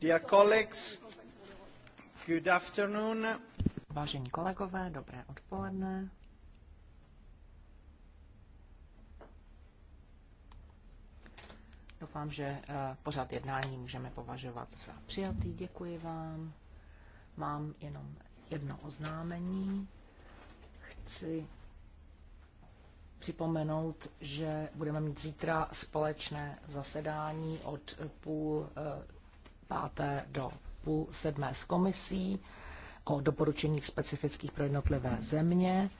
Dear colleagues, good afternoon. Vážení kolegové, dobré odpoledne. Doufám, že eh, pořád jednání můžeme považovat za přijatý. Děkuji vám. Mám jenom jedno oznámení. Chci připomenout, že budeme mít zítra společné zasedání od půl eh, páté do půl sedmé s komisí o doporučeních specifických pro jednotlivé země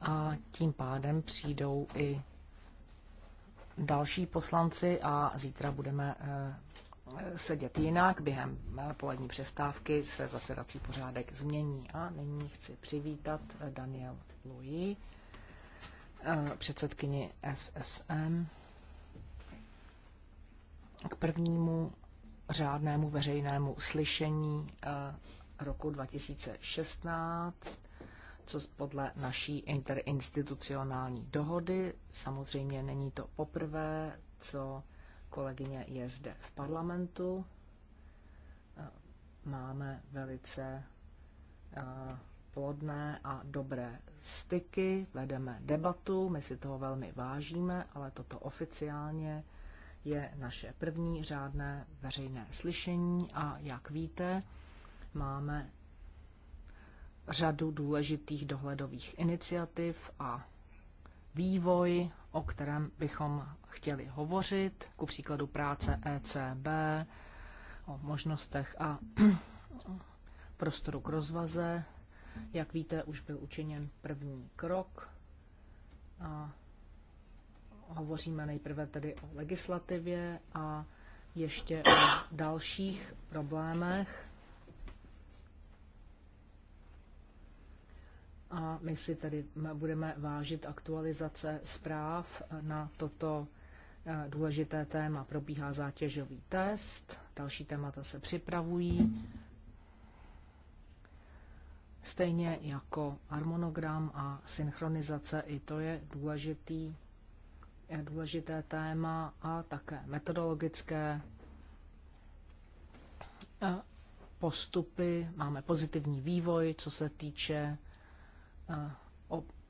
a tím pádem přijdou i další poslanci a zítra budeme eh, sedět jinak. Během eh, polední přestávky se zasedací pořádek změní. A nyní chci přivítat eh, Daniel Louis, předsedkyni SSM, k prvnímu řádnému veřejnému slyšení eh, roku 2016, co podle naší interinstitucionální dohody. Samozřejmě není to poprvé, co kolegyně je zde v parlamentu. Eh, máme velice eh, plodné a dobré styky, vedeme debatu, my si toho velmi vážíme, ale toto oficiálně je naše první řádné veřejné slyšení a jak víte, máme řadu důležitých dohledových iniciativ a vývoj, o kterém bychom chtěli hovořit, ku příkladu práce ECB, o možnostech a prostoru k rozvaze. Jak víte, už byl učiněn první krok a Hovoříme nejprve tedy o legislativě a ještě o dalších problémech. A my si tedy budeme vážit aktualizace zpráv na toto eh, důležité téma. Probíhá zátěžový test, další témata se připravují, stejně jako harmonogram a synchronizace, i to je důležitý důležité téma a také metodologické postupy. Máme pozitivní vývoj, co se týče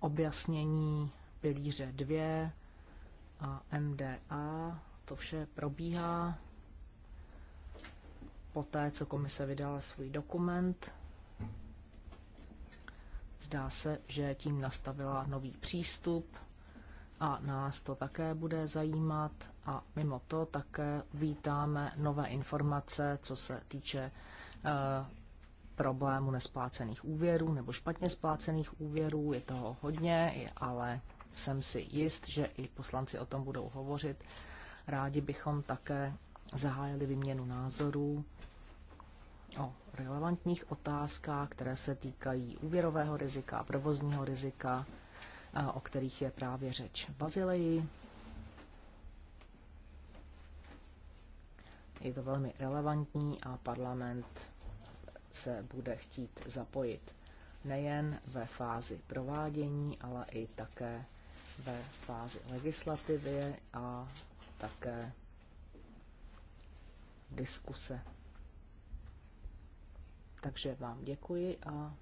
objasnění pilíře 2 a MDA. To vše probíhá poté, co komise vydala svůj dokument. Zdá se, že tím nastavila nový přístup a nás to také bude zajímat a mimo to také vítáme nové informace, co se týče eh, problému nesplácených úvěrů nebo špatně splácených úvěrů. Je toho hodně, ale jsem si jist, že i poslanci o tom budou hovořit. Rádi bychom také zahájili vyměnu názorů o relevantních otázkách, které se týkají úvěrového rizika, provozního rizika, o kterých je právě řeč. Bazileji. Je to velmi relevantní a parlament se bude chtít zapojit nejen ve fázi provádění, ale i také ve fázi legislativy a také diskuse. Takže vám děkuji a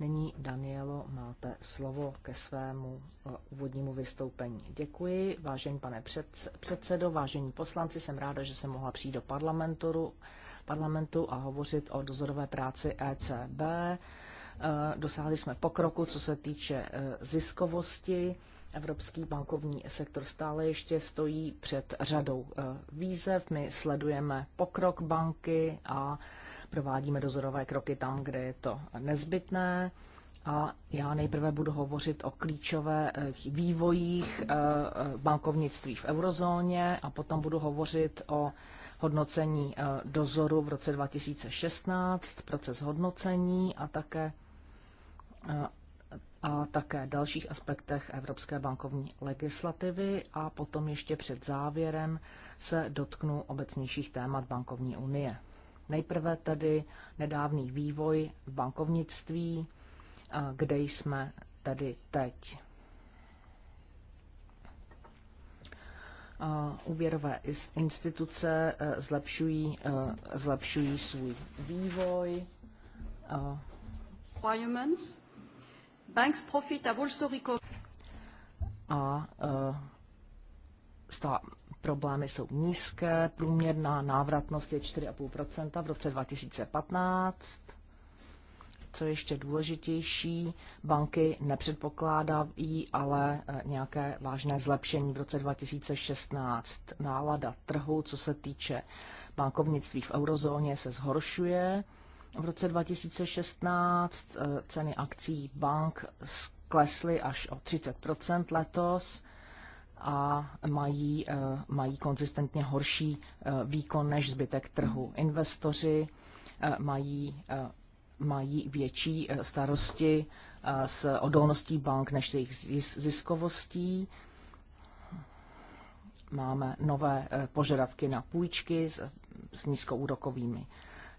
Nyní, Danielo, máte slovo ke svému eh, úvodnímu vystoupení. Děkuji, vážený pane předsedo, vážení poslanci, jsem ráda, že jsem mohla přijít do parlamentu, parlamentu a hovořit o dozorové práci ECB. Eh, dosáhli jsme pokroku, co se týče eh, ziskovosti. Evropský bankovní sektor stále ještě stojí před řadou výzev. My sledujeme pokrok banky a Provádíme dozorové kroky tam, kde je to nezbytné. A já nejprve budu hovořit o klíčové vývojích eh, eh, bankovnictví v eurozóně a potom budu hovořit o hodnocení eh, dozoru v roce 2016, proces hodnocení a také, a také dalších aspektech evropské bankovní legislativy a potom ještě před závěrem se dotknu obecnějších témat bankovní unie. Nejprve tedy nedávný vývoj v bankovnictví, kde jsme tedy teď. Úvěrové instituce e, zlepšují, e, zlepšují svůj vývoj. Banks profit have also recovered. A e, stá, problémy jsou nízké, průměrná návratnost je 4,5% v roce 2015. Co je ještě důležitější, banky nepředpokládají ale eh, nějaké vážné zlepšení v roce 2016. Nálada trhu, co se týče bankovnictví v eurozóně, se zhoršuje. V roce 2016 eh, ceny akcí bank klesly až o 30 letos a mají, eh, mají konzistentně horší eh, výkon než zbytek trhu. Investoři eh, mají, mají větší starosti s odolností bank než s jejich ziskovostí. Máme nové požadavky na půjčky s, s nízkoúrokovými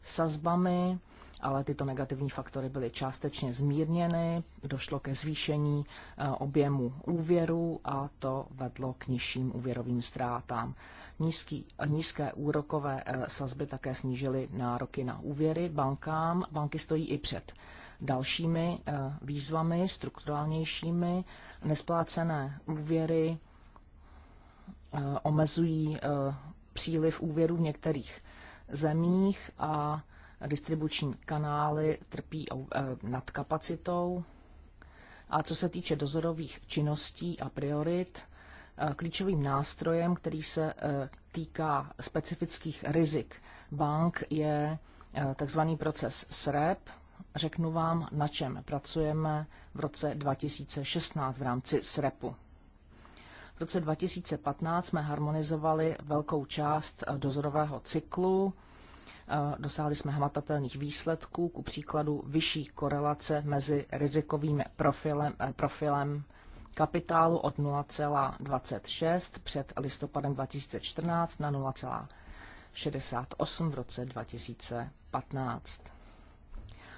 sazbami ale tyto negativní faktory byly částečně zmírněny, došlo ke zvýšení eh, objemu úvěru a to vedlo k nižším úvěrovým ztrátám. Nízký, nízké úrokové eh, sazby také snížily nároky na úvěry bankám. Banky stojí i před dalšími eh, výzvami, strukturálnějšími, nesplácené úvěry omezují příliv úvěrů v některých zemích a distribuční kanály trpí eh, nad kapacitou. A co se týče dozorových činností a priorit, eh, klíčovým nástrojem, který se eh, týká specifických rizik bank, je takzvaný proces SREP. Řeknu vám, na čem pracujeme v roce 2016 v rámci SREPu. V roce 2015 jsme harmonizovali velkou část dozorového cyklu Dosáhli jsme hmatatelných výsledků, ku příkladu vyšší korelace mezi rizikovým profilem, eh, profilem kapitálu od 0,26 před listopadem 2014 na 0,68 v roce 2015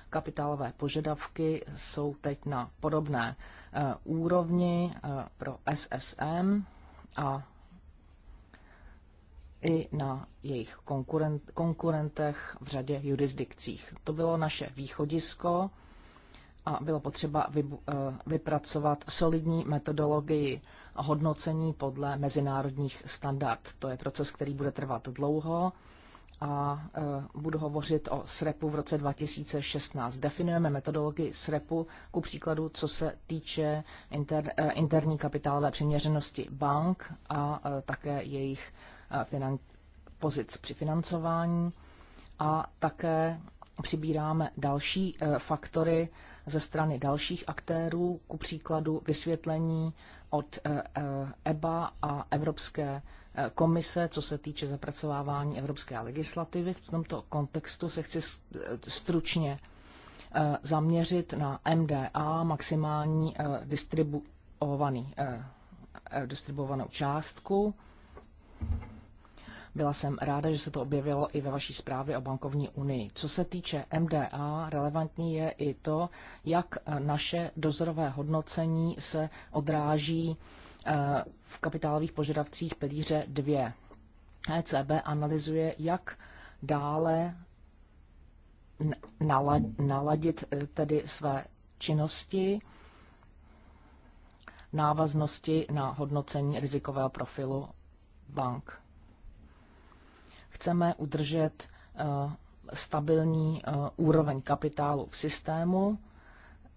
kapitálové požadavky jsou teď na podobné eh, úrovni eh, pro SSM a i na jejich konkurent, konkurentech v řadě jurisdikcích. To bylo naše východisko a bylo potřeba vy, eh, vypracovat solidní metodologii hodnocení podle mezinárodních standard. To je proces, který bude trvat dlouho a eh, budu hovořit o SREPu v roce 2016. Definujeme metodologii SREPu, ku příkladu, co se týče inter, eh, interní kapitálové přiměřenosti bank a také jejich finan- pozic při financování a také přibíráme další eh, faktory ze strany dalších aktérů, ku příkladu vysvětlení od eh, eh, EBA a Evropské komise, co se týče zapracovávání evropské legislativy. V tomto kontextu se chci stručně zaměřit na MDA, maximální distribuovaný, distribuovanou částku. Byla jsem ráda, že se to objevilo i ve vaší zprávě o bankovní unii. Co se týče MDA, relevantní je i to, jak e, naše dozorové hodnocení se odráží e, v kapitálových požadavcích pilíře 2. ECB analyzuje, jak dále naladit e, tedy své činnosti, návaznosti na hodnocení rizikového profilu bank. Chceme udržet eh, stabilní eh, úroveň kapitálu v systému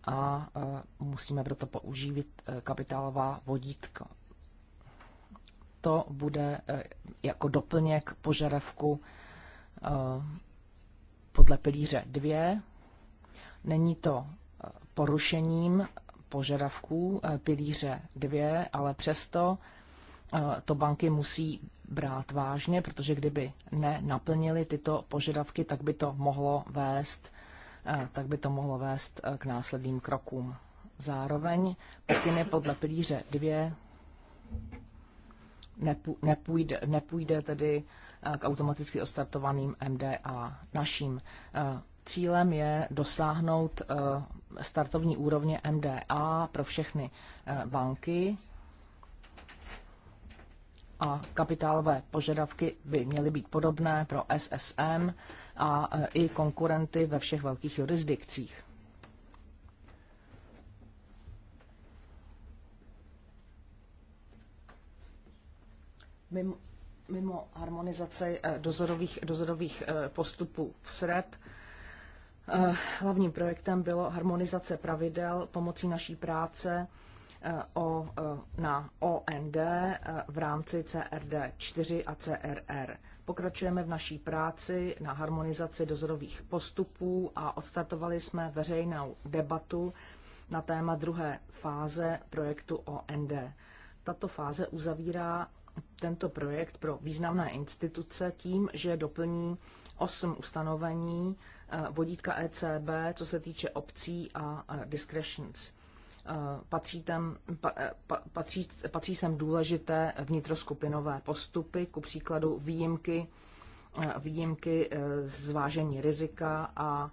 a eh, musíme proto použít kapitálová vodítka. To bude jako doplněk požadavku podle pilíře 2. Není to porušením požadavků pilíře 2, ale přesto to banky musí brát vážně, protože kdyby nenaplnili tyto požadavky, tak by to mohlo vést, tak by to mohlo vést k následným krokům. Zároveň pokyny podle pilíře 2 nepůjde, nepůjde tedy k automaticky ostartovaným MDA. Naším cílem je dosáhnout startovní úrovně MDA pro všechny banky a kapitálové požadavky by měly být podobné pro SSM a e, i konkurenty ve všech velkých jurisdikcích. Mimo, mimo harmonizace dozorových, dozorových e, postupů v SREP e, hlavním projektem bylo harmonizace pravidel pomocí naší práce o, na OND eh, v rámci CRD 4 a CRR. Pokračujeme v naší práci na harmonizaci dozorových postupů a odstartovali jsme veřejnou debatu na téma druhé fáze projektu OND. Tato fáze uzavírá tento projekt pro významné instituce tím, že doplní osm ustanovení eh, vodítka ECB, co se týče obcí a eh, discretions. Eh, patří, tam, pa, eh, pa, patří, patří sem důležité vnitroskupinové postupy, ku příkladu výjimky, eh, výjimky zvážení rizika a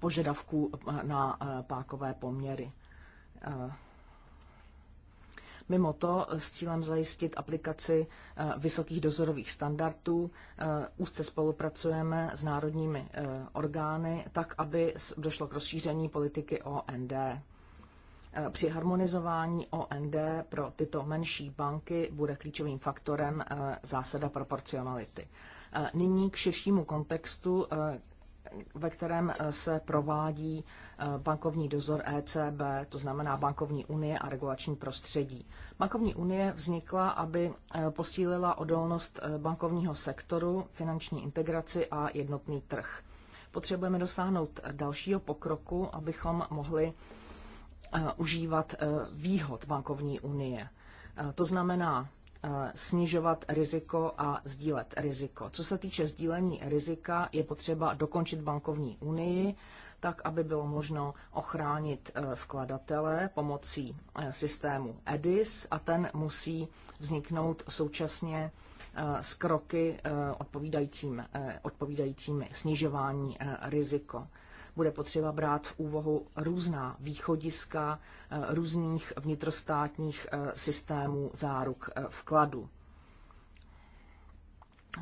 požadavků na pákové poměry. Mimo to s cílem zajistit aplikaci eh, vysokých dozorových standardů eh, úzce spolupracujeme s národními eh, orgány tak, aby došlo k rozšíření politiky OND. Při harmonizování OND pro tyto menší banky bude klíčovým faktorem zásada proporcionality. Nyní k širšímu kontextu, ve kterém eh, se provádí eh, bankovní dozor ECB, to znamená bankovní unie a regulační prostředí. Bankovní unie vznikla, aby eh, posílila odolnost bankovního sektoru, finanční integraci a jednotný trh. Potřebujeme dosáhnout dalšího pokroku, abychom mohli užívat výhod bankovní unie. To znamená Eh, snižovat riziko a sdílet riziko. Co se týče sdílení rizika, je potřeba dokončit bankovní unii, tak aby bylo možno ochránit eh, vkladatele pomocí eh, systému EDIS a ten musí vzniknout současně s kroky odpovídajícími, odpovídajícími snižování riziko bude potřeba brát v úvahu různá východiska eh, různých vnitrostátních eh, systémů záruk eh, vkladu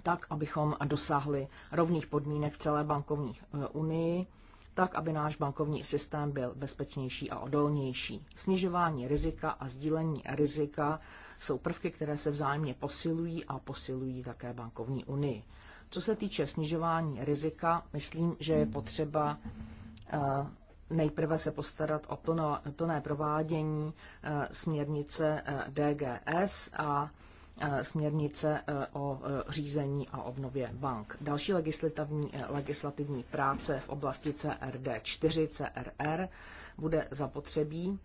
tak, abychom dosáhli rovných podmínek v celé bankovní unii, tak, aby náš bankovní systém byl bezpečnější a odolnější. Snižování rizika a sdílení rizika jsou prvky, které se vzájemně posilují a posilují také bankovní unii. Co se týče snižování rizika, myslím, že je potřeba eh, nejprve se postarat o plno, plné provádění eh, směrnice eh, DGS a směrnice o řízení a obnově bank. Další legislativní, legislativní práce v oblasti CRD 4, CRR bude zapotřebí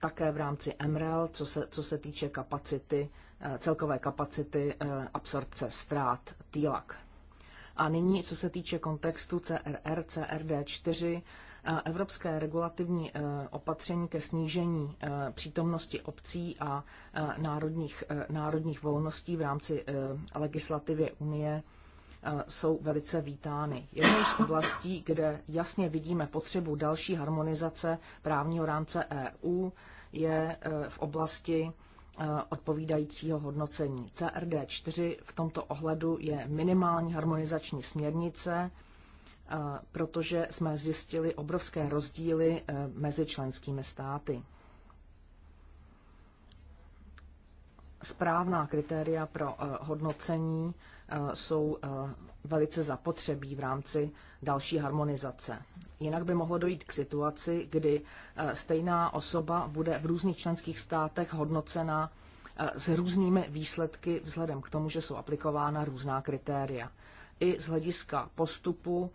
také v rámci MREL, co se, co se týče kapacity, eh, celkové kapacity eh, absorpce ztrát TILAK. A nyní, co se týče kontextu CRR, CRD4, eh, evropské regulativní opatření ke snížení přítomnosti obcí a národních, národních volností v rámci legislativy Unie jsou velice vítány. Jednou z oblastí, kde jasně vidíme potřebu další harmonizace právního rámce EU, je e, v oblasti e, odpovídajícího hodnocení. CRD 4 v tomto ohledu je minimální harmonizační směrnice, e, protože jsme zjistili obrovské rozdíly mezi členskými státy. Správná kritéria pro hodnocení Eh, jsou eh, velice zapotřebí v rámci další harmonizace. Jinak by mohlo dojít k situaci, kdy eh, stejná osoba bude v různých členských státech hodnocena s různými výsledky vzhledem k tomu, že jsou aplikována různá kritéria. I z hlediska postupu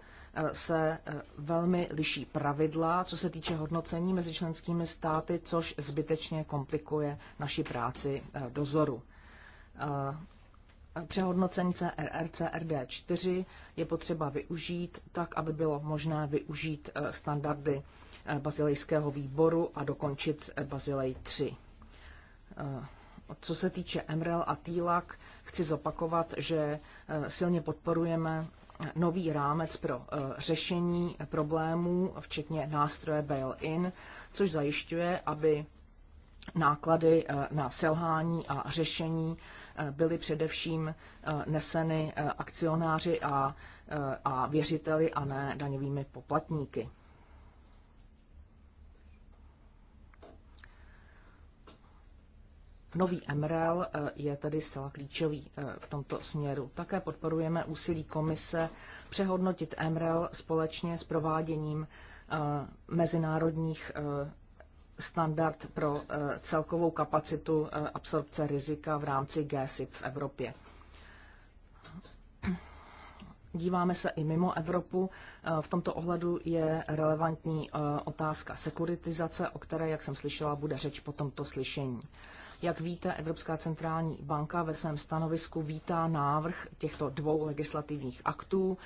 se velmi liší pravidla, co se týče hodnocení mezi členskými státy, což zbytečně komplikuje naši práci dozoru přehodnocení CRR CRD4 je potřeba využít tak, aby bylo možné využít eh, standardy eh, bazilejského výboru a dokončit eh, Bazilej 3. Co se týče MREL a TILAC, chci zopakovat, že silně podporujeme nový rámec pro řešení problémů, včetně nástroje bail-in, což zajišťuje, aby náklady eh, na selhání a řešení eh, byly především eh, neseny akcionáři a, a věřiteli a ne daňovými poplatníky. Nový MRL je tedy zcela klíčový v tomto směru. Také podporujeme úsilí komise přehodnotit MRL společně s prováděním mezinárodních standard pro eh, celkovou kapacitu eh, absorpce rizika v rámci GSIP v Evropě. Díváme se i mimo Evropu. Eh, v tomto ohledu je relevantní otázka sekuritizace, o které, jak jsem slyšela, bude řeč po tomto slyšení. Jak víte, Evropská centrální banka ve svém stanovisku vítá návrh těchto dvou legislativních aktů,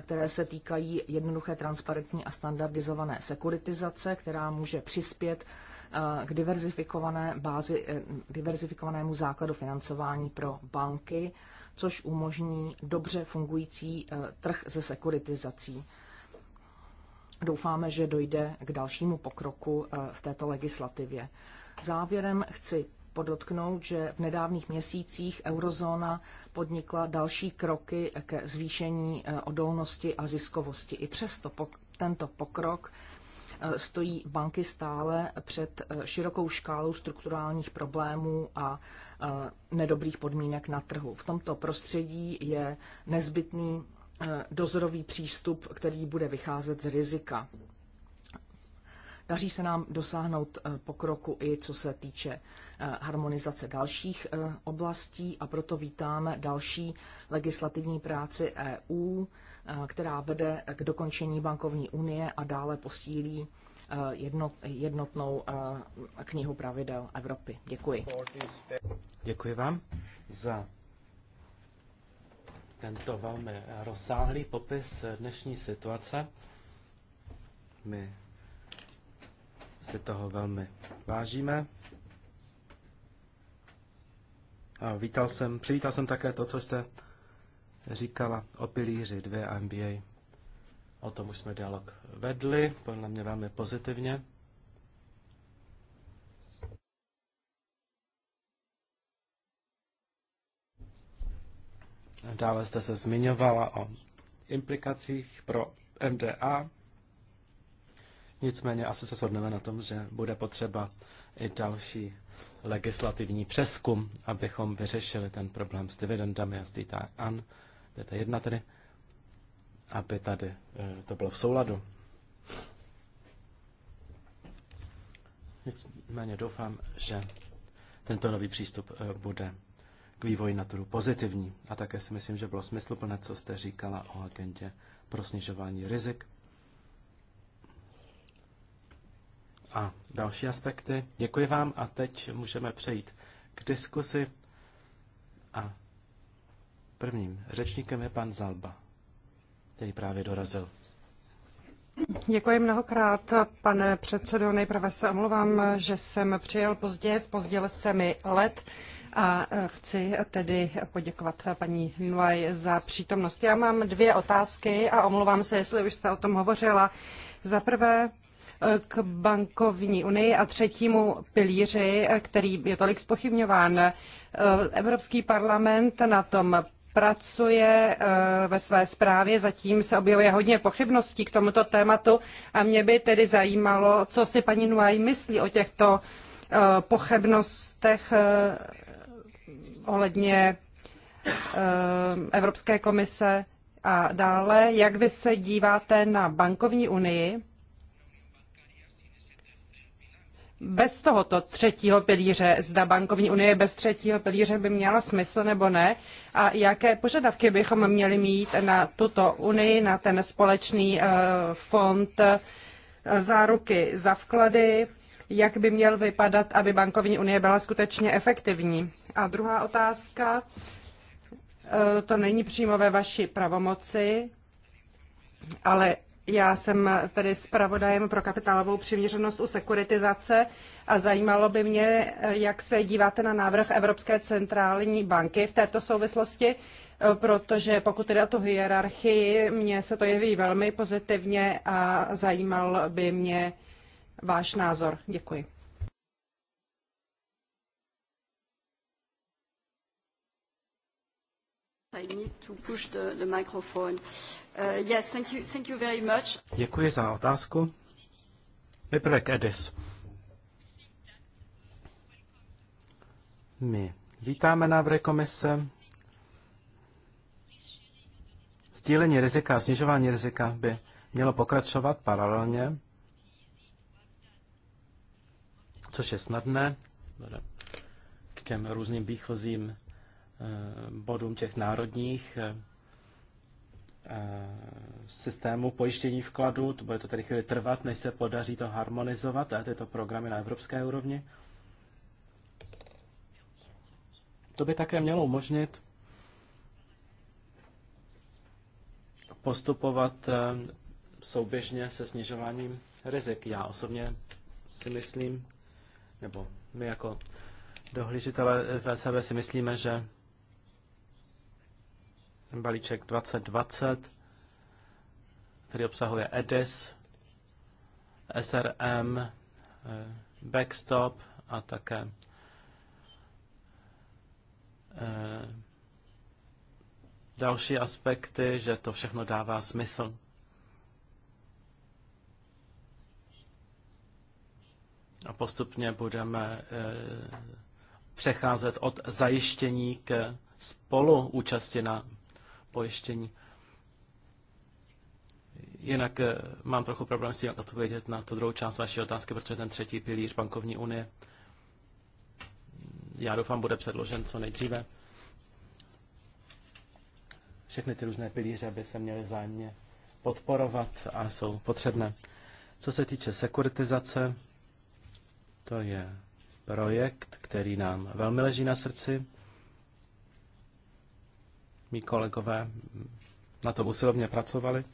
které se týkají jednoduché, transparentní a standardizované sekuritizace, která může přispět eh, k diverzifikované bázi, eh, diverzifikovanému základu financování pro banky, což umožní dobře fungující eh, trh se sekuritizací. Doufáme, že dojde k dalšímu pokroku v této legislativě. Závěrem chci podotknout, že v nedávných měsících eurozóna podnikla další kroky ke zvýšení eh, odolnosti a ziskovosti. I přesto pok- tento pokrok eh, stojí banky stále před eh, širokou škálou strukturálních problémů a nedobrých podmínek na trhu. V tomto prostředí je nezbytný dozorový přístup, který bude vycházet z rizika. Daří se nám dosáhnout eh, pokroku i co se týče eh, harmonizace dalších eh, oblastí a proto vítáme další legislativní práci EU, která vede k dokončení bankovní unie a dále posílí jednotnou knihu pravidel Evropy. Děkuji. Děkuji vám za tento velmi rozsáhlý popis dnešní situace. My si toho velmi vážíme. A vítal jsem, přivítal jsem také to, co jste říkala o pilíři 2 MBA. O tom už jsme dialog vedli, podle mě velmi pozitivně. Dále jste se zmiňovala o implikacích pro MDA. Nicméně asi se shodneme na tom, že bude potřeba i další legislativní přeskum, abychom vyřešili ten problém s dividendami a s je ta jedna tedy, aby tady eh, to bylo v souladu. Nicméně doufám, že tento nový přístup eh, bude k vývoji na trhu pozitivní. A také si myslím, že bylo smysluplné, co jste říkala o agendě pro snižování rizik. a další aspekty. Děkuji vám a teď můžeme přejít k diskusi. A prvním řečníkem je pan Zalba, který právě dorazil. Děkuji mnohokrát, pane předsedo. Nejprve se Omluvám, že jsem přijel pozdě, spozděl se mi let a chci tedy poděkovat paní Nuaj za přítomnost. Já mám dvě otázky a omluvám se, jestli už jste o tom hovořila. Za prvé, k bankovní unii a třetímu pilíři, který je tolik spochybňován. Evropský parlament na tom pracuje eh, ve své zprávě, zatím se objevuje hodně pochybností k tomuto tématu a mě by tedy zajímalo, co si paní Nuaj myslí o těchto eh, pochybnostech eh, ohledně Evropské komise a dále, jak vy se díváte na bankovní unii bez tohoto třetího pilíře, zda bankovní unie bez třetího pilíře by měla smysl nebo ne a jaké požadavky bychom měli mít na tuto unii, na ten společný eh, fond eh, záruky za vklady, jak by měl vypadat, aby bankovní unie byla skutečně efektivní. A druhá otázka, eh, to není přímo ve vaší pravomoci, ale já jsem tedy zpravodajem pro kapitálovou přiměřenost u sekuritizace a zajímalo by mě, jak se díváte na návrh Evropské centrální banky v této souvislosti, protože pokud jde o tu hierarchii, mně se to jeví velmi pozitivně a zajímal by mě váš názor. Děkuji. Děkuji za otázku. Nejprve k EDIS. My vítáme návrhy komise. Sdílení rizika a snižování rizika by mělo pokračovat paralelně, což je snadné k těm různým výchozím Eh, bodům těch národních eh, eh, systému pojištění vkladu. To bude to tedy chvíli trvat, než se podaří to harmonizovat a tyto programy na evropské úrovni. To by také mělo umožnit postupovat souběžně se snižováním rizik. Já osobně si myslím, nebo my jako dohlížitele v si myslíme, že ten balíček 2020, který obsahuje EDIS, SRM, eh, backstop a také eh, další aspekty, že to všechno dává smysl. A postupně budeme eh, přecházet od zajištění k spoluúčasti na pojištění. Jinak eh, mám trochu problém s tím, jak odpovědět na tu druhou část vaší otázky, protože ten třetí pilíř bankovní unie, já doufám, bude předložen co nejdříve. Všechny ty různé pilíře by se měly zájemně podporovat a jsou potřebné. Co se týče sekuritizace, to je projekt, který nám velmi leží na srdci. Mí kolegové na to usilovně pracovali.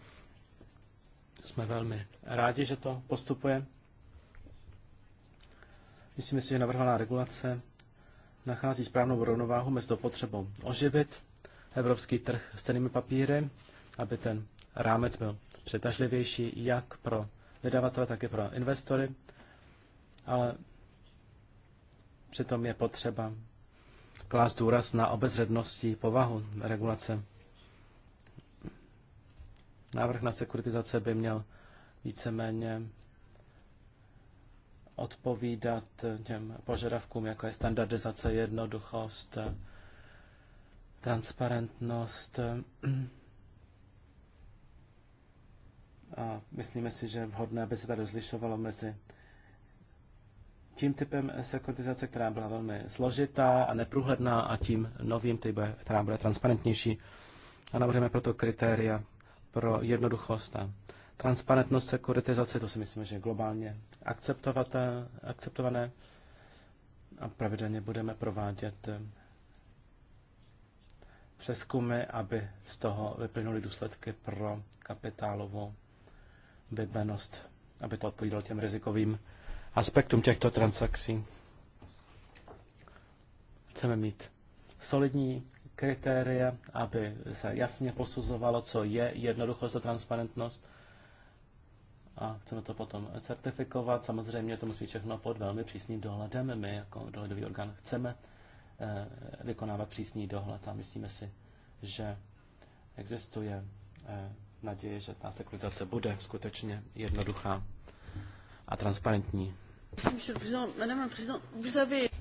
Jsme velmi rádi, že to postupuje. Myslím si, že navrhovaná regulace nachází správnou rovnováhu mezi potřebou oživit evropský trh s cenými papíry, aby ten rámec byl přitažlivější jak pro vydavatele, tak i pro investory, ale přitom je potřeba klást důraz na obezřednosti povahu regulace. Návrh na sekuritizace by měl víceméně odpovídat těm požadavkům, jako je standardizace, jednoduchost, transparentnost. A myslíme si, že je vhodné, aby se tady rozlišovalo mezi tím typem sekuritizace, která byla velmi složitá a neprůhledná a tím novým typem, která bude transparentnější. A navrhujeme proto kritéria pro jednoduchost a transparentnost sekuritizace, to si myslím, že je globálně akceptované a pravidelně budeme provádět eh, přeskumy, aby z toho vyplynuly důsledky pro kapitálovou vybenost, aby to odpovídalo těm rizikovým aspektům těchto transakcí. Chceme mít solidní kritéria, aby se jasně posuzovalo, co je jednoduchost a transparentnost. A chceme to potom certifikovat. Samozřejmě to musí všechno pod velmi přísným dohledem. My jako dohledový orgán chceme eh, vykonávat přísný dohled a myslíme si, že existuje eh, naděje, že ta sekurizace bude skutečně jednoduchá a transparentní.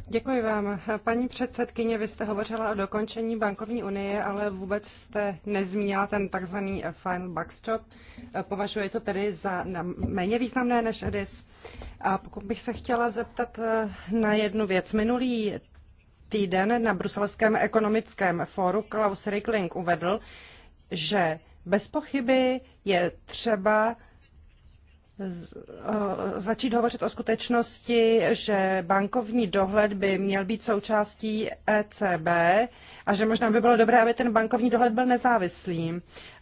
Děkuji vám. Paní předsedkyně, vy jste hovořila o dokončení bankovní unie, ale vůbec jste nezmínila ten takzvaný eh, final backstop. Eh, považuje to tedy za méně významné než EDIS. A pokud bych se chtěla zeptat eh, na jednu věc. Minulý týden na bruselském ekonomickém fóru Klaus Rickling uvedl, že bez pochyby je třeba začít hovořit o skutečnosti, že bankovní dohled by měl být součástí ECB a že možná by bylo dobré, aby ten bankovní dohled byl nezávislý.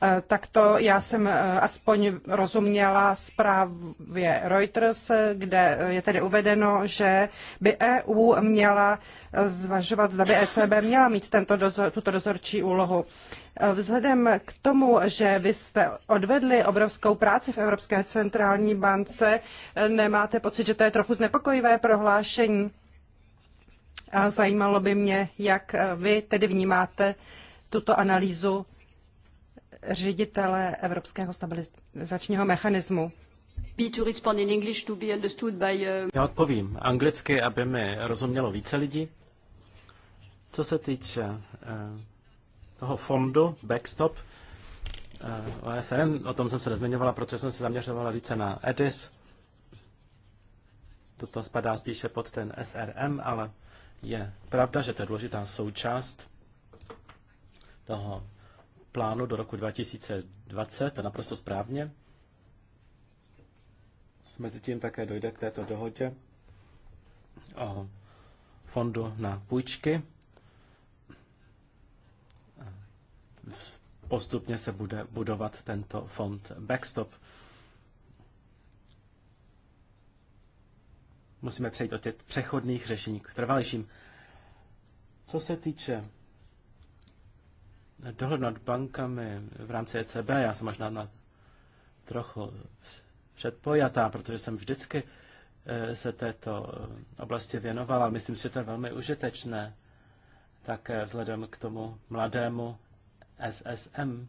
E, tak to já jsem e, aspoň rozuměla zprávě Reuters, kde je tedy uvedeno, že by EU měla zvažovat, zda by ECB měla mít tento dozor, tuto dozorčí úlohu. Vzhledem k tomu, že vy jste odvedli obrovskou práci v Evropské centrální bance, nemáte pocit, že to je trochu znepokojivé prohlášení? A zajímalo by mě, jak vy tedy vnímáte tuto analýzu ředitele Evropského stabilizačního mechanismu. Uh, Já odpovím anglicky, aby mi rozumělo více lidí. Co se týče eh, toho fondu Backstop eh, OSN, o tom jsem se nezmiňovala, protože jsem se zaměřovala více na EDIS. Toto spadá spíše pod ten SRM, ale je pravda, že to je důležitá součást toho plánu do roku 2020, to naprosto správně. Mezitím také dojde k této dohodě o fondu na půjčky. postupně se bude budovat tento fond backstop. Musíme přejít od těch přechodných řešení k trvalejším. Co se týče dohled nad bankami v rámci ECB, já jsem možná na trochu předpojatá, protože jsem vždycky eh, se této eh, oblasti věnovala. Myslím si, že to je velmi užitečné také vzhledem k tomu mladému SSM.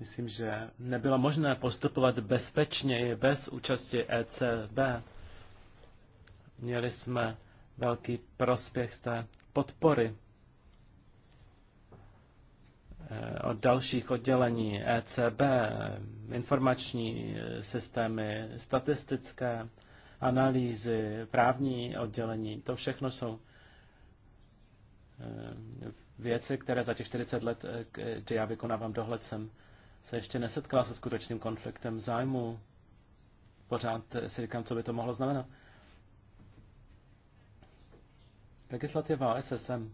Myslím, že nebylo možné postupovat bezpečněji bez účasti ECB. Měli jsme velký prospěch z té podpory eh, od dalších oddělení ECB, eh, informační eh, systémy, statistické analýzy, právní oddělení, to všechno jsou eh, věci, které za těch 40 let, eh, kdy já vykonávám dohled, jsem se ještě nesetkala se skutečným konfliktem zájmu. Pořád si říkám, co by to mohlo znamenat. Legislativa SSM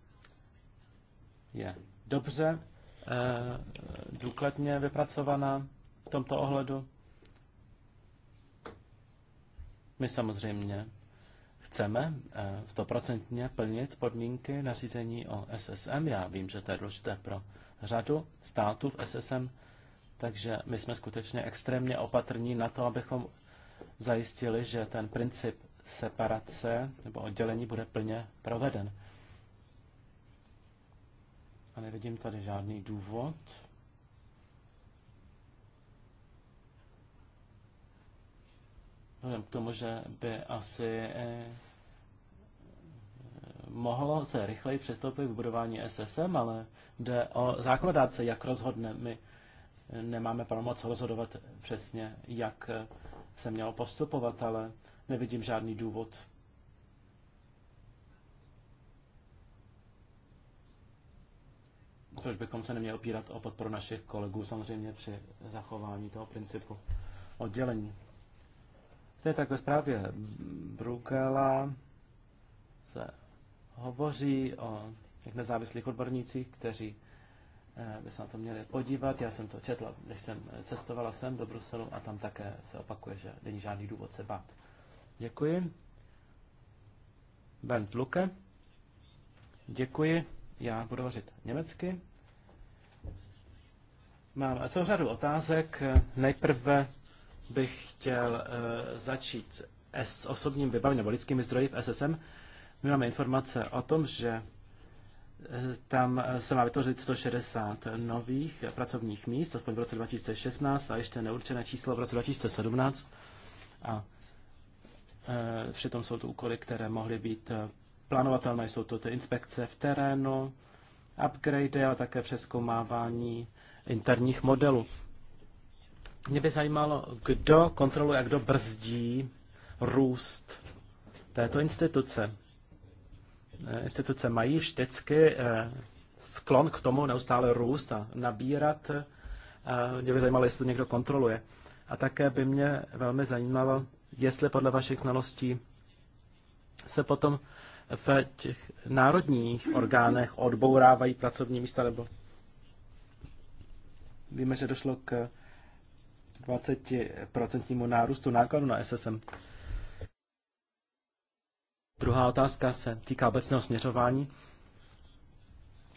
je dobře, eh, důkladně vypracovaná v tomto ohledu. My samozřejmě chceme eh, stoprocentně plnit podmínky nařízení o SSM. Já vím, že to je důležité pro řadu států v SSM, takže my jsme skutečně extrémně opatrní na to, abychom zajistili, že ten princip separace nebo oddělení bude plně proveden. A nevidím tady žádný důvod, vzhledem k tomu, že by asi eh, mohlo se rychleji přistoupit k budování SSM, ale jde o zákonodárce, jak rozhodne. My eh, nemáme pravomoc rozhodovat přesně, jak eh, se mělo postupovat, ale nevidím žádný důvod. Což bychom se neměli opírat o podporu našich kolegů, samozřejmě při zachování toho principu oddělení je tak ve zprávě Brugela se hovoří o těch nezávislých odbornících, kteří eh, by se na to měli podívat. Já jsem to četla, když jsem cestovala sem do Bruselu a tam také se opakuje, že není žádný důvod se bát. Děkuji. Bent Luke. Děkuji. Já budu hovořit německy. Mám celou řadu otázek. Nejprve bych chtěl eh, začít s osobním vybavením nebo lidskými zdroji v SSM. My máme informace o tom, že eh, tam eh, se má vytvořit 160 nových pracovních míst, aspoň v roce 2016 a ještě neurčené číslo v roce 2017. A e, přitom jsou to úkoly, které mohly být plánovatelné. Jsou to ty inspekce v terénu, upgrade, ale také přeskoumávání interních modelů. Mě by zajímalo, kdo kontroluje a kdo brzdí růst této instituce. Eh, instituce mají vždycky eh, sklon k tomu neustále růst a nabírat. Eh, mě by zajímalo, jestli to někdo kontroluje. A také by mě velmi zajímalo, jestli podle vašich znalostí se potom v těch národních orgánech odbourávají pracovní místa, nebo víme, že došlo k 20% nárůstu nákladu na SSM. Druhá otázka se týká obecného směřování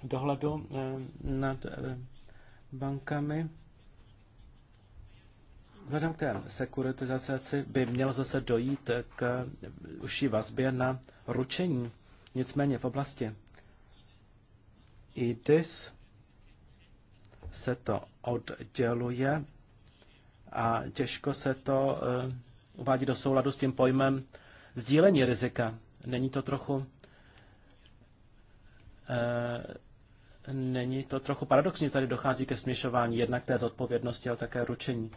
dohledu eh, nad eh, bankami. Vzhledem k té sekuritizaci by mělo zase dojít k užší vazbě na ručení. Nicméně v oblasti IDIS se to odděluje a těžko se to eh, uvádí do souladu s tím pojmem sdílení rizika. Není to trochu eh, není to trochu paradoxní, tady dochází ke směšování jednak té zodpovědnosti, ale také ručení.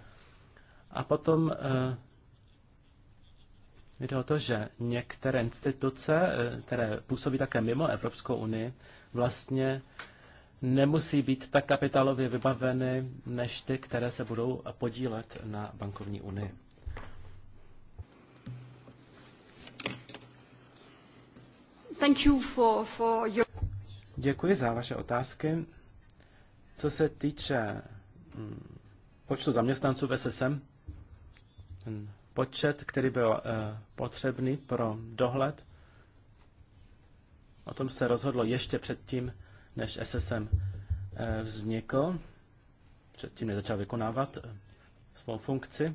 A potom eh, jde o to, že některé instituce, které působí také mimo Evropskou unii, vlastně nemusí být tak kapitálově vybaveny, než ty, které se budou podílet na bankovní unii. Thank you for, for your... Děkuji za vaše otázky. Co se týče mm, počtu zaměstnanců v SSM, ten počet, který byl eh, potřebný pro dohled, o tom se rozhodlo ještě předtím, než SSM eh, vznikl, předtím nezačal vykonávat eh, svou funkci.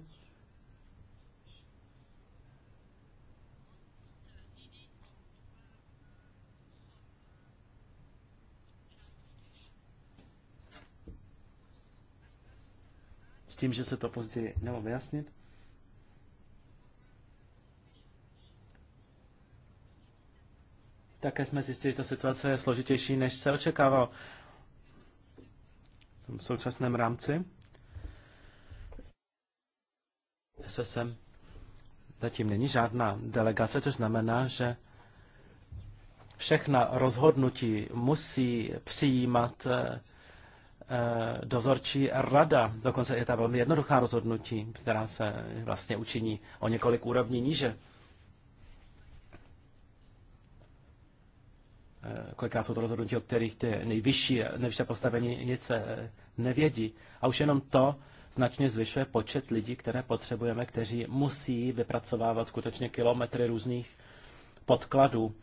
S tím, že se to později mělo vyjasnit. Také jsme zjistili, že ta situace je složitější, než se očekávalo v současném rámci. SSM zatím není žádná delegace, což znamená, že všechna rozhodnutí musí přijímat eh, eh, dozorčí rada, dokonce je ta velmi jednoduchá rozhodnutí, která se vlastně učiní o několik úrovní níže. kolikrát jsou to rozhodnutí, o kterých ty nejvyšší, nejvyšší postavení nic eh, nevědí. A už jenom to značně zvyšuje počet lidí, které potřebujeme, kteří musí vypracovávat skutečně kilometry různých podkladů.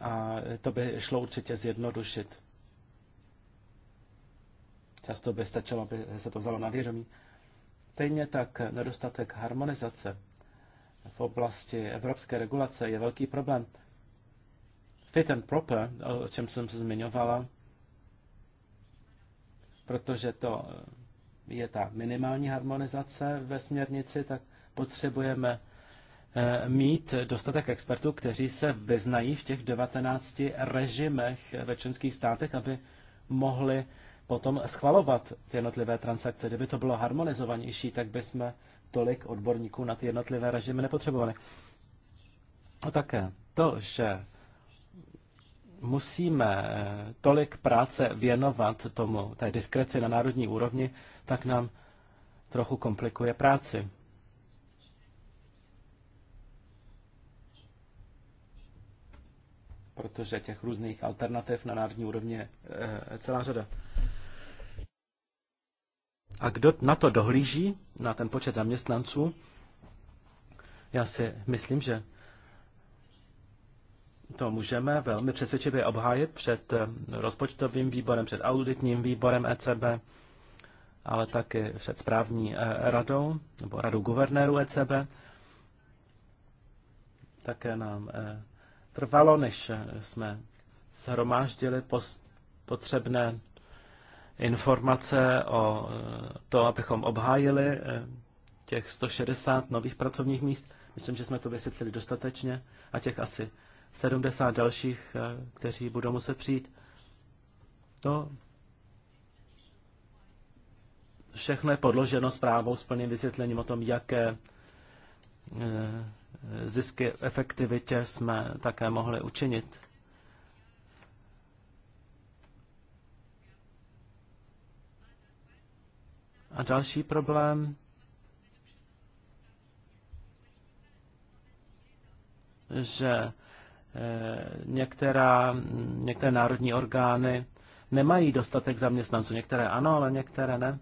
A to by šlo určitě zjednodušit. Často by stačilo, aby se to vzalo na vědomí. Stejně tak nedostatek harmonizace v oblasti evropské regulace je velký problém fit and proper, o čem jsem se zmiňovala, protože to je ta minimální harmonizace ve směrnici, tak potřebujeme eh, mít dostatek expertů, kteří se vyznají v těch 19 režimech ve členských státech, aby mohli potom schvalovat ty jednotlivé transakce. Kdyby to bylo harmonizovanější, tak bychom tolik odborníků na ty jednotlivé režimy nepotřebovali. A také to, že musíme eh, tolik práce věnovat tomu, té diskreci na národní úrovni, tak nám trochu komplikuje práci. Protože těch různých alternativ na národní úrovni je eh, celá řada. A kdo na to dohlíží, na ten počet zaměstnanců? Já si myslím, že to můžeme velmi přesvědčivě obhájit před eh, rozpočtovým výborem, před auditním výborem ECB, ale taky před správní eh, radou nebo radou guvernéru ECB. Také nám eh, trvalo, než jsme shromáždili potřebné informace o to, abychom obhájili těch 160 nových pracovních míst. Myslím, že jsme to vysvětlili dostatečně a těch asi 70 dalších, eh, kteří budou muset přijít. To všechno je podloženo zprávou s plným vysvětlením o tom, jaké eh, zisky efektivitě jsme také mohli učinit. A další problém že Eh, některá, některé národní orgány nemají dostatek zaměstnanců, některé ano, ale některé ne.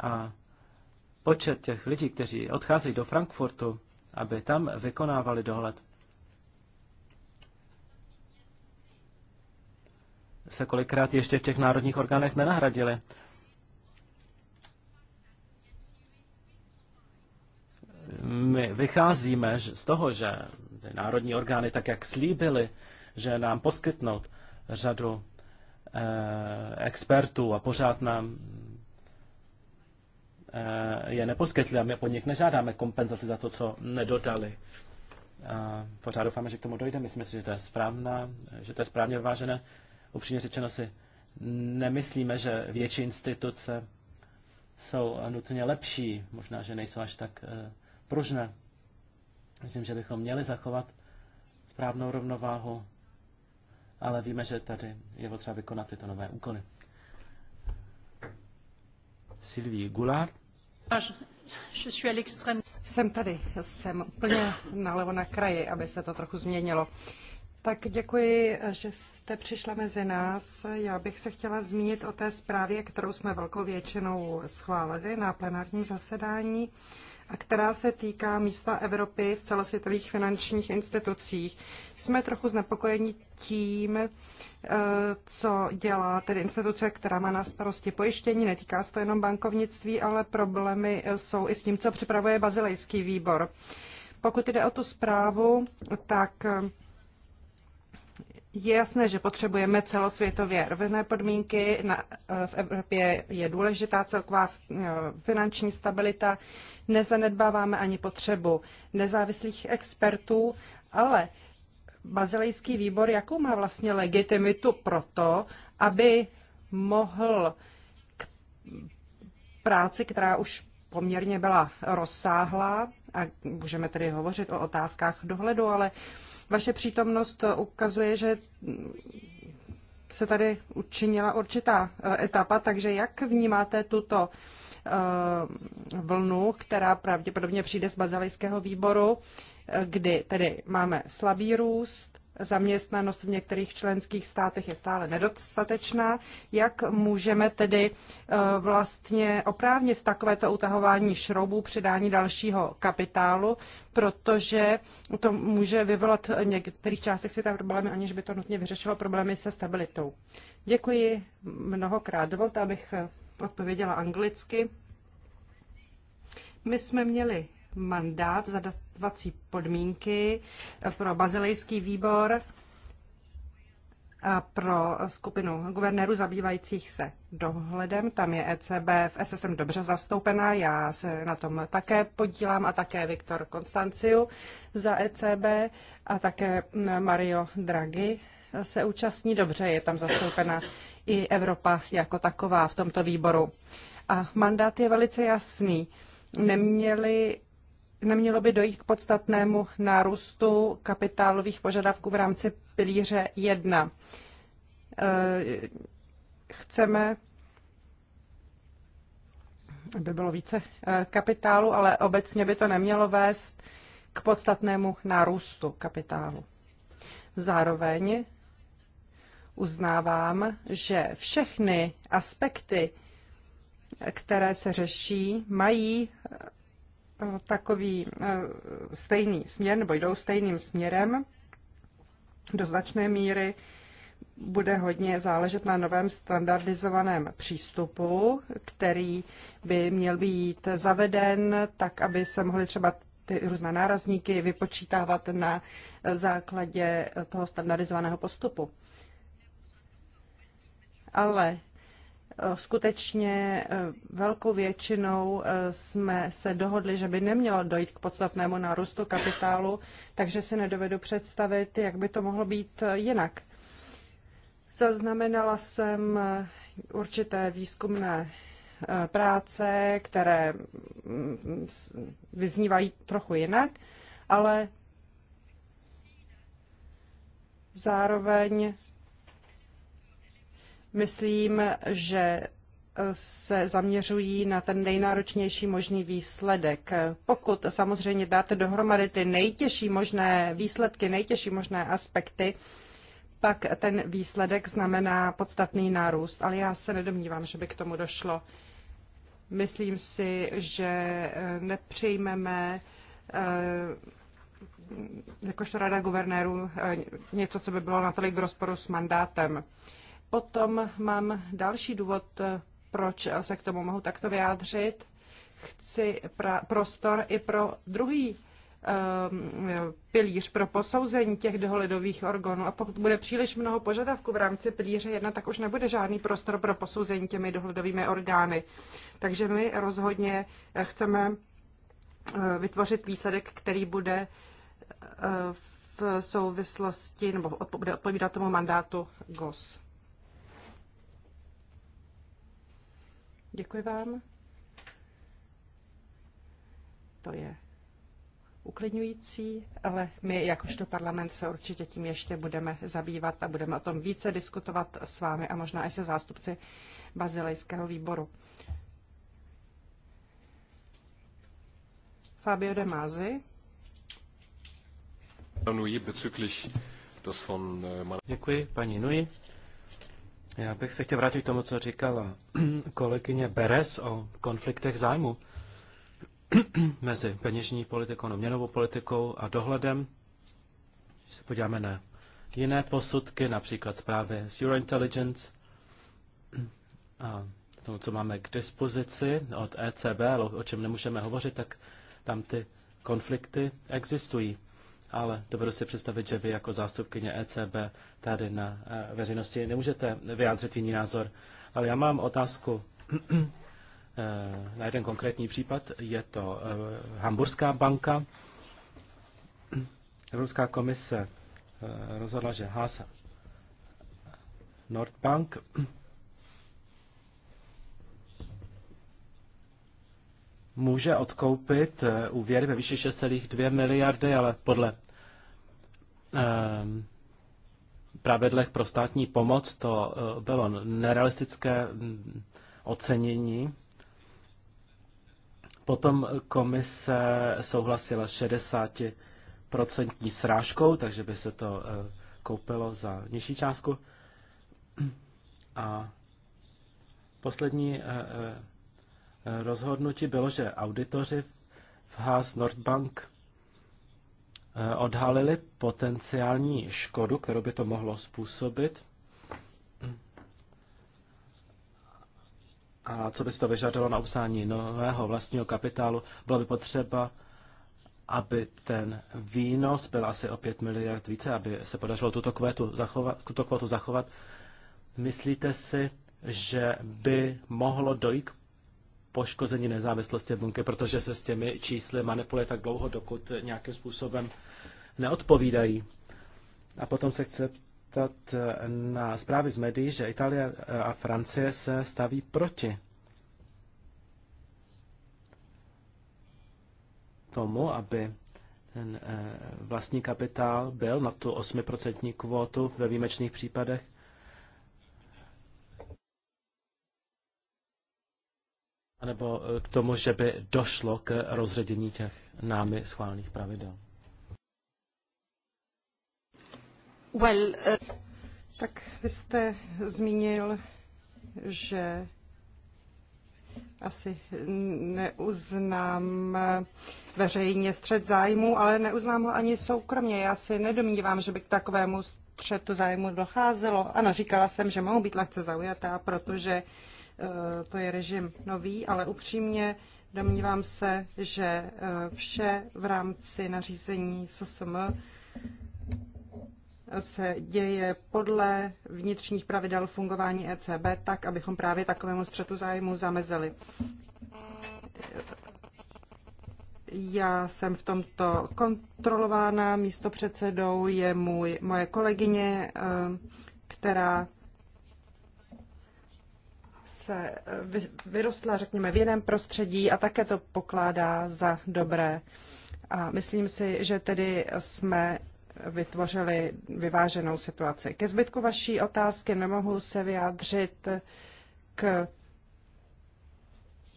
A počet těch lidí, kteří odcházejí do Frankfurtu, aby tam vykonávali dohled, se kolikrát ještě v těch národních orgánech nenahradili. My vycházíme z toho, že národní orgány, tak jak slíbili, že nám poskytnout řadu eh, expertů a pořád nám eh, je neposkytli a my po nich nežádáme kompenzaci za to, co nedodali. A pořád doufáme, že k tomu dojde. Myslím si, že to je, správná, že to je správně vyvážené. Upřímně řečeno si nemyslíme, že větší instituce jsou nutně lepší, možná, že nejsou až tak eh, pružné. Myslím, že bychom měli zachovat správnou rovnováhu, ale víme, že tady je potřeba vykonat tyto nové úkoly. Sylvie Goulard. Jsem tady, jsem úplně nalevo na kraji, aby se to trochu změnilo. Tak děkuji, že jste přišla mezi nás. Já bych se chtěla zmínit o té zprávě, kterou jsme velkou většinou schválili na plenárním zasedání a která se týká místa Evropy v celosvětových finančních institucích. Jsme trochu znepokojeni tím, eh, co dělá tedy instituce, která má na starosti pojištění. Netýká se to jenom bankovnictví, ale problémy eh, jsou i s tím, co připravuje Bazilejský výbor. Pokud jde o tu zprávu, tak eh, je jasné, že potřebujeme celosvětově rovné podmínky. Na, eh, v Evropě je důležitá celková eh, finanční stabilita. Nezanedbáváme ani potřebu nezávislých expertů, ale bazilejský výbor, jakou má vlastně legitimitu proto, aby mohl k práci, která už poměrně byla rozsáhlá, a můžeme tedy hovořit o otázkách dohledu, ale uh, vaše přítomnost eh, ukazuje, že se tady učinila určitá eh, etapa, takže jak vnímáte tuto eh, vlnu, která pravděpodobně přijde z bazilejského výboru, kdy tedy máme slabý růst, zaměstnanost v některých členských státech je stále nedostatečná. Jak můžeme tedy eh, vlastně oprávnit takovéto utahování šroubů, přidání dalšího kapitálu, protože to může vyvolat v některých částech světa problémy, aniž by to nutně vyřešilo problémy se stabilitou. Děkuji mnohokrát. Dovolte, abych eh, odpověděla anglicky. My jsme měli mandát zadat vyjednávací podmínky pro bazilejský výbor a pro skupinu guvernérů zabývajících se dohledem. Tam je ECB v SSM dobře zastoupená, já se na tom také podílám a také Viktor Konstanciu za ECB a také Mario Draghi se účastní dobře, je tam zastoupena i Evropa jako taková v tomto výboru. A mandát je velice jasný. Neměli nemělo by dojít k podstatnému nárůstu kapitálových požadavků v rámci pilíře 1. Eh, chceme, aby bylo více eh, kapitálu, ale obecně by to nemělo vést k podstatnému nárůstu kapitálu. Zároveň uznávám, že všechny aspekty, které se řeší, mají Eh, takový eh, stejný směr, nebo jdou stejným směrem. Do značné míry bude hodně záležet na novém standardizovaném přístupu, který by měl být zaveden tak, aby se mohly třeba ty různé nárazníky vypočítávat na základě toho standardizovaného postupu. Ale Eh, skutečně eh, velkou většinou eh, jsme se dohodli, že by nemělo dojít k podstatnému nárůstu kapitálu, takže si nedovedu představit, jak by to mohlo být jinak. Zaznamenala jsem určité výzkumné práce, které mm, vyznívají trochu jinak, ale zároveň Myslím, že eh, se zaměřují na ten nejnáročnější možný výsledek. Pokud samozřejmě dáte dohromady ty nejtěžší možné výsledky, nejtěžší možné aspekty, pak ten výsledek znamená podstatný nárůst. Ale já se nedomnívám, že by k tomu došlo. Myslím si, že eh, nepřijmeme eh, jakožto rada guvernérů něco, co by bylo natolik v rozporu s mandátem. Potom mám další důvod, eh, proč se k tomu mohu takto vyjádřit. Chci pra- prostor i pro druhý eh, pilíř pro posouzení těch dohledových orgánů. A pokud bude příliš mnoho požadavků v rámci pilíře jedna, tak už nebude žádný prostor pro posouzení těmi dohledovými orgány. Takže my rozhodně eh, chceme vytvořit výsledek, který bude v souvislosti nebo bude odpovídat tomu mandátu GOS. Děkuji vám. To je uklidňující, ale my jakožto parlament se určitě tím ještě budeme zabývat a budeme o tom více diskutovat s vámi a možná i se zástupci bazilejského výboru. Fabio De Masi. Děkuji, paní Nui. Já bych se chtěl vrátit k tomu, co říkala kolegyně Beres o konfliktech zájmu mezi peněžní politikou, no měnovou politikou a dohledem. Když se podíváme na jiné posudky, například zprávy z Eurointelligence a tomu, co máme k dispozici od ECB, o čem nemůžeme hovořit, tak tam ty konflikty existují ale dovedu si představit, že vy jako zástupkyně ECB tady na eh, veřejnosti nemůžete vyjádřit jiný názor. Ale já mám otázku eh, na jeden konkrétní případ. Je to eh, Hamburská banka. Evropská komise rozhodla, že Hasa Nordbank může odkoupit úvěry ve výši 6,2 miliardy, ale podle Ehm, pravidlech pro státní pomoc to eh, bylo nerealistické mm, ocenění. Potom komise souhlasila s 60% srážkou, takže by se to eh, koupilo za nižší částku. A poslední eh, rozhodnutí bylo, že auditoři v Haas Nordbank Eh, odhalili potenciální škodu, kterou by to mohlo způsobit. A co by se to vyžadovalo na obsání nového vlastního kapitálu, bylo by potřeba, aby ten výnos byl asi o 5 miliard více, aby se podařilo tuto kvotu zachovat. Tuto kvotu zachovat. Myslíte si, že by mohlo dojít k poškození nezávislosti bunky, protože se s těmi čísly manipuluje tak dlouho, dokud nějakým způsobem neodpovídají. A potom se chce ptat eh, na zprávy z médií, že Itálie eh, a Francie se staví proti tomu, aby ten eh, vlastní kapitál byl na tu 8% kvótu ve výjimečných případech anebo eh, k tomu, že by došlo k rozředění těch námi schválených pravidel? Well, uh... Tak vy jste zmínil, že asi neuznám eh, veřejně střed zájmu, ale neuznám ho ani soukromně. Já si nedomnívám, že by k takovému střetu zájmu docházelo. Ano, říkala jsem, že mohu být lehce zaujatá, protože uh, Eh, to je režim nový, ale upřímně domnívám se, že eh, vše v rámci nařízení SSM se děje podle vnitřních pravidel fungování ECB, tak abychom právě takovému střetu zájmu zamezili. Já jsem v tomto kontrolována, místo předsedou je můj, moje kolegyně, eh, která se eh, vyrostla, řekněme, v jiném prostředí a také to pokládá za dobré. A myslím si, že tedy jsme vytvořili vyváženou situaci. Ke zbytku vaší otázky nemohu se vyjádřit k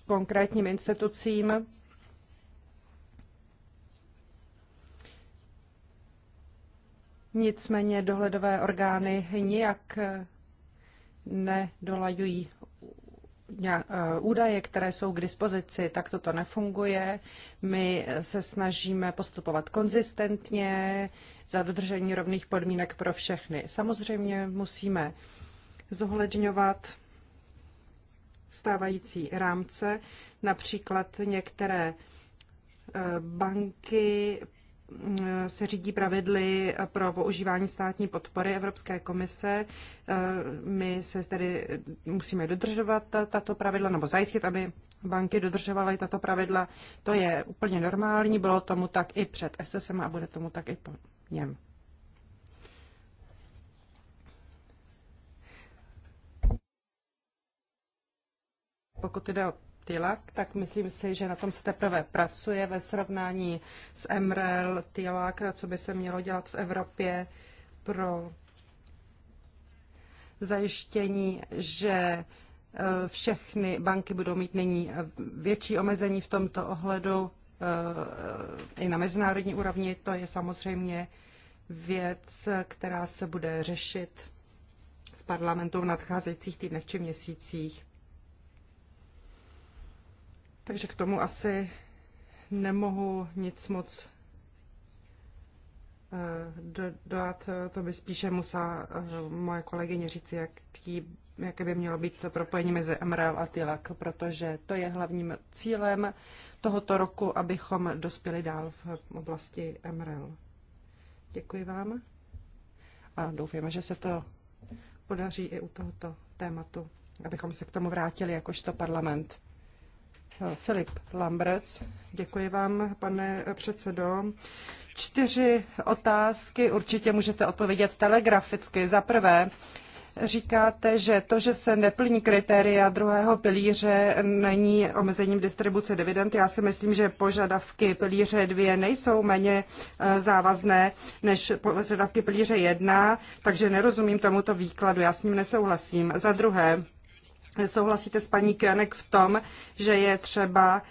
konkrétním institucím. Nicméně dohledové orgány nijak nedolajují Eh, údaje, které jsou k dispozici, tak toto nefunguje. My se snažíme postupovat konzistentně za dodržení rovných podmínek pro všechny. Samozřejmě musíme zohledňovat stávající rámce, například některé eh, banky se řídí pravidly pro používání státní podpory Evropské komise. My se tedy musíme dodržovat tato pravidla nebo zajistit, aby banky dodržovaly tato pravidla. To je úplně normální, bylo tomu tak i před SSM a bude tomu tak i po něm. Pokud jde o TILAK, tak myslím si, že na tom se teprve pracuje ve srovnání s MREL, TILAK, co by se mělo dělat v Evropě pro zajištění, že eh, všechny banky budou mít nyní eh, větší omezení v tomto ohledu eh, i na mezinárodní úrovni. To je samozřejmě věc, která se bude řešit v parlamentu v nadcházejících týdnech či měsících. Takže k tomu asi nemohu nic moc eh, dodat. To by spíše musela eh, moje kolegyně říci, jaký, jaké by mělo být to propojení mezi MRL a TILAK, protože to je hlavním cílem tohoto roku, abychom dospěli dál v oblasti MRL. Děkuji vám a doufáme, že se to podaří i u tohoto tématu, abychom se k tomu vrátili jakožto parlament. Filip Lambrec. Děkuji vám, pane předsedo. Čtyři otázky určitě můžete odpovědět telegraficky. Za prvé, říkáte, že to, že se neplní kritéria druhého pilíře, není omezením distribuce dividend. Já si myslím, že požadavky pilíře dvě nejsou méně eh, závazné než požadavky pilíře jedna. takže nerozumím tomuto výkladu. Já s ním nesouhlasím. Za druhé, Souhlasíte s paní Kianek v tom, že je třeba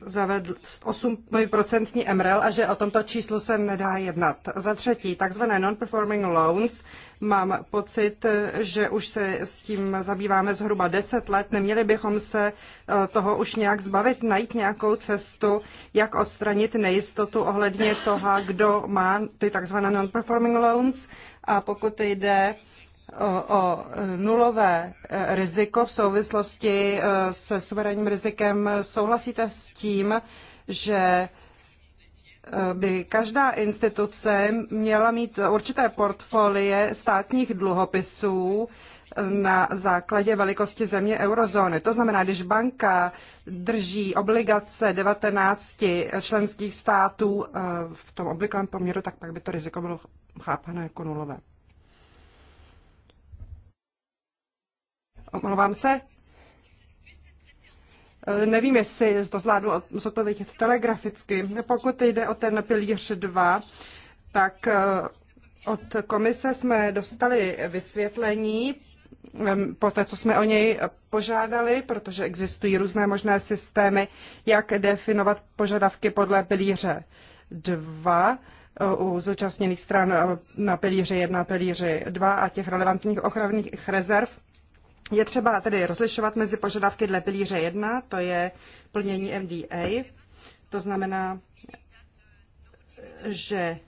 zavedl 8% MREL a že o tomto číslu se nedá jednat. Za třetí, takzvané non-performing loans. Mám pocit, že už se s tím zabýváme zhruba 10 let. Neměli bychom se eh, toho už nějak zbavit, najít nějakou cestu, jak odstranit nejistotu ohledně toho, kdo má ty takzvané non-performing loans. A pokud jde o nulové eh, riziko v souvislosti eh, se suverénním rizikem, souhlasíte s tím, že eh, by každá instituce měla mít určité portfolie státních dluhopisů na základě velikosti země eurozóny. To znamená, když banka drží obligace 19 členských států v tom obvyklém poměru, tak pak by to riziko bylo chápáno jako nulové. Omlouvám se. E, nevím, jestli to zvládnu zodpovědět telegraficky. Pokud jde o ten pilíř 2, tak e, od komise jsme dostali vysvětlení po té, co jsme o něj požádali, protože existují různé možné systémy, jak definovat požadavky podle pilíře 2 e, u zúčastněných stran na pilíři 1, pilíři 2 a těch relevantních ochranných rezerv. Je třeba tedy rozlišovat mezi požadavky dle pilíře 1, to je plnění MDA, to znamená, že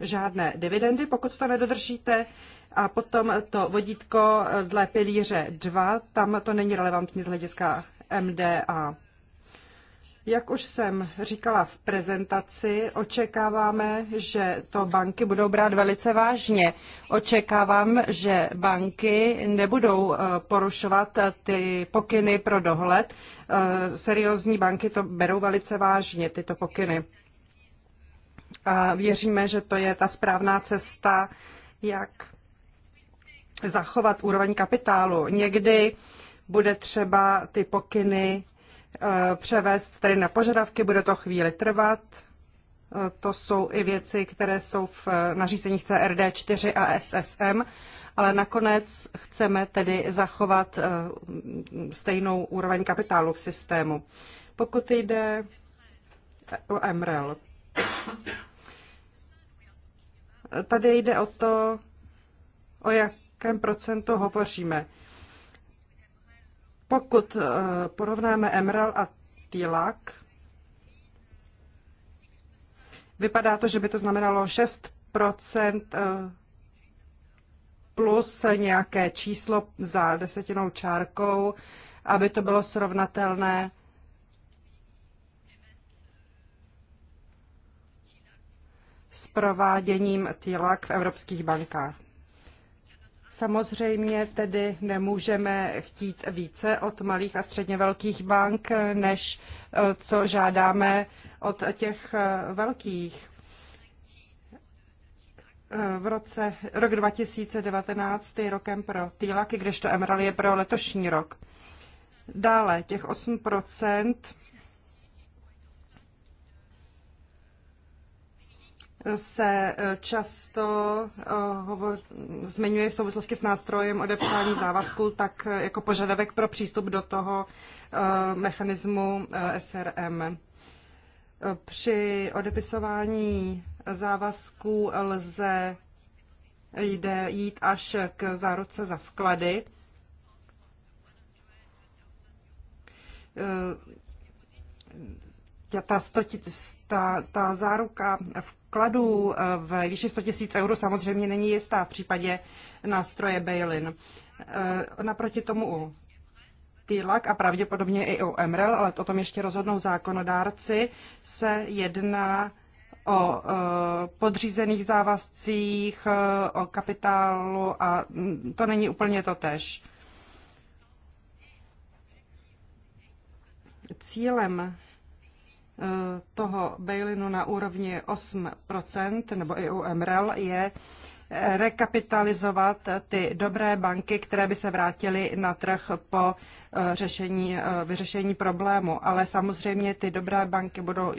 žádné dividendy, pokud to nedodržíte, a potom to vodítko dle pilíře 2, tam to není relevantní z hlediska MDA. Jak už jsem říkala v prezentaci, očekáváme, že to banky budou brát velice vážně. Očekávám, že banky nebudou eh, porušovat ty pokyny pro dohled. Eh, seriózní banky to berou velice vážně, tyto pokyny. A věříme, že to je ta správná cesta, jak zachovat úroveň kapitálu. Někdy bude třeba ty pokyny Eh, převést tedy na požadavky, bude to chvíli trvat. Eh, to jsou i věci, které jsou v eh, nařízeních CRD 4 a SSM, ale nakonec chceme tedy zachovat stejnou úroveň kapitálu v systému. Pokud jde o MREL, tady jde o to, o jakém procentu hovoříme. Pokud eh, porovnáme Emerald a Tilak, vypadá to, že by to znamenalo 6 eh, plus nějaké číslo za desetinou čárkou, aby to bylo srovnatelné s prováděním TILAK v evropských bankách. Samozřejmě tedy nemůžeme chtít více od malých a středně velkých bank, než eh, co žádáme od těch eh, velkých. Eh, v roce, rok 2019 je rokem pro Týlaky, kdežto Emerald je pro letošní rok. Dále těch 8 se eh, často eh, hovor, zmiňuje v souvislosti s nástrojem odepsání závazku, tak eh, jako požadavek pro přístup do toho mechanismu SRM. Při odepisování závazků lze jde jít až k záruce za vklady. Ta, ta, ta záruka v vkladů eh, v výši 100 000 euro samozřejmě není jistá v případě nástroje Bailin. Eh, naproti tomu u TILAC a pravděpodobně i u MREL, ale o tom ještě rozhodnou zákonodárci, se jedná o eh, podřízených závazcích, o kapitálu a mm, to není úplně to tež. Cílem Eh, toho bailinu na úrovni 8% nebo i u MREL je rekapitalizovat ty dobré banky, které by se vrátily na trh po eh, řešení, eh, vyřešení problému. Ale samozřejmě ty dobré banky budou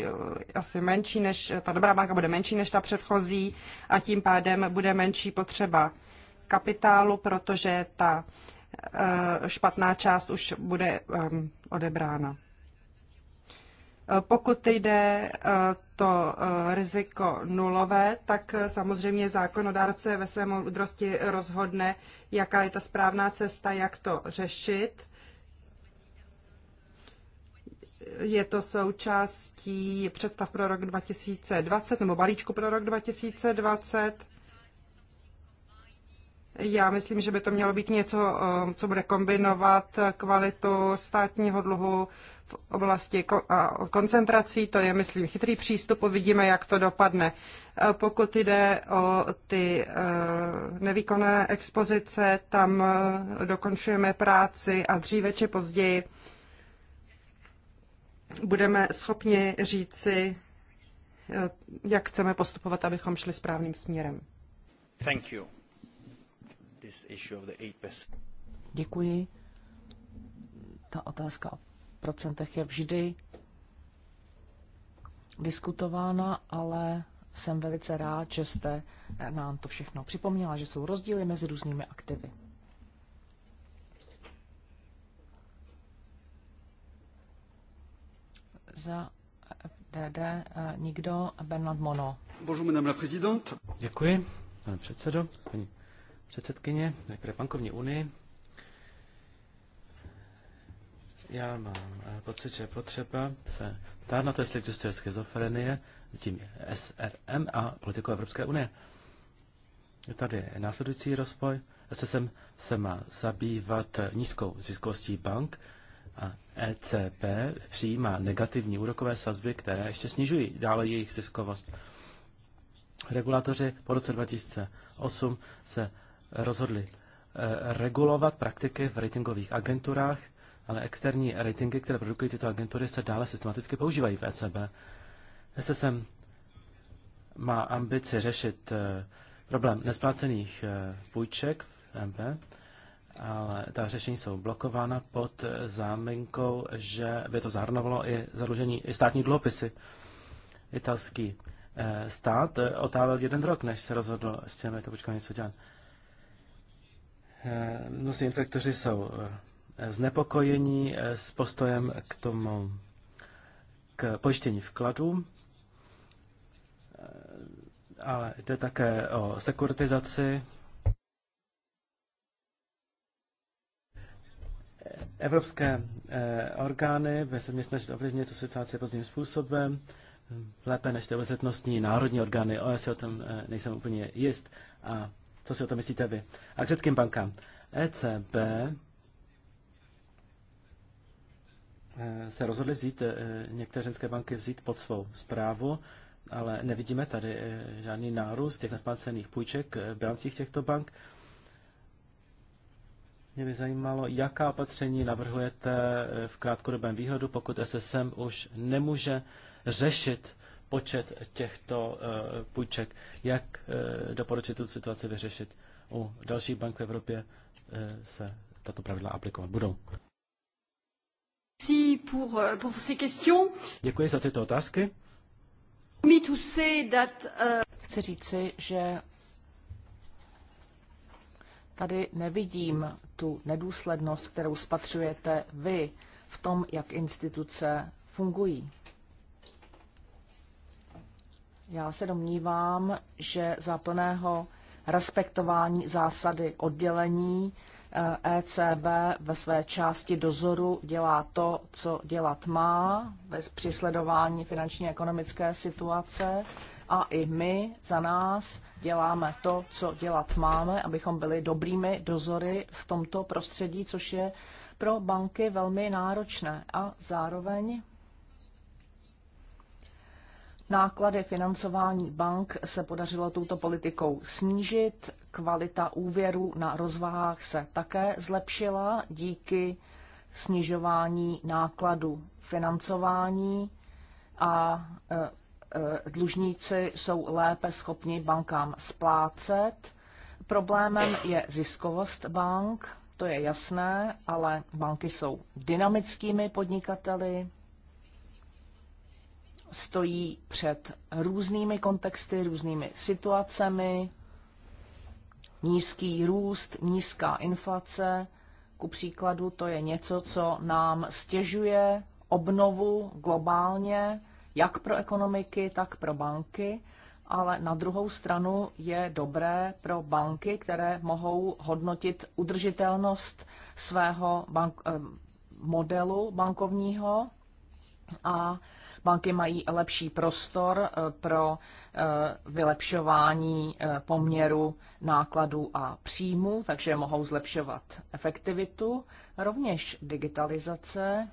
asi menší než, ta dobrá banka bude menší než ta předchozí a tím pádem bude menší potřeba kapitálu, protože ta špatná část už bude ehm, odebrána. Pokud jde eh, to eh, riziko nulové, tak eh, samozřejmě zákonodárce ve svém moudrosti rozhodne, jaká je ta správná cesta, jak to řešit. Je to součástí představ pro rok 2020 nebo balíčku pro rok 2020. Já myslím, že by to mělo být něco, co bude kombinovat kvalitu státního dluhu v oblasti koncentrací. To je, myslím, chytrý přístup. Uvidíme, jak to dopadne. E, pokud jde o ty e, nevýkonné expozice, tam e, dokončujeme práci a dříve či později budeme schopni říci, jak chceme postupovat, abychom šli správným směrem. Thank you. This issue of the Děkuji. Ta otázka procentech je vždy diskutována, ale jsem velice rád, že jste nám to všechno připomněla, že jsou rozdíly mezi různými aktivy. Za FDD eh, nikdo, Bernard Mono. Bonjour, madame la présidente. Děkuji, pane předsedo, paní předsedkyně, nejprve bankovní unii. Já mám eh, pocit, že je potřeba se ptát na to, jestli existuje schizofrenie s tím SRM a politikou Evropské unie. Je tady následující rozpoj. SSM se má zabývat eh, nízkou ziskovostí bank a ECB přijímá negativní úrokové sazby, které ještě snižují dále jejich ziskovost. Regulatoři po roce 2008 se rozhodli eh, regulovat praktiky v ratingových agenturách ale externí ratingy, které produkují tyto agentury, se dále systematicky používají v ECB. SSM má ambici řešit eh, problém nesplácených eh, půjček v e MP, ale ta řešení jsou blokována pod eh, záminkou, že by to zahrnovalo i zadlužení i státní dluhopisy. Italský stát otávil jeden rok, než se rozhodl s těmi to počkání něco dělat. Mnozí infektoři jsou znepokojení eh, s postojem k tomu k pojištění vkladů, eh, ale jde také o sekuritizaci. Evropské eh, orgány by se mě snažit ovlivnit tu situaci pozdním způsobem, lépe než ty obezřetnostní národní orgány. O, já si o tom nejsem úplně jist. A co si o tom myslíte vy? A k řeckým bankám. ECB Eh, se rozhodli vzít, eh, některé ženské banky vzít pod svou zprávu, ale nevidíme tady eh, žádný nárůst těch nesplacených půjček v bilancích těchto bank. Mě by zajímalo, jaká opatření navrhujete v krátkodobém výhledu, pokud SSM už nemůže řešit počet těchto půjček. Jak doporučit tu situaci vyřešit? U dalších bank v Evropě se tato pravidla aplikovat budou. Euh, Děkuji za tyto otázky. Uh, Chci říci, že tady nevidím tu nedůslednost, kterou spatřujete vy v tom, jak instituce fungují. Já se domnívám, že za plného respektování zásady oddělení ECB eh, e ve své části dozoru dělá to, co dělat má, bez přisledování finanční ekonomické situace a i my za nás děláme to, co dělat máme, abychom byli dobrými dozory v tomto prostředí, což je pro banky velmi náročné a zároveň Náklady financování bank se podařilo touto politikou snížit, kvalita úvěru na rozvahách se také zlepšila díky snižování nákladu financování a e, e, dlužníci jsou lépe schopni bankám splácet. Problémem je ziskovost bank, to je jasné, ale banky jsou dynamickými podnikateli, stojí před různými kontexty, různými situacemi, nízký růst, nízká inflace. Ku příkladu to je něco, co nám stěžuje obnovu globálně, jak pro ekonomiky, tak pro banky, ale na druhou stranu je dobré pro banky, které mohou hodnotit udržitelnost svého bank, eh, modelu bankovního a Banky mají lepší prostor eh, pro eh, vylepšování eh, poměru nákladů a příjmů, takže mohou zlepšovat efektivitu. Rovněž digitalizace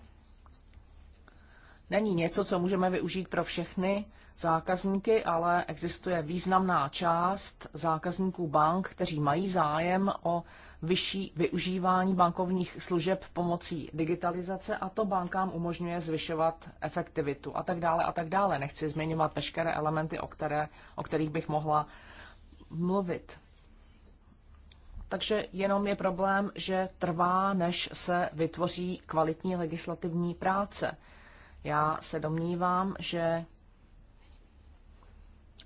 není něco, co můžeme využít pro všechny zákazníky, ale existuje významná část zákazníků bank, kteří mají zájem o vyšší využívání bankovních služeb pomocí digitalizace a to bankám umožňuje zvyšovat efektivitu a tak dále a tak dále. Nechci zmiňovat veškeré elementy, o, které, o kterých bych mohla mluvit. Takže jenom je problém, že trvá, než se vytvoří kvalitní legislativní práce. Já se domnívám, že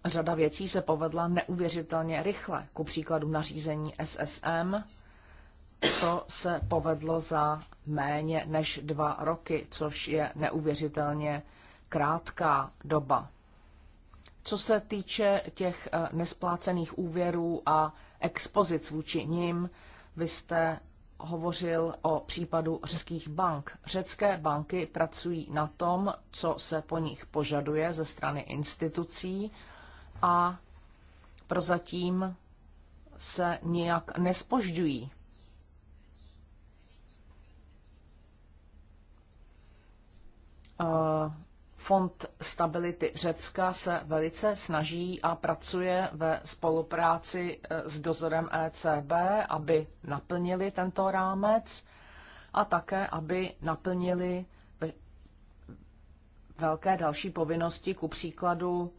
Řada věcí se povedla neuvěřitelně rychle, ku příkladu nařízení SSM. To se povedlo za méně než dva roky, což je neuvěřitelně krátká doba. Co se týče těch eh, nesplácených úvěrů a expozic vůči nim, vy jste hovořil o případu řeckých bank. Řecké banky pracují na tom, co se po nich požaduje ze strany institucí a prozatím se nijak nespožďují. Eh, Fond stability Řecka se velice snaží a pracuje ve spolupráci eh, s dozorem ECB, aby naplnili tento rámec a také, aby naplnili velké další povinnosti, ku příkladu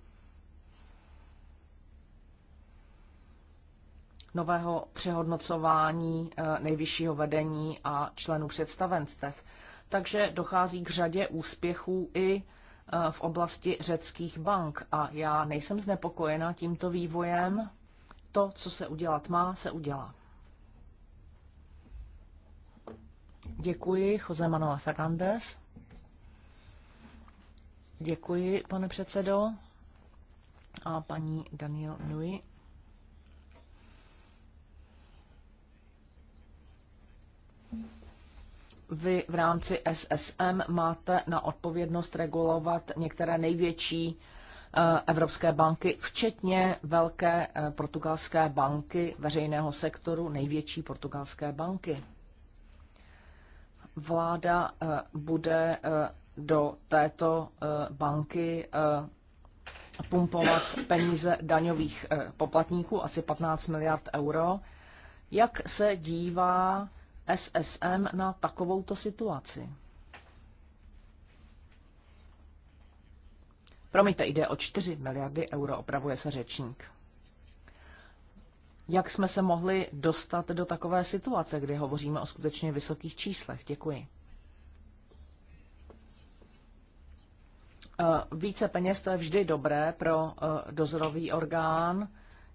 nového přehodnocování eh, nejvyššího vedení a členů představenstev. Takže dochází k řadě úspěchů i eh, v oblasti řeckých bank a já nejsem znepokojena tímto vývojem. To, co se udělat má, se udělá. Děkuji, Jose Manuel Fernández. Děkuji, pane předsedo. A paní Daniel Nui. vy v rámci SSM máte na odpovědnost regulovat některé největší eh, evropské banky, včetně velké eh, portugalské banky veřejného sektoru, největší portugalské banky. Vláda eh, bude do této banky pumpovat peníze daňových poplatníků, asi 15 miliard euro. Jak se dívá SSM na takovouto situaci. Promiňte, jde o 4 miliardy euro, opravuje se řečník. Jak jsme se mohli dostat do takové situace, kdy hovoříme o skutečně vysokých číslech? Děkuji. Eh, více peněz to je vždy dobré pro eh, dozorový orgán,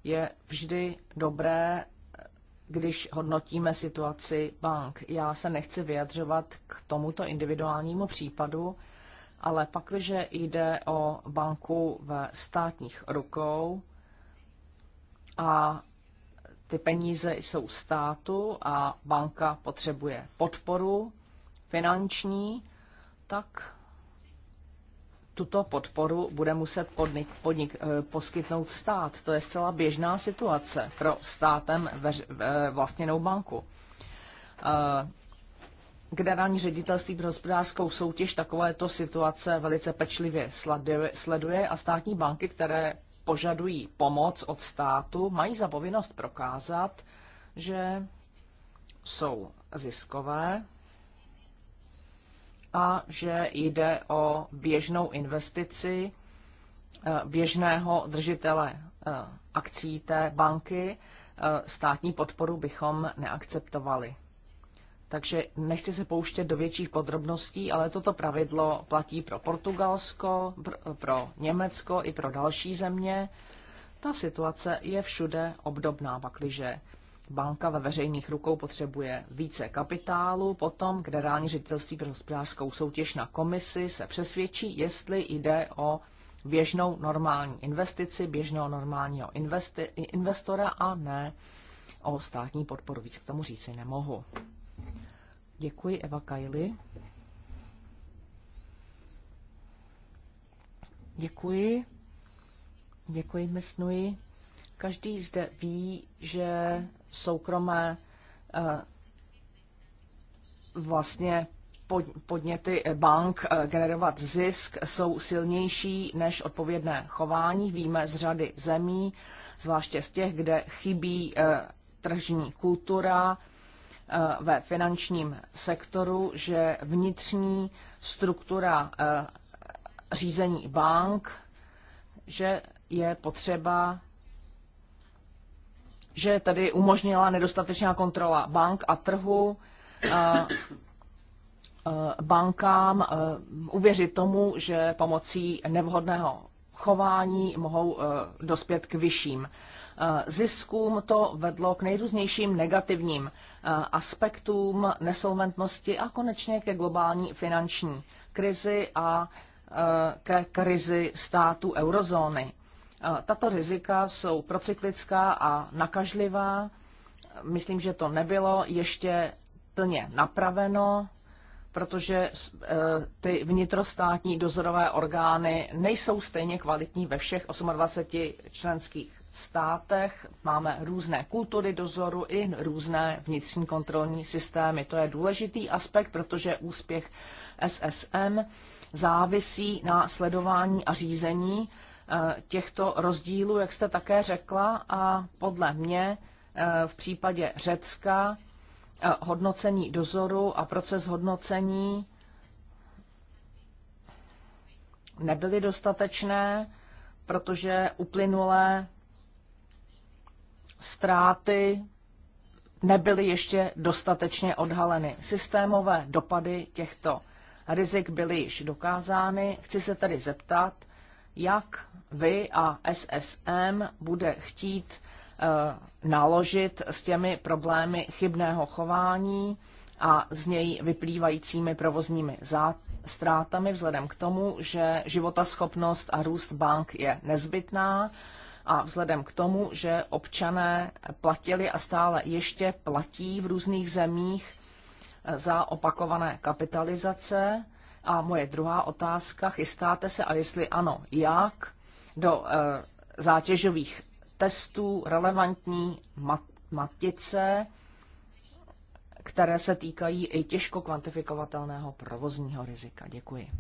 je vždy dobré když hodnotíme situaci bank. Já se nechci vyjadřovat k tomuto individuálnímu případu, ale pakliže jde o banku ve státních rukou a ty peníze jsou státu a banka potřebuje podporu finanční, tak tuto podporu bude muset podnik, podnik eh, poskytnout stát. To je zcela běžná situace pro státem veř, vlastněnou banku. Eh, generální ředitelství pro hospodářskou soutěž takovéto situace velice pečlivě sleduje a státní banky, které požadují pomoc od státu, mají za povinnost prokázat, že jsou ziskové, a že jde o běžnou investici eh, běžného držitele eh, akcí té banky. Eh, státní podporu bychom neakceptovali. Takže nechci se pouštět do větších podrobností, ale toto pravidlo platí pro Portugalsko, pro Německo i pro další země. Ta situace je všude obdobná, pakliže banka ve veřejných rukou potřebuje více kapitálu, potom generální ředitelství pro hospodářskou soutěž na komisi se přesvědčí, jestli jde o běžnou normální investici, běžného normálního investi- investora a ne o státní podporu. Víc k tomu říci nemohu. Děkuji, Eva Kajli. Děkuji. Děkuji, Mesnuji. Každý zde ví, že soukromé eh, vlastně podněty bank eh, generovat zisk jsou silnější než odpovědné chování. Víme z řady zemí, zvláště z těch, kde chybí eh, tržní kultura ve finančním sektoru, že vnitřní struktura řízení bank, že je potřeba že tady umožnila nedostatečná kontrola bank a trhu bankám uvěřit tomu, že pomocí nevhodného chování mohou e, dospět k vyšším e, ziskům. To vedlo k nejrůznějším negativním e, aspektům nesolventnosti a konečně ke globální finanční krizi a ke krizi států eurozóny. Eh, tato rizika jsou procyklická a nakažlivá. Myslím, že to nebylo ještě plně napraveno, protože eh, ty vnitrostátní dozorové orgány nejsou stejně kvalitní ve všech 28 členských státech. Máme různé kultury dozoru i různé vnitřní kontrolní systémy. To je důležitý aspekt, protože úspěch SSM závisí na sledování a řízení Eh, těchto rozdílů, jak jste také řekla, a podle mě eh, v případě Řecka eh, hodnocení dozoru a proces hodnocení nebyly dostatečné, protože uplynulé ztráty nebyly ještě dostatečně odhaleny. Systémové dopady těchto rizik byly již dokázány. Chci se tedy zeptat, jak vy a SSM bude chtít eh, naložit s těmi problémy chybného chování a z něj vyplývajícími provozními ztrátami vzhledem k tomu, že životaschopnost a růst bank je nezbytná a vzhledem k tomu, že občané platili a stále ještě platí v různých zemích eh, za opakované kapitalizace. A moje druhá otázka, chystáte se a jestli ano, jak do eh, zátěžových testů relevantní mat, matice, které se týkají i těžko kvantifikovatelného provozního rizika. Děkuji.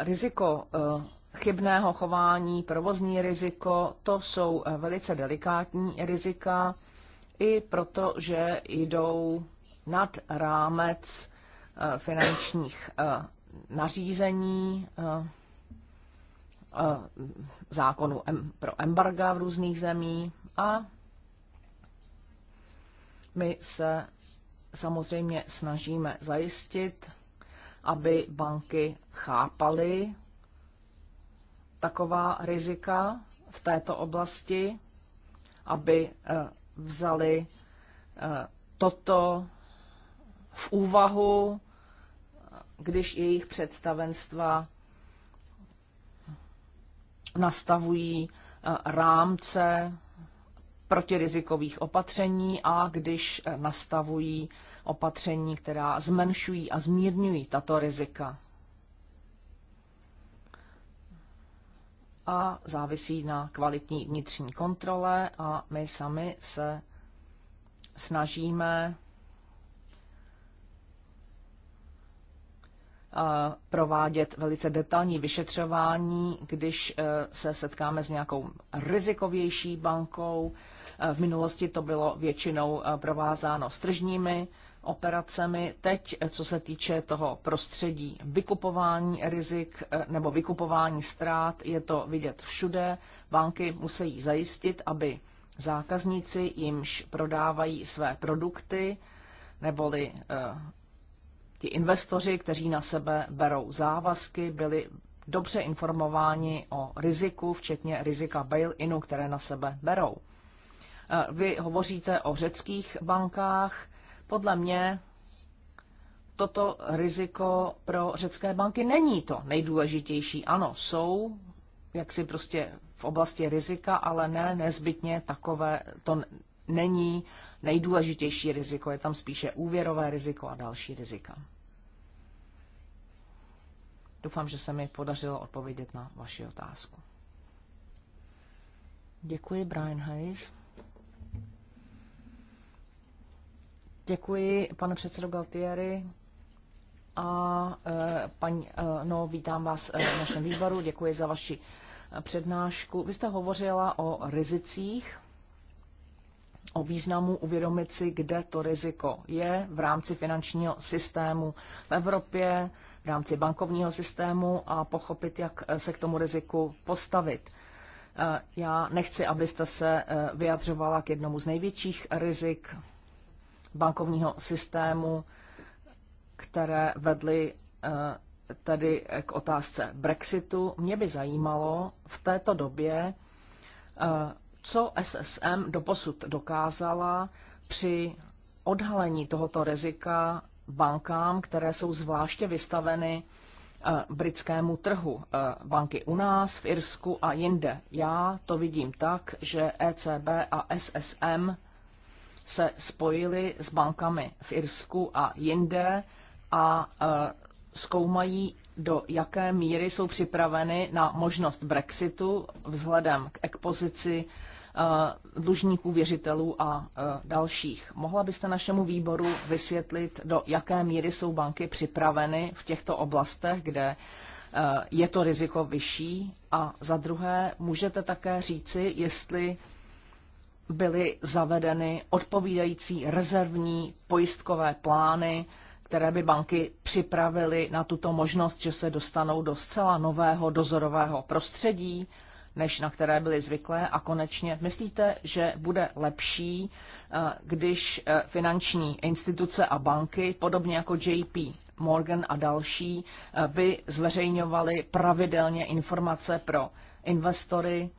Riziko eh, chybného chování, provozní riziko, to jsou eh, velice delikátní rizika, i proto, že jdou nad rámec finančních nařízení eh, eh, zákonu pro embarga v různých zemí a my se samozřejmě snažíme zajistit, aby banky chápaly taková rizika v této oblasti, aby eh, vzali toto v úvahu když jejich představenstva nastavují eh, rámce protirizikových opatření a když eh, nastavují opatření, která zmenšují a zmírňují tato rizika. A závisí na kvalitní vnitřní kontrole a my sami se snažíme provádět velice detailní vyšetřování, když e, se setkáme s nějakou rizikovější bankou. E, v minulosti to bylo většinou e, provázáno s tržními operacemi. Teď, co se týče toho prostředí vykupování rizik nebo vykupování ztrát, je to vidět všude. Banky musí zajistit, aby zákazníci, jimž prodávají své produkty, neboli ti investoři, kteří na sebe berou závazky, byli dobře informováni o riziku, včetně rizika bail-inu, které na sebe berou. Eh, vy hovoříte o řeckých bankách. Podle mě toto riziko pro řecké banky není to nejdůležitější. Ano, jsou jaksi prostě v oblasti rizika, ale ne nezbytně takové, to není nejdůležitější riziko, je tam spíše úvěrové riziko a další rizika. Doufám, že se mi podařilo odpovědět na vaši otázku. Děkuji, Brian Hayes. Děkuji, pane předsedo Galtieri. A eh, paní, eh, no, vítám vás eh, v našem výboru. Děkuji za vaši přednášku. Vy jste hovořila o rizicích o významu uvědomit si, kde to riziko je v rámci finančního systému v Evropě, v rámci bankovního systému a pochopit, jak eh, se k tomu riziku postavit. Eh, já nechci, abyste se eh, vyjadřovala k jednomu z největších rizik bankovního systému, které vedly tedy k otázce Brexitu. Mě by zajímalo v této době, co SSM doposud dokázala při odhalení tohoto rizika bankám, které jsou zvláště vystaveny eh, britskému trhu. Eh, banky u nás, v Irsku a jinde. Já to vidím tak, že ECB a SSM se spojili s bankami v Irsku a jinde a eh, zkoumají, do jaké míry jsou připraveny na možnost Brexitu vzhledem k expozici Eh, dlužníků, věřitelů a eh, dalších. Mohla byste našemu výboru vysvětlit, do jaké míry jsou banky připraveny v těchto oblastech, kde eh, je to riziko vyšší? A za druhé, můžete také říci, jestli byly zavedeny odpovídající rezervní pojistkové plány, které by banky připravily na tuto možnost, že se dostanou do zcela nového dozorového prostředí než na které byly zvyklé. A konečně, myslíte, že bude lepší, eh, když eh, finanční instituce a banky, podobně jako JP Morgan a další, eh, by zveřejňovaly pravidelně informace pro investory,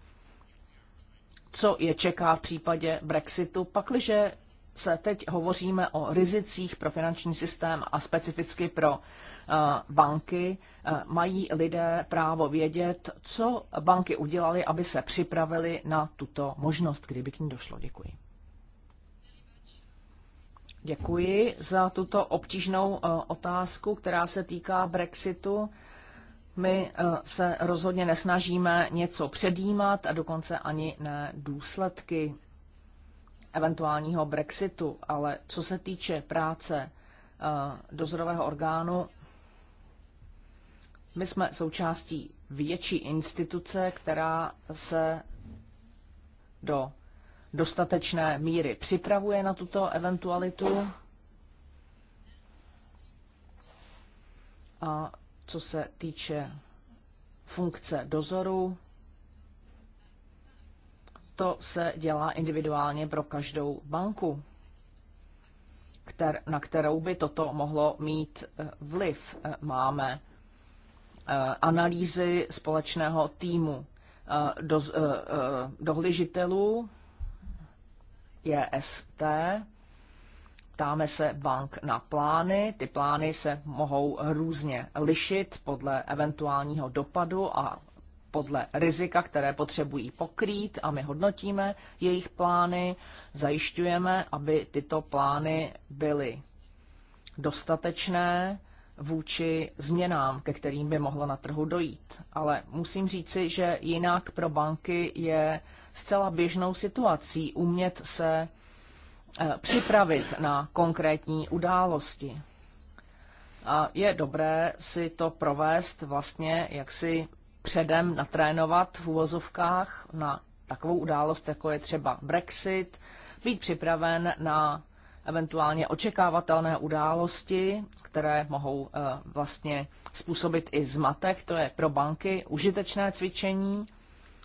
co je čeká v případě Brexitu, pakliže se teď hovoříme o rizicích pro finanční systém a specificky pro Eh, banky, eh, mají lidé právo vědět, co banky udělaly, aby se připravili na tuto možnost, kdyby k ní došlo. Děkuji. Děkuji za tuto obtížnou eh, otázku, která se týká Brexitu. My se rozhodně nesnažíme něco předjímat a dokonce ani ne důsledky eventuálního Brexitu, ale co se týče práce dozorového orgánu, my jsme součástí větší instituce, která se do dostatečné míry připravuje na tuto eventualitu. A co se týče funkce dozoru, to se dělá individuálně pro každou banku, na kterou by toto mohlo mít eh, vliv. Eh, máme Eh, analýzy společného týmu eh, do, eh, dohlížitelů JST. Ptáme se bank na plány. Ty plány se mohou různě lišit podle eventuálního dopadu a podle rizika, které potřebují pokrýt a my hodnotíme jejich plány, zajišťujeme, aby tyto plány byly dostatečné vůči změnám, ke kterým by mohlo na trhu dojít. Ale musím říci, že jinak pro banky je zcela běžnou situací umět se eh, připravit na konkrétní události. A je dobré si to provést vlastně, jak si předem natrénovat v uvozovkách na takovou událost, jako je třeba Brexit, být připraven na eventuálně očekávatelné události, které mohou eh, vlastně způsobit i zmatek. To je pro banky užitečné cvičení.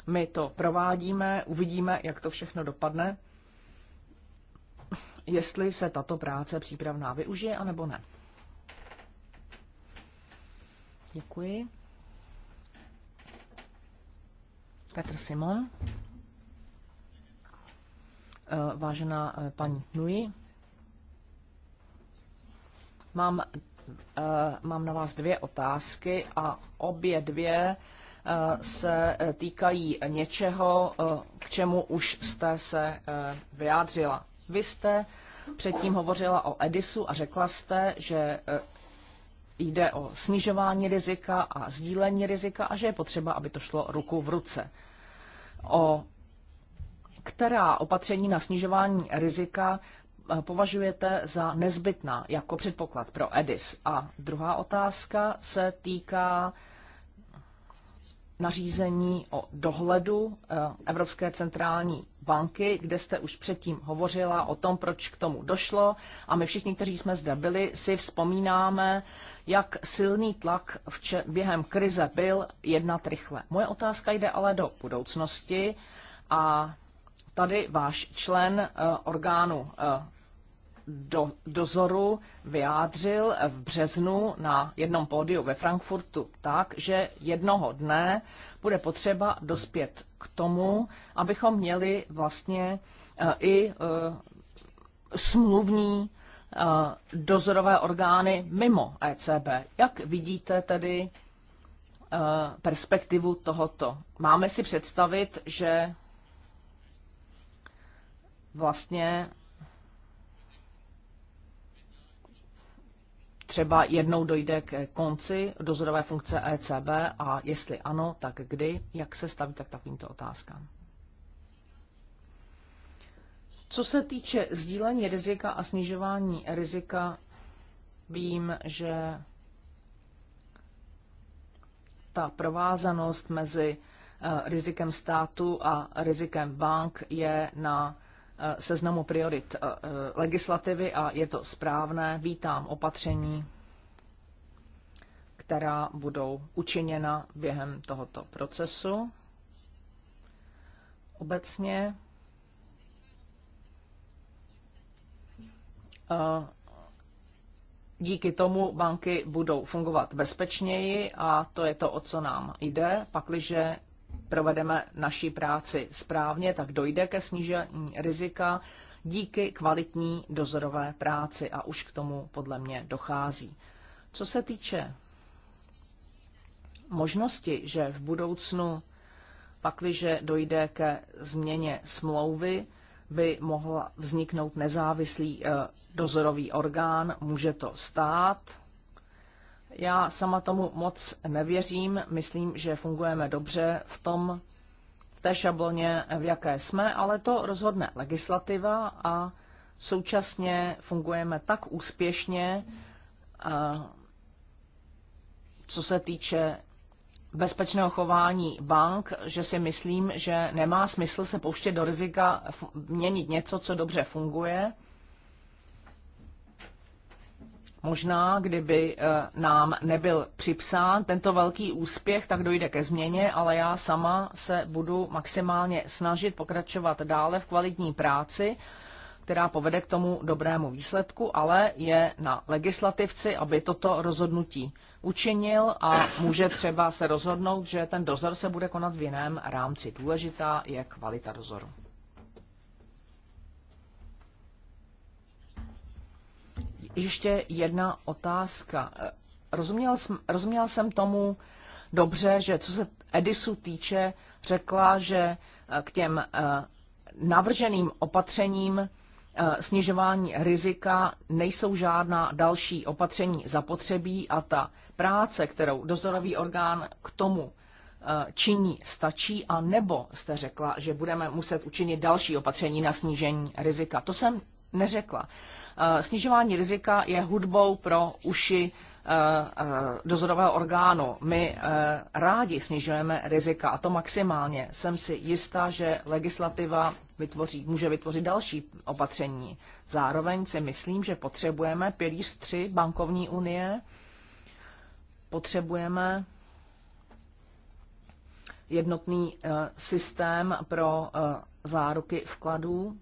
My to provádíme, uvidíme, jak to všechno dopadne, jestli se tato práce přípravná využije, anebo ne. Děkuji. Petr Simon. Eh, vážená eh, paní Nui, Mám, eh, mám na vás dvě otázky a obě dvě eh, se týkají něčeho, eh, k čemu už jste se vyjádřila. Vy jste předtím hovořila o Edisu a řekla jste, že jde o snižování rizika a sdílení rizika a že je potřeba, aby to šlo ruku v ruce. O která opatření na snižování rizika považujete za nezbytná jako předpoklad pro EDIS? A druhá otázka se týká nařízení o dohledu eh, Evropské centrální banky, kde jste už předtím hovořila o tom, proč k tomu došlo. A my všichni, kteří jsme zde byli, si vzpomínáme, jak silný tlak vče- během krize byl jednat rychle. Moje otázka jde ale do budoucnosti a tady váš člen eh, orgánu eh, do, dozoru vyjádřil v březnu na jednom pódiu ve Frankfurtu tak, že jednoho dne bude potřeba dospět k tomu, abychom měli vlastně eh, i eh, smluvní eh, dozorové orgány mimo ECB. Jak vidíte tedy perspektivu tohoto? Máme si představit, že vlastně třeba jednou dojde k konci dozorové funkce ECB a jestli ano, tak kdy, jak se staví tak takovýmto otázkám. Co se týče sdílení rizika a snižování rizika, vím, že ta provázanost mezi eh, rizikem státu a rizikem bank je na Eh, seznamu priorit eh, eh, legislativy a je to správné. Vítám opatření, která budou učiněna během tohoto procesu. Obecně díky tomu banky budou fungovat bezpečněji a to je to, o co nám jde, pakliže provedeme naší práci správně, tak dojde ke snížení rizika díky kvalitní dozorové práci a už k tomu podle mě dochází. Co se týče možnosti, že v budoucnu, pakliže dojde ke změně smlouvy, by mohl vzniknout nezávislý eh, dozorový orgán, může to stát, já sama tomu moc nevěřím. Myslím, že fungujeme dobře v tom, v té šabloně, v jaké jsme, ale to rozhodne legislativa a současně fungujeme tak úspěšně, co se týče bezpečného chování bank, že si myslím, že nemá smysl se pouštět do rizika měnit něco, co dobře funguje Možná, kdyby eh, nám nebyl připsán tento velký úspěch, tak dojde ke změně, ale já sama se budu maximálně snažit pokračovat dále v kvalitní práci, která povede k tomu dobrému výsledku, ale je na legislativci, aby toto rozhodnutí učinil a může třeba se rozhodnout, že ten dozor se bude konat v jiném rámci. Důležitá je kvalita dozoru. ještě jedna otázka. Rozuměl jsem, rozuměl jsem tomu dobře, že co se Edisu týče, řekla, že eh, k těm eh, navrženým opatřením eh, snižování rizika nejsou žádná další opatření zapotřebí a ta práce, kterou dozorový orgán k tomu činí, stačí a nebo jste řekla, že budeme muset učinit další opatření na snížení rizika. To jsem neřekla. Eh, snižování rizika je hudbou pro uši eh, eh, dozorového orgánu. My rádi snižujeme rizika a to maximálně. Jsem si jistá, že legislativa vytvoří, může vytvořit další opatření. Zároveň si myslím, že potřebujeme pilíř 3 bankovní unie, potřebujeme jednotný systém pro záruky vkladů,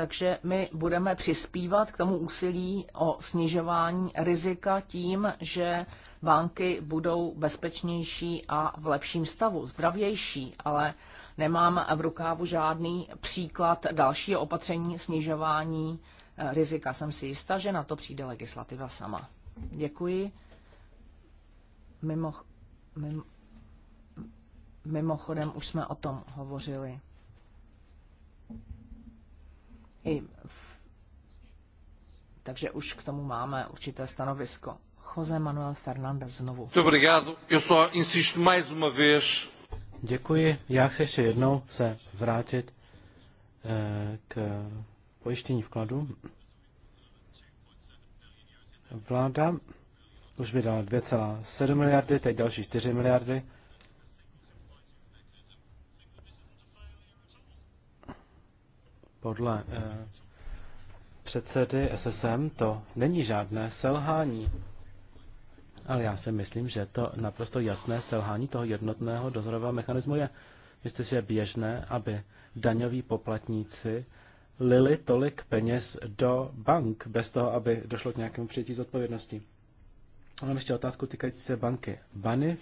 takže my budeme přispívat k tomu úsilí o snižování rizika tím, že banky budou bezpečnější a v lepším stavu, zdravější, ale nemám v rukávu žádný příklad dalšího opatření snižování eh, rizika. Jsem si jistá, že na to přijde legislativa sama. Děkuji. Mimo, mimo, mimochodem už jsme o tom hovořili. I v... Takže už k tomu máme určité stanovisko. José Manuel Fernández znovu. Děkuji. Já chci ještě jednou se vrátit eh, k pojištění vkladu. Vláda už vydala 2,7 miliardy, teď další 4 miliardy. Podle eh, předsedy SSM to není žádné selhání. Ale já si myslím, že to naprosto jasné selhání toho jednotného dozorového mechanismu je. Myslíte si, je běžné, aby daňoví poplatníci lili tolik peněz do bank, bez toho, aby došlo k nějakému přijetí zodpovědnosti? Mám ještě otázku týkající se banky. Banif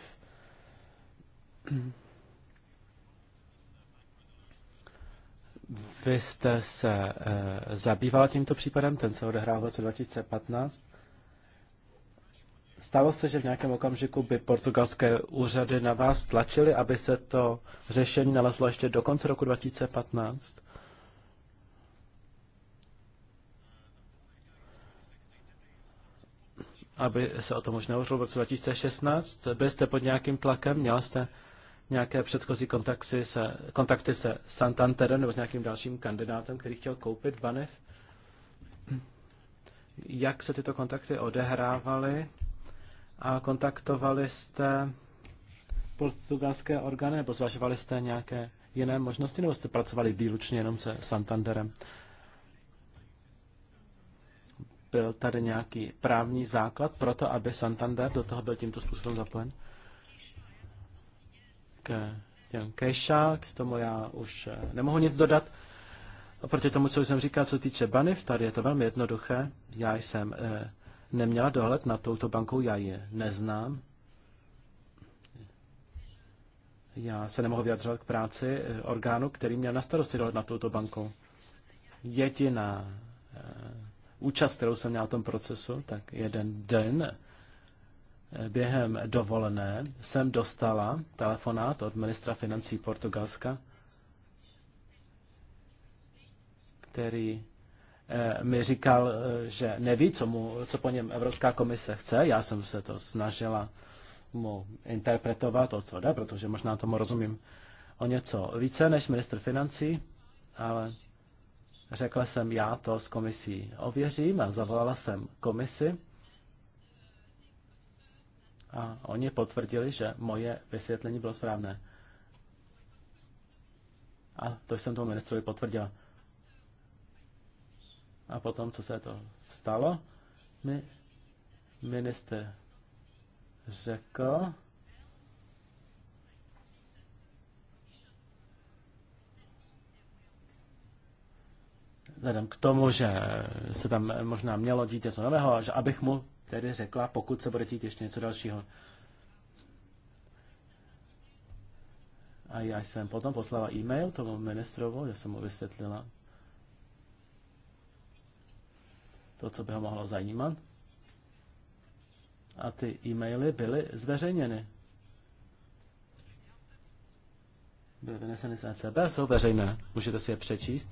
Vy jste se eh, zabývala tímto případem, ten se odehrál v roce 2015. Stalo se, že v nějakém okamžiku by portugalské úřady na vás tlačily, aby se to řešení nalezlo ještě do konce roku 2015? Aby se o tom už nehovořilo v roce 2016? Byl jste pod nějakým tlakem? Měla jste nějaké předchozí kontakty se, kontakty se Santanterem nebo s nějakým dalším kandidátem, který chtěl koupit Banev. Jak se tyto kontakty odehrávaly a kontaktovali jste portugalské orgány nebo zvažovali jste nějaké jiné možnosti nebo jste pracovali výlučně jenom se Santanderem? Byl tady nějaký právní základ pro to, aby Santander do toho byl tímto způsobem zapojen? těm Keša, k tomu já už eh, nemohu nic dodat. Oproti tomu, co jsem říkal, co týče Baniv, tady je to velmi jednoduché. Já jsem eh, neměla dohled na touto bankou, já je neznám. Já se nemohu vyjadřovat k práci eh, orgánu, který měl na starosti dohled na touto bankou. Jediná účast, kterou jsem měl v tom procesu, tak jeden den během dovolené jsem dostala telefonát od ministra financí Portugalska, který eh, mi říkal, eh, že neví, co, mu, co po něm Evropská komise chce. Já jsem se to snažila mu interpretovat, o co jde, protože možná tomu rozumím o něco více než ministr financí, ale řekla jsem, já to s komisí ověřím a zavolala jsem komisi a oni potvrdili, že moje vysvětlení bylo správné. A to jsem tomu ministrovi potvrdila. A potom, co se to stalo, mi minister řekl, vzhledem k tomu, že se tam možná mělo dít něco nového, a že abych mu tedy řekla, pokud se bude dít ještě něco dalšího. A já jsem potom poslala e-mail tomu ministrovu, že jsem mu vysvětlila to, co by ho mohlo zajímat. A ty e-maily byly zveřejněny. Byly vyneseny z ECB, jsou veřejné, můžete si je přečíst.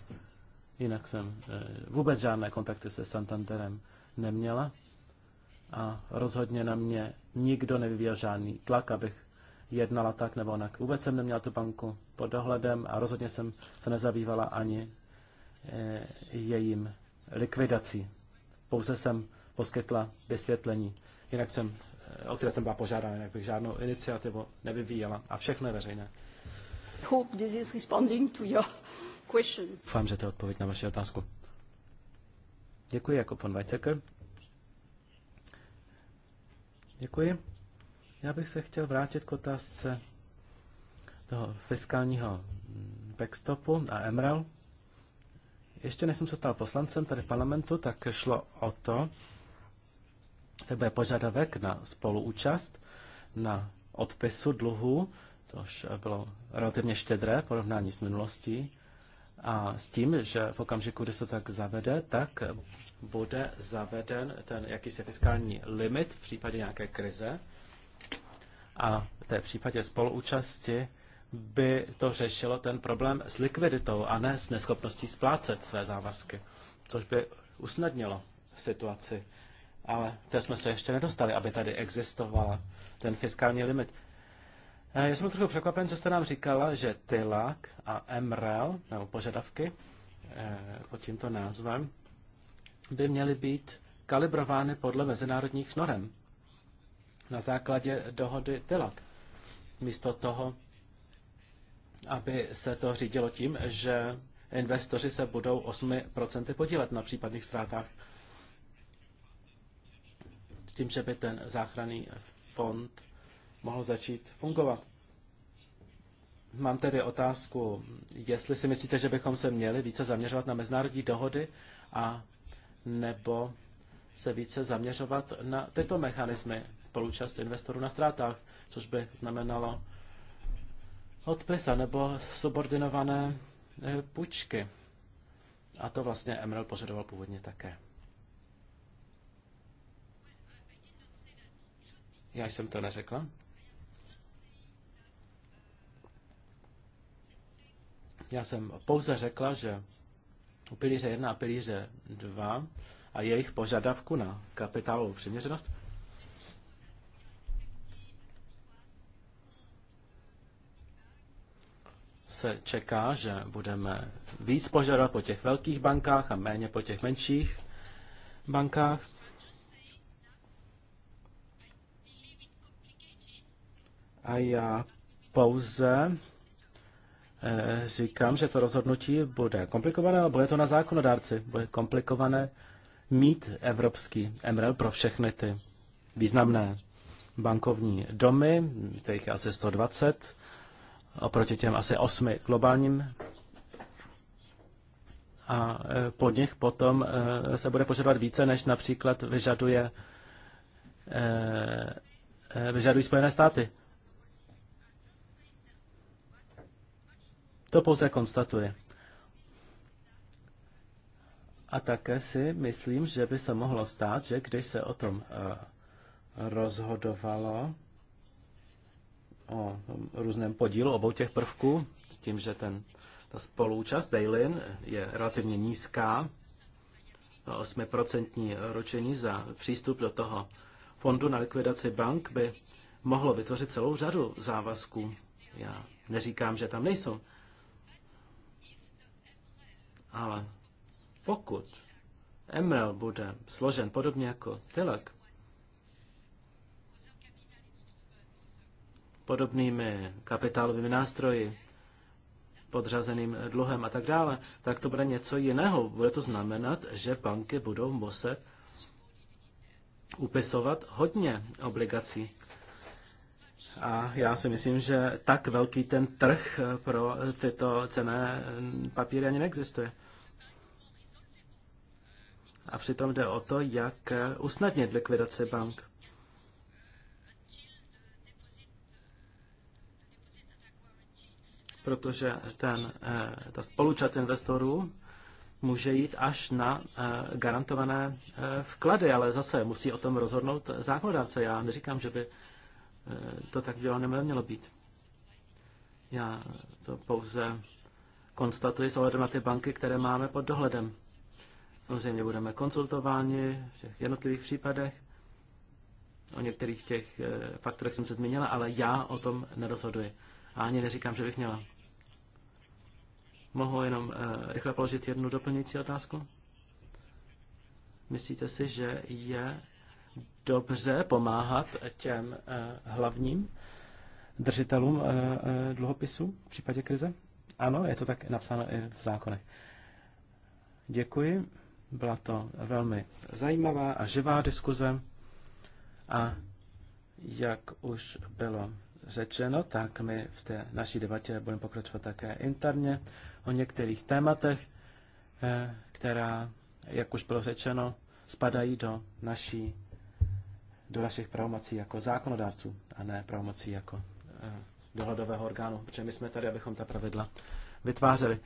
Jinak jsem eh, vůbec žádné kontakty se Santanderem neměla a rozhodně na mě nikdo nevyvíjel žádný tlak, abych jednala tak nebo onak. Vůbec jsem neměla tu banku pod dohledem a rozhodně jsem se nezabývala ani eh, jejím likvidací. Pouze jsem poskytla vysvětlení. Jinak jsem, eh, o které jsem byla požádána, jinak bych žádnou iniciativu nevyvíjela a všechno je veřejné. Hope this is responding to your question. Doufám, že to je odpověď na vaši otázku. Děkuji, jako pan Weizsäcker. Děkuji. Já bych se chtěl vrátit k otázce toho fiskálního backstopu a MREL. Ještě než jsem se stal poslancem tady v parlamentu, tak šlo o to, že bude požadavek na spoluúčast na odpisu dluhu, což bylo relativně štědré porovnání s minulostí. A s tím, že v okamžiku, kdy se tak zavede, tak bude zaveden ten jakýsi fiskální limit v případě nějaké krize. A v té případě spoluúčasti by to řešilo ten problém s likviditou a ne s neschopností splácet své závazky, což by usnadnilo situaci. Ale té jsme se ještě nedostali, aby tady existoval ten fiskální limit. Eh, já jsem trochu překvapen, že jste nám říkala, že TILAC a MREL, nebo požadavky eh, pod tímto názvem, by měly být kalibrovány podle mezinárodních norem na základě dohody TILAC. Místo toho, aby se to řídilo tím, že investoři se budou 8% podílet na případných ztrátách. Tím, že by ten záchranný fond mohl začít fungovat. Mám tedy otázku, jestli si myslíte, že bychom se měli více zaměřovat na mezinárodní dohody a nebo se více zaměřovat na tyto mechanismy spoluúčast investorů na ztrátách, což by znamenalo odpisa nebo subordinované eh, půjčky. A to vlastně Emil požadoval původně také. Já jsem to neřekla. Já jsem pouze řekla, že u pilíře 1 a pilíře 2 a jejich požadavku na kapitálovou přiměřenost se čeká, že budeme víc požadovat po těch velkých bankách a méně po těch menších bankách. A já pouze Eh, říkám, že to rozhodnutí bude komplikované, ale bude to na zákonodárci. Bude komplikované mít evropský MREL pro všechny ty významné bankovní domy, těch asi 120, oproti těm asi osmi globálním. A eh, po nich potom eh, se bude požadovat více, než například vyžaduje, vyžadují Spojené státy. To pouze konstatuje. A také si myslím, že by se mohlo stát, že když se o tom eh, rozhodovalo, o různém podílu obou těch prvků, s tím, že ten, ta spolúčast bail je relativně nízká, 8% ročení za přístup do toho fondu na likvidaci bank by mohlo vytvořit celou řadu závazků. Já neříkám, že tam nejsou ale pokud ML bude složen podobně jako Tilak, podobnými kapitálovými nástroji, podřazeným dluhem a tak dále, tak to bude něco jiného. Bude to znamenat, že banky budou muset upisovat hodně obligací. A já si myslím, že tak velký ten trh pro tyto cené papíry ani neexistuje. A přitom jde o to, jak usnadnit likvidaci bank. Protože ten, eh, ta spolučas investorů může jít až na eh, garantované eh, vklady, ale zase musí o tom rozhodnout zákonodárce. Já neříkám, že by to tak bylo nemělo být. Já to pouze konstatuji s ohledem na ty banky, které máme pod dohledem. Samozřejmě budeme konzultováni v těch jednotlivých případech. O některých těch eh, faktorech jsem se zmínila, ale já o tom nerozhoduji. A ani neříkám, že bych měla. Mohu jenom eh, rychle položit jednu doplňující otázku? Myslíte si, že je dobře pomáhat těm eh, hlavním držitelům dluhopisů v případě krize? Ano, je to tak napsáno i v zákonech. Děkuji. Byla to velmi zajímavá a živá diskuze a jak už bylo řečeno, tak my v té naší debatě budeme pokračovat také interně o některých tématech, eh, která, jak už bylo řečeno, spadají do naší do našich pravomocí jako zákonodárců a ne pravomocí jako eh, dohledového orgánu, protože my jsme tady, abychom ta pravidla vytvářeli.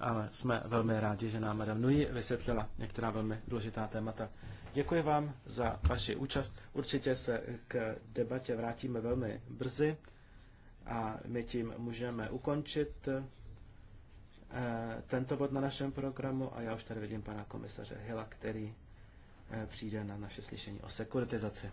ale jsme velmi rádi, že nám Madame Nui vysvětlila některá velmi důležitá témata. Děkuji vám za vaši účast. Určitě se k debatě vrátíme velmi brzy a my tím můžeme ukončit eh, tento bod na našem programu a já už tady vidím pana komisaře Hila, který eh, přijde na naše slyšení o sekuritizaci.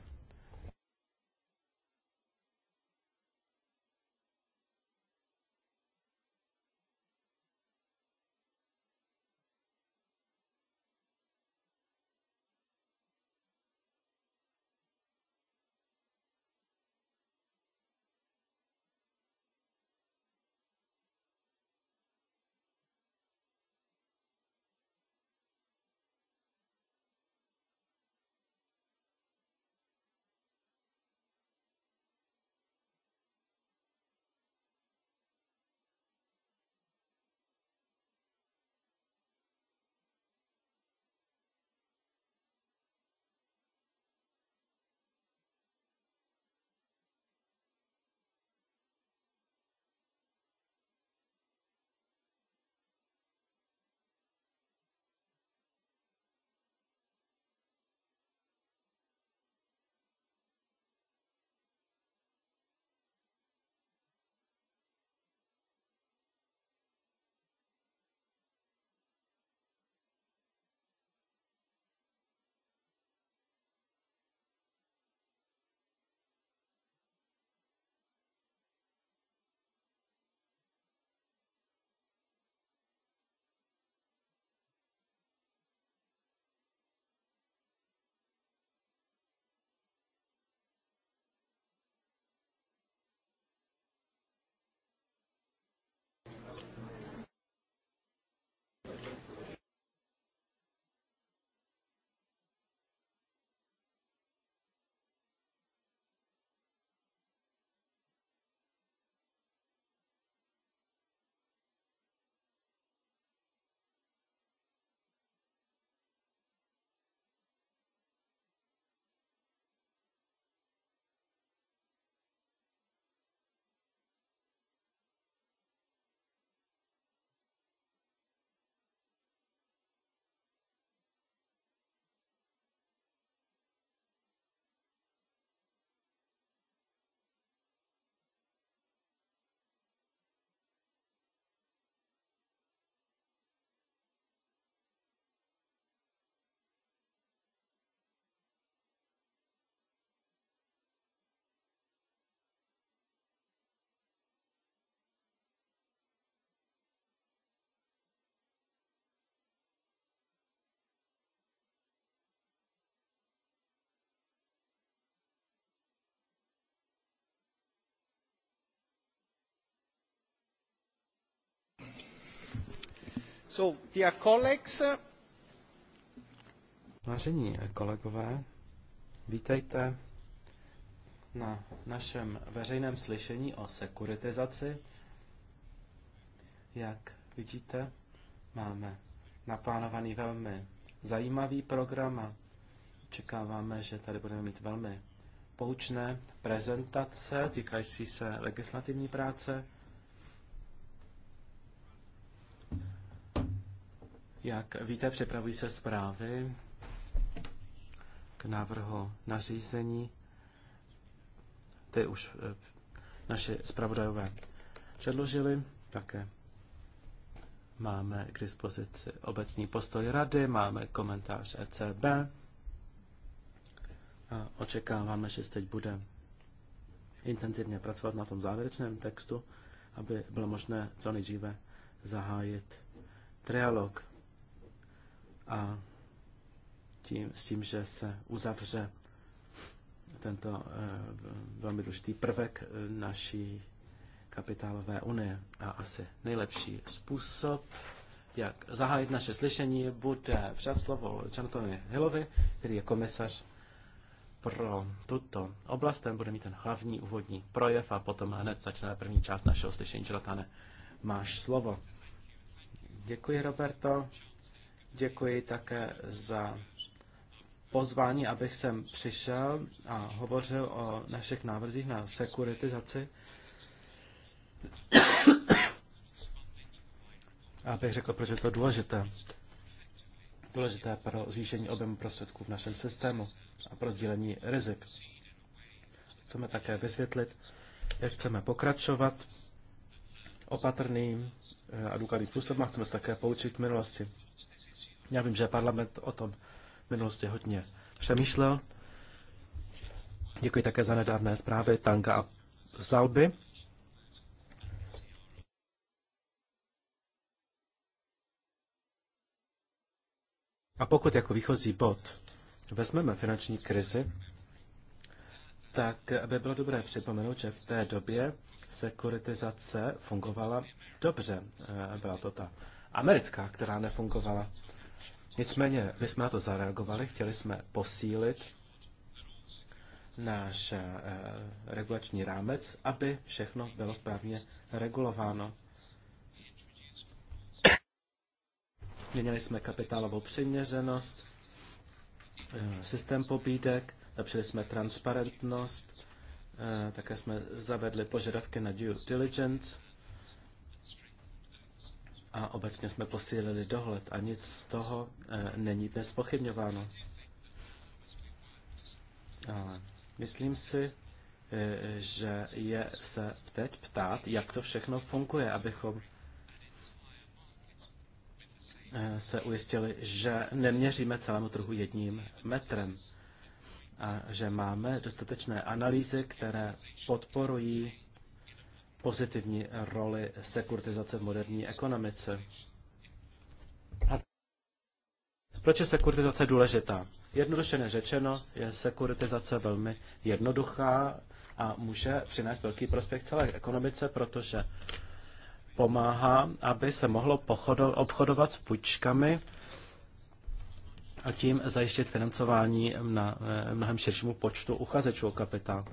So, dear colleagues, uh, Vážení kolegové, vítejte na našem veřejném slyšení o sekuritizaci. Jak vidíte, máme naplánovaný velmi zajímavý program a očekáváme, že tady budeme mít velmi poučné prezentace týkající se legislativní práce Jak víte, připravují se zprávy k návrhu nařízení. Ty už eh, naše zpravodajové předložili také. Máme k dispozici obecní postoj rady, máme komentář ECB a očekáváme, že teď bude intenzivně pracovat na tom závěrečném textu, aby bylo možné co nejdříve zahájit trialog a tím, s tím, že se uzavře tento eh, velmi důležitý prvek eh, naší kapitálové unie. A asi nejlepší způsob, jak zahájit naše slyšení, bude přes slovo Jonathanovi Hillovi, který je komisař pro tuto oblast. Ten bude mít ten hlavní úvodní projev a potom hned začne první část našeho slyšení. Jonathane, máš slovo. Děkuji, Roberto. Děkuji také za pozvání, abych sem přišel a hovořil o našich návrzích na sekuritizaci. abych řekl, proč je to důležité. Důležité pro zvýšení objemu prostředků v našem systému a pro sdílení rizik. Chceme také vysvětlit, jak chceme pokračovat opatrným eh, a důkladným způsobem chceme se také poučit v minulosti. Já vím, že parlament o tom v minulosti hodně přemýšlel. Děkuji také za nedávné zprávy Tanga a Zalby. A pokud jako výchozí bod vezmeme finanční krizi, tak by bylo dobré připomenout, že v té době sekuritizace fungovala dobře. Byla to ta americká, která nefungovala. Nicméně my jsme na to zareagovali, chtěli jsme posílit náš eh, regulační rámec, aby všechno bylo správně regulováno. Měnili jsme kapitálovou přiměřenost, eh, systém pobídek, zapřili jsme transparentnost, eh, také jsme zavedli požadavky na due diligence, a obecně jsme posílili dohled a nic z toho eh, není dnes pochybňováno. A myslím si, eh, že je se teď ptát, jak to všechno funguje, abychom eh, se ujistili, že neměříme celému trhu jedním metrem a že máme dostatečné analýzy, které podporují pozitivní roli sekuritizace v moderní ekonomice. A proč je sekuritizace důležitá? Jednoduše neřečeno, je sekuritizace velmi jednoduchá a může přinést velký prospěch celé ekonomice, protože pomáhá, aby se mohlo obchodovat s půjčkami a tím zajištit financování na eh, mnohem širšímu počtu uchazečů o kapitál.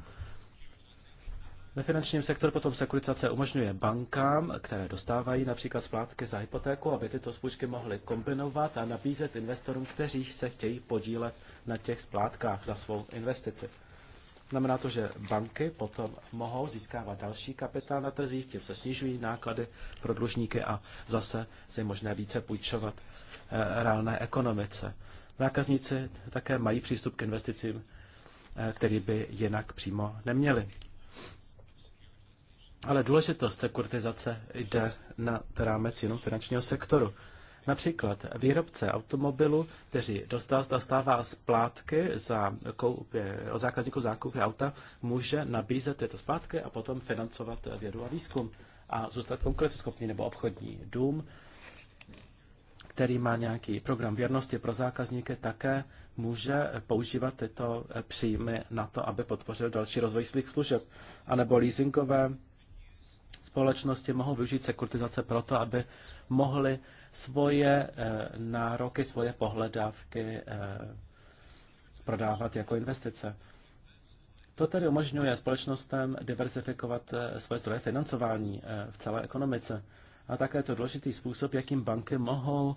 Ve finančním sektoru potom sekuritizace umožňuje bankám, které dostávají například splátky za hypotéku, aby tyto spůjčky mohly kombinovat a nabízet investorům, kteří se chtějí podílet na těch splátkách za svou investici. Znamená to, že banky potom mohou získávat další kapitál na trzích, tím se snižují náklady pro dlužníky a zase si možné více půjčovat eh, reálné ekonomice. Zákazníci také mají přístup k investicím, eh, který by jinak přímo neměli. Ale důležitost sekuritizace jde na rámec jenom finančního sektoru. Například výrobce automobilu, kteří dostává splátky za koupě, o zákazníku zákupy auta, může nabízet tyto splátky a potom financovat vědu a výzkum a zůstat konkurenceschopný nebo obchodní dům, který má nějaký program věrnosti pro zákazníky, také může používat tyto příjmy na to, aby podpořil další rozvoj svých služeb, a nebo leasingové společnosti mohou využít sekuritizace proto, aby mohly svoje eh, nároky, svoje pohledávky eh, prodávat jako investice. To tedy umožňuje společnostem diversifikovat eh, svoje zdroje financování v celé ekonomice. A také je to důležitý způsob, jakým banky mohou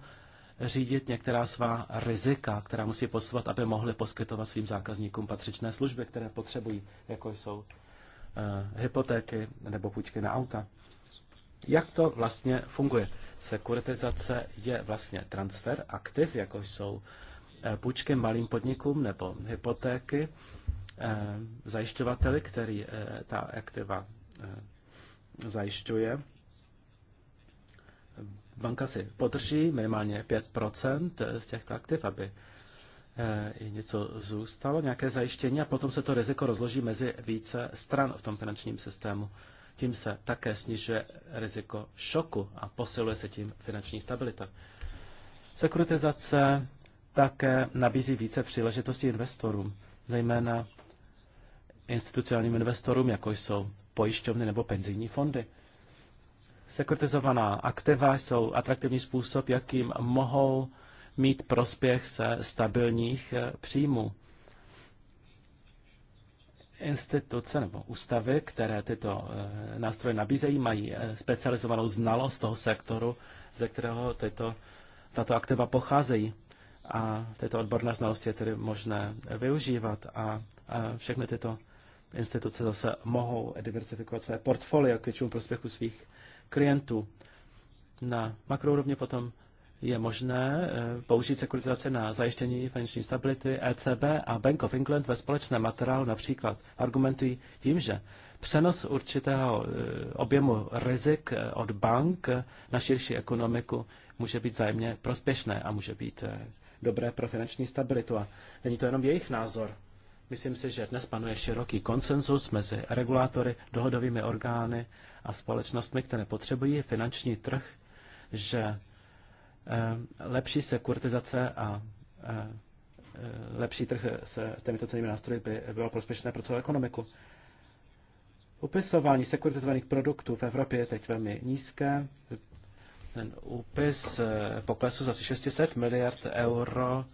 řídit některá svá rizika, která musí posvat, aby mohly poskytovat svým zákazníkům patřičné služby, které potřebují, jako jsou Eh, hypotéky nebo půjčky na auta. Jak to vlastně funguje? Sekuritizace je vlastně transfer aktiv, jako jsou eh, půjčky malým podnikům nebo hypotéky eh, zajišťovateli, který ta aktiva zajišťuje. Banka si podrží minimálně 5 z těchto aktiv, aby Eh, i něco zůstalo, nějaké zajištění a potom se to riziko rozloží mezi více stran v tom finančním systému. Tím se také snižuje riziko šoku a posiluje se tím finanční stabilita. Sekuritizace také nabízí více příležitostí investorům, zejména institucionálním investorům, jako jsou pojišťovny nebo penzijní fondy. Sekuritizovaná aktiva jsou atraktivní způsob, jakým mohou mít prospěch se stabilních eh, příjmů. Instituce nebo ústavy, které tyto eh, nástroje nabízejí, mají eh, specializovanou znalost toho sektoru, ze kterého tyto, tato aktiva pocházejí a tyto odborné znalosti je tedy možné využívat a, a všechny tyto instituce zase mohou diversifikovat své portfolio k většímu prospěchu svých klientů. Na makrourovně potom je možné eh, použít sekuritizace na zajištění finanční stability. ECB a Bank of England ve společném materiálu například argumentují tím, že přenos určitého eh, objemu rizik eh, od bank na širší ekonomiku může být vzájemně prospěšné a může být dobré pro finanční stabilitu. A není to jenom jejich názor. Myslím si, že dnes panuje široký konsenzus mezi regulátory, dohodovými orgány a společnostmi, které potřebují finanční trh, že Eh, lepší sekuritizace a eh, lepší trh se těmito cenými nástroji by bylo prospěšné pro celou ekonomiku. Upisování sekuritizovaných produktů v Evropě je teď velmi nízké. Ten úpis eh, poklesl z asi 600 miliard euro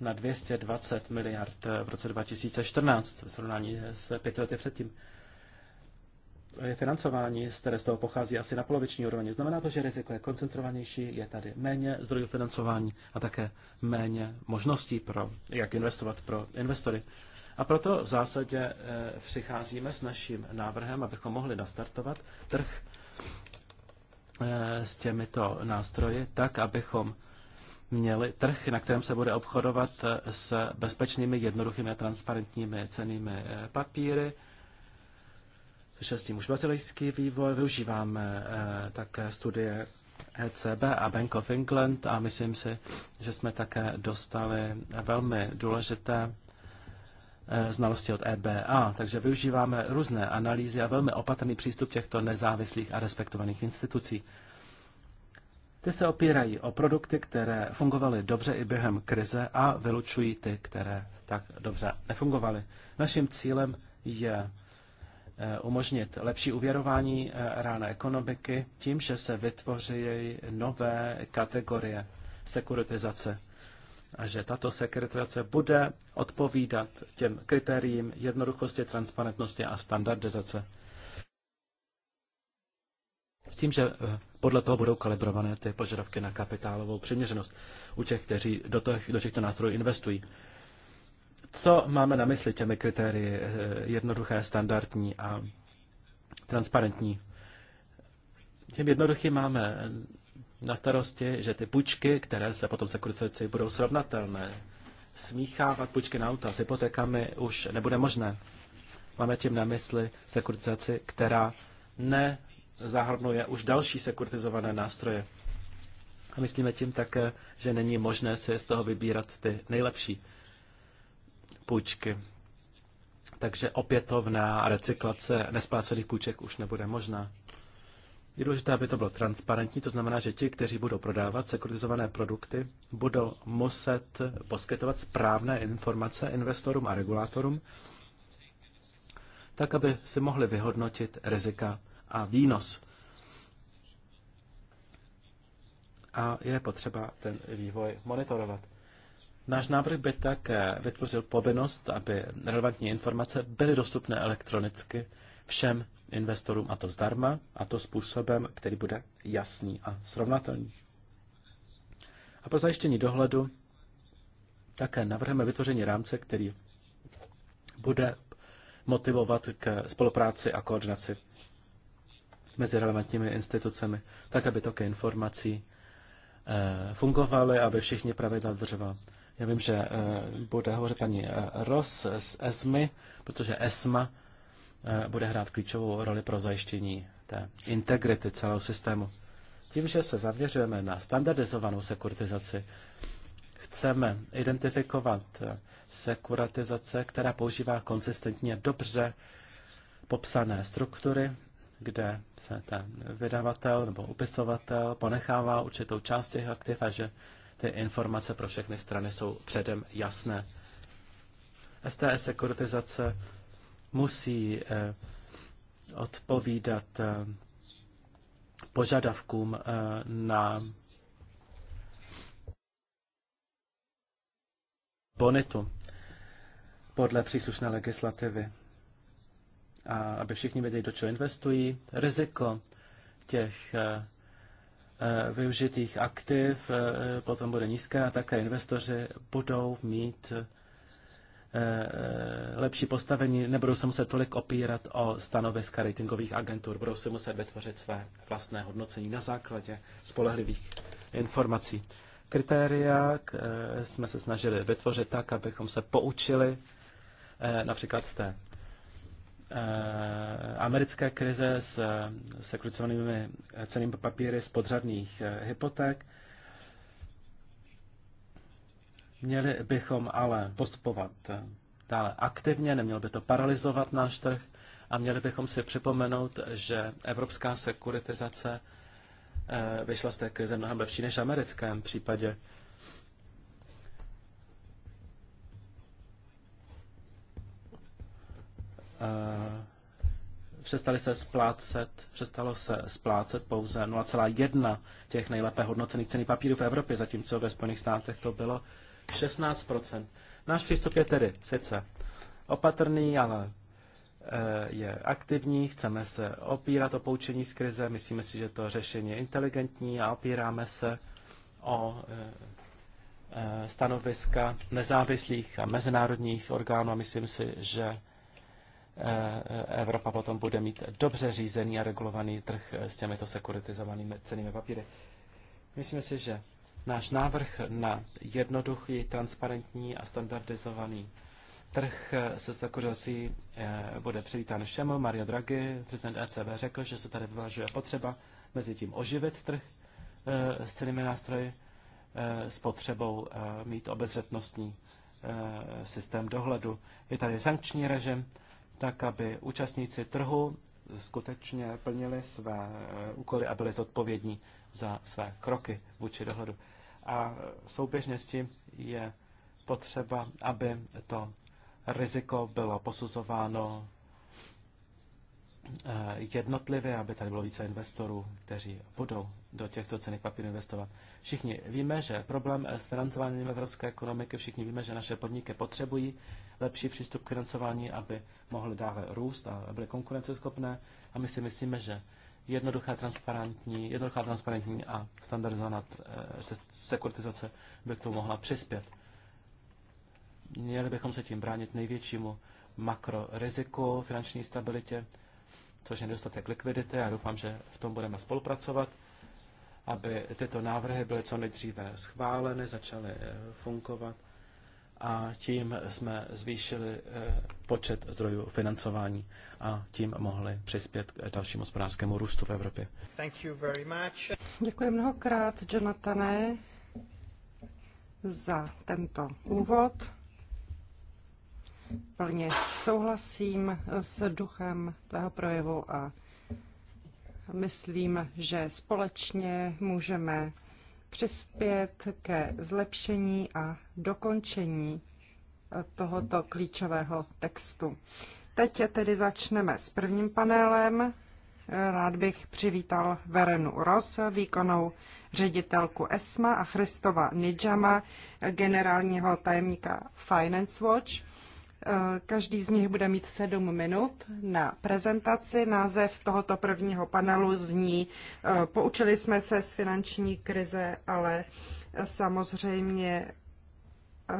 na 220 miliard v roce 2014 v srovnání s pěti lety předtím. Eh, financování, z které z toho pochází asi na poloviční úrovni. Znamená to, že riziko je koncentrovanější, je tady méně zdrojů financování a také méně možností pro, jak investovat pro investory. A proto v zásadě eh, přicházíme s naším návrhem, abychom mohli nastartovat trh eh, s těmito nástroji tak, abychom měli trh, na kterém se bude obchodovat s bezpečnými, jednoduchými a transparentními cenými papíry, že s tím už brazilský vývoj, využíváme eh, také studie ECB a Bank of England a myslím si, že jsme také dostali velmi důležité eh, znalosti od EBA, takže využíváme různé analýzy a velmi opatrný přístup těchto nezávislých a respektovaných institucí. Ty se opírají o produkty, které fungovaly dobře i během krize a vylučují ty, které tak dobře nefungovaly. Naším cílem je Eh, umožnit lepší uvěrování eh, reálné ekonomiky tím, že se vytvoří nové kategorie sekuritizace a že tato sekuritizace bude odpovídat těm kritériím jednoduchosti, transparentnosti a standardizace. S tím, že eh, podle toho budou kalibrované ty požadavky na kapitálovou přiměřenost u těch, kteří do, těch, do těchto nástrojů investují. Co máme na mysli těmi kritérii eh, jednoduché, standardní a transparentní? Těm jednoduchým máme na starosti, že ty půjčky, které se potom sekuritizaci budou srovnatelné, smíchávat půjčky na auta s hypotékami už nebude možné. Máme tím na mysli sekuritizaci, která nezahrnuje už další sekuritizované nástroje. A myslíme tím také, že není možné si z toho vybírat ty nejlepší půjčky. Takže opětovná recyklace nesplácených půjček už nebude možná. Je důležité, aby to bylo transparentní, to znamená, že ti, kteří budou prodávat sekuritizované produkty, budou muset poskytovat správné informace investorům a regulátorům, tak, aby si mohli vyhodnotit rizika a výnos. A je potřeba ten vývoj monitorovat. Náš návrh by tak vytvořil povinnost, aby relevantní informace byly dostupné elektronicky všem investorům a to zdarma a to způsobem, který bude jasný a srovnatelný. A pro zajištění dohledu také navrheme vytvoření rámce, který bude motivovat k spolupráci a koordinaci mezi relevantními institucemi, tak aby toky informací eh, fungovaly, aby všichni pravidla dodržoval. Já vím, že eh, bude hovořit paní eh, Ross z ESMY, protože ESMA eh, bude hrát klíčovou roli pro zajištění té integrity celého systému. Tím, že se zaměřujeme na standardizovanou sekuritizaci, chceme identifikovat sekuratizace, která používá konsistentně dobře popsané struktury, kde se ten vydavatel nebo upisovatel ponechává určitou část těch aktiv a že ty informace pro všechny strany jsou předem jasné. STS sekuritizace musí eh, odpovídat eh, požadavkům eh, na bonitu podle příslušné legislativy. A aby všichni věděli, do čeho investují, riziko těch Eh, využitých aktiv eh, potom bude nízká, a také investoři budou mít eh, lepší postavení, nebudou se muset tolik opírat o stanoviska ratingových agentur, budou se muset vytvořit své vlastné hodnocení na základě spolehlivých informací. Kritéria jsme se snažili vytvořit tak, abychom se poučili například z té Eh, americké krize s sekrucovanými cenými papíry z podřadných eh, hypoték. Měli bychom ale postupovat eh, dále aktivně, nemělo by to paralizovat náš trh a měli bychom si připomenout, že evropská sekuritizace vyšla z té krize mnohem lepší než v americkém případě. Eh, přestali se splácet, přestalo se splácet pouze 0,1 těch nejlépe hodnocených ceny papírů v Evropě, zatímco ve Spojených státech to bylo 16 Náš přístup je tedy sice opatrný, ale eh, je aktivní, chceme se opírat o poučení z krize, myslíme si, že to řešení je inteligentní a opíráme se o eh, stanoviska nezávislých a mezinárodních orgánů a myslím si, že Eh, Evropa potom bude mít dobře řízený a regulovaný trh s těmito sekuritizovanými cenými papíry. Myslím si, že náš návrh na jednoduchý, transparentní a standardizovaný trh se sekurizací eh, bude přivítán všemu. Mario Draghi, prezident ECB, řekl, že se tady vyvažuje potřeba mezi tím oživit trh eh, s cenými nástroji s potřebou mít obezřetnostní systém dohledu. Je tady sankční režim, tak aby účastníci trhu skutečně plnili své eh, úkoly a byli zodpovědní za své kroky vůči dohledu. A souběžně s tím je potřeba, aby to riziko bylo posuzováno Eh, jednotlivě, aby tady bylo více investorů, kteří budou do těchto cených papírů investovat. Všichni víme, že problém s financováním evropské ekonomiky, všichni víme, že naše podniky potřebují lepší přístup k financování, aby mohly dále růst a byly konkurenceschopné. A my si myslíme, že jednoduchá transparentní, jednoduchá transparentní a standardizovaná eh, sekuritizace by k tomu mohla přispět. Měli bychom se tím bránit největšímu makroriziku, finanční stabilitě což je nedostatek likvidity. Já doufám, že v tom budeme spolupracovat, aby tyto návrhy byly co nejdříve schváleny, začaly eh, fungovat a tím jsme zvýšili eh, počet zdrojů financování a tím mohli přispět k dalšímu hospodářskému růstu v Evropě. Thank you very much. Děkuji mnohokrát, Jonathane, za tento úvod. Plně souhlasím s duchem tvého projevu a myslím, že společně můžeme přispět ke zlepšení a dokončení tohoto klíčového textu. Teď tedy začneme s prvním panelem. Rád bych přivítal Verenu Ros, výkonnou ředitelku ESMA a Christova Nidžama, generálního tajemníka Finance Watch. Eh, každý z nich bude mít sedm minut na prezentaci. Název tohoto prvního panelu zní eh, Poučili jsme se z finanční krize, ale samozřejmě eh,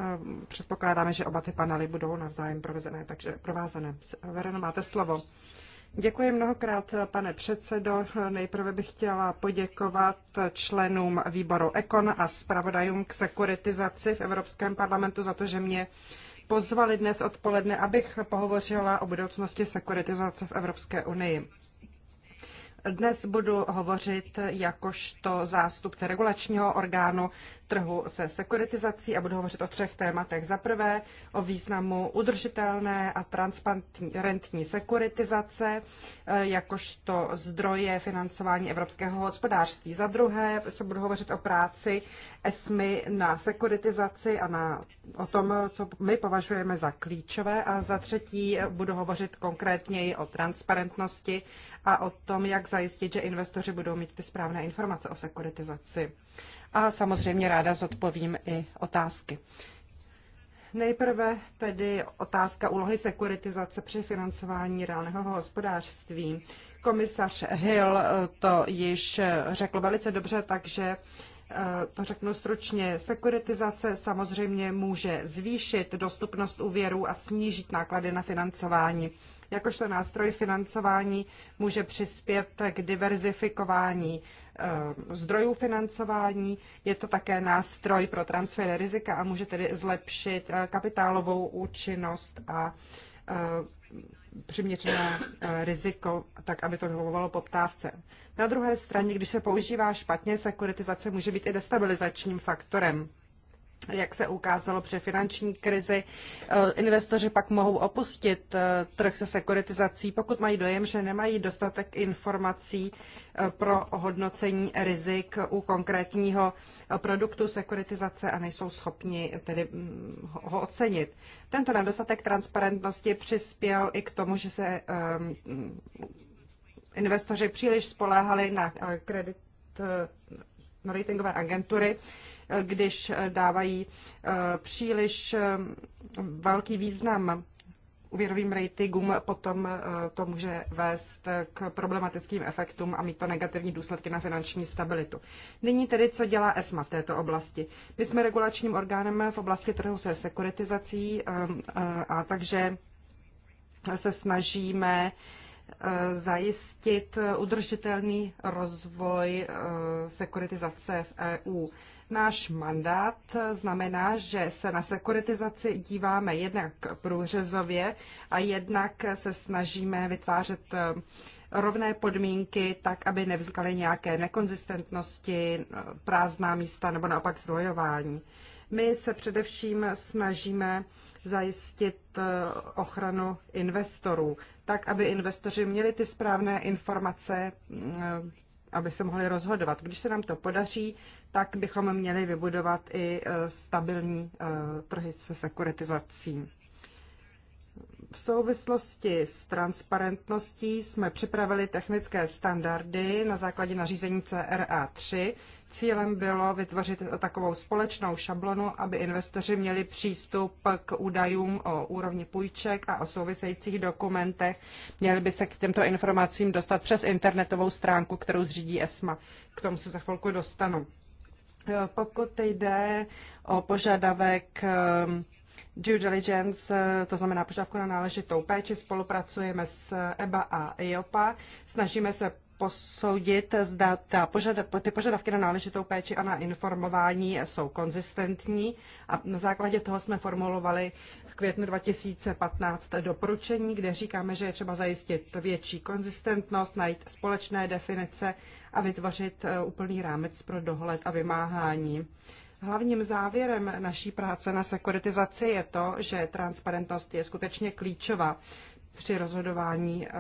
předpokládáme, že oba ty panely budou navzájem provezené, takže provázané. Verena, máte slovo. Děkuji mnohokrát, pane předsedo. Nejprve bych chtěla poděkovat členům výboru Ekon a zpravodajům k sekuritizaci v Evropském parlamentu za to, že mě pozvali dnes odpoledne, abych pohovořila o budoucnosti sekuritizace v Evropské unii. Dnes budu hovořit jakožto zástupce regulačního orgánu trhu se sekuritizací a budu hovořit o třech tématech. Za prvé o významu udržitelné a transparentní sekuritizace eh, jakožto zdroje financování evropského hospodářství. Za druhé se budu hovořit o práci ESMI na sekuritizaci a na, o tom, co my považujeme za klíčové. A za třetí budu hovořit konkrétněji o transparentnosti a o tom, jak zajistit, že investoři budou mít ty správné informace o sekuritizaci. A samozřejmě ráda zodpovím i otázky. Nejprve tedy otázka úlohy sekuritizace při financování reálného hospodářství. Komisař Hill to již řekl velice dobře, takže Eh, to řeknu stručně, sekuritizace samozřejmě může zvýšit dostupnost úvěrů a snížit náklady na financování. Jakožto nástroj financování může přispět k diverzifikování eh, zdrojů financování. Je to také nástroj pro transfer rizika a může tedy zlepšit eh, kapitálovou účinnost a přiměřené eh, riziko, tak aby to vyhovovalo poptávce. Na druhé straně, když se používá špatně, sekuritizace může být i destabilizačním faktorem jak se ukázalo při finanční krizi, eh, investoři pak mohou opustit eh, trh se sekuritizací, pokud mají dojem, že nemají dostatek informací eh, pro hodnocení rizik u konkrétního produktu sekuritizace a nejsou schopni tedy mm, ho ocenit. Tento nedostatek transparentnosti přispěl i k tomu, že se investoři příliš spoléhali na kredit na ratingové agentury když dávají eh, příliš eh, velký význam úvěrovým ratingům, potom eh, to může vést k problematickým efektům a mít to negativní důsledky na finanční stabilitu. Nyní tedy, co dělá ESMA v této oblasti. My jsme regulačním orgánem v oblasti trhu se sekuritizací a, a takže se snažíme zajistit udržitelný rozvoj sekuritizace v EU. Náš mandát znamená, že se na sekuritizaci díváme jednak průřezově a jednak se snažíme vytvářet eh, rovné podmínky, tak aby nevznikaly nějaké nekonzistentnosti, eh, prázdná místa nebo naopak zdvojování. My se především snažíme zajistit eh, ochranu investorů, tak aby investoři měli ty správné informace aby se mohli rozhodovat. Když se nám to podaří, tak bychom měli vybudovat i eh, stabilní eh, trhy se sekuritizací. V souvislosti s transparentností jsme připravili technické standardy na základě nařízení CRA 3. Cílem bylo vytvořit takovou společnou šablonu, aby investoři měli přístup k údajům o úrovni půjček a o souvisejících dokumentech. Měli by se k těmto informacím dostat přes internetovou stránku, kterou zřídí ESMA. K tomu se za chvilku dostanu. Pokud jde o požadavek due diligence, eh, to znamená požadavku na náležitou péči, spolupracujeme s EBA a EIOPA, e snažíme se posoudit, zda ta požadav, ty požadavky na náležitou péči a na informování jsou konzistentní a na základě toho jsme formulovali v květnu 2015 doporučení, kde říkáme, že je třeba zajistit větší konzistentnost, najít společné definice a vytvořit eh, úplný rámec pro dohled a vymáhání. Hlavním závěrem naší práce na sekuritizaci je to, že transparentnost je skutečně klíčová při rozhodování eh,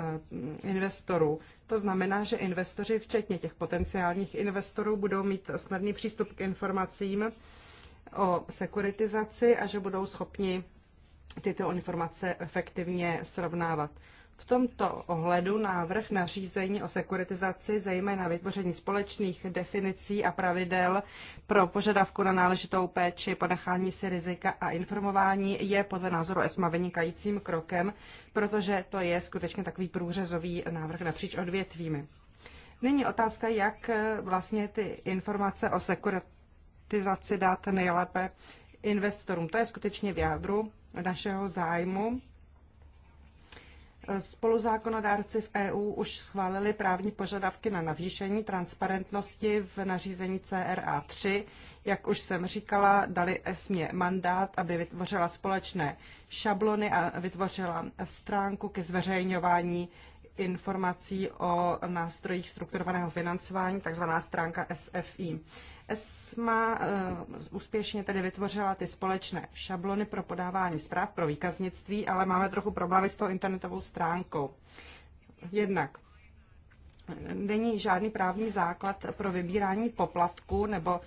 investorů. To znamená, že investoři, včetně těch potenciálních investorů, budou mít snadný přístup k informacím o sekuritizaci a že budou schopni tyto informace efektivně srovnávat. V tomto ohledu návrh na řízení o sekuritizaci, zejména vytvoření společných definicí a pravidel pro požadavku na náležitou péči, ponechání si rizika a informování je podle názoru ESMA vynikajícím krokem, protože to je skutečně takový průřezový návrh napříč odvětvími. Nyní otázka, jak eh, vlastně ty informace o sekuritizaci dát nejlépe investorům. To je skutečně v jádru našeho zájmu Spoluzákonodárci v EU už schválili právní požadavky na navýšení transparentnosti v nařízení CRA 3. Jak už jsem říkala, dali ESMě mandát, aby vytvořila společné šablony a vytvořila stránku ke zveřejňování informací o nástrojích strukturovaného financování, takzvaná stránka SFI. ESMA e, úspěšně tedy vytvořila ty společné šablony pro podávání zpráv pro výkaznictví, ale máme trochu problémy s tou internetovou stránkou. Jednak není žádný právní základ pro vybírání poplatku nebo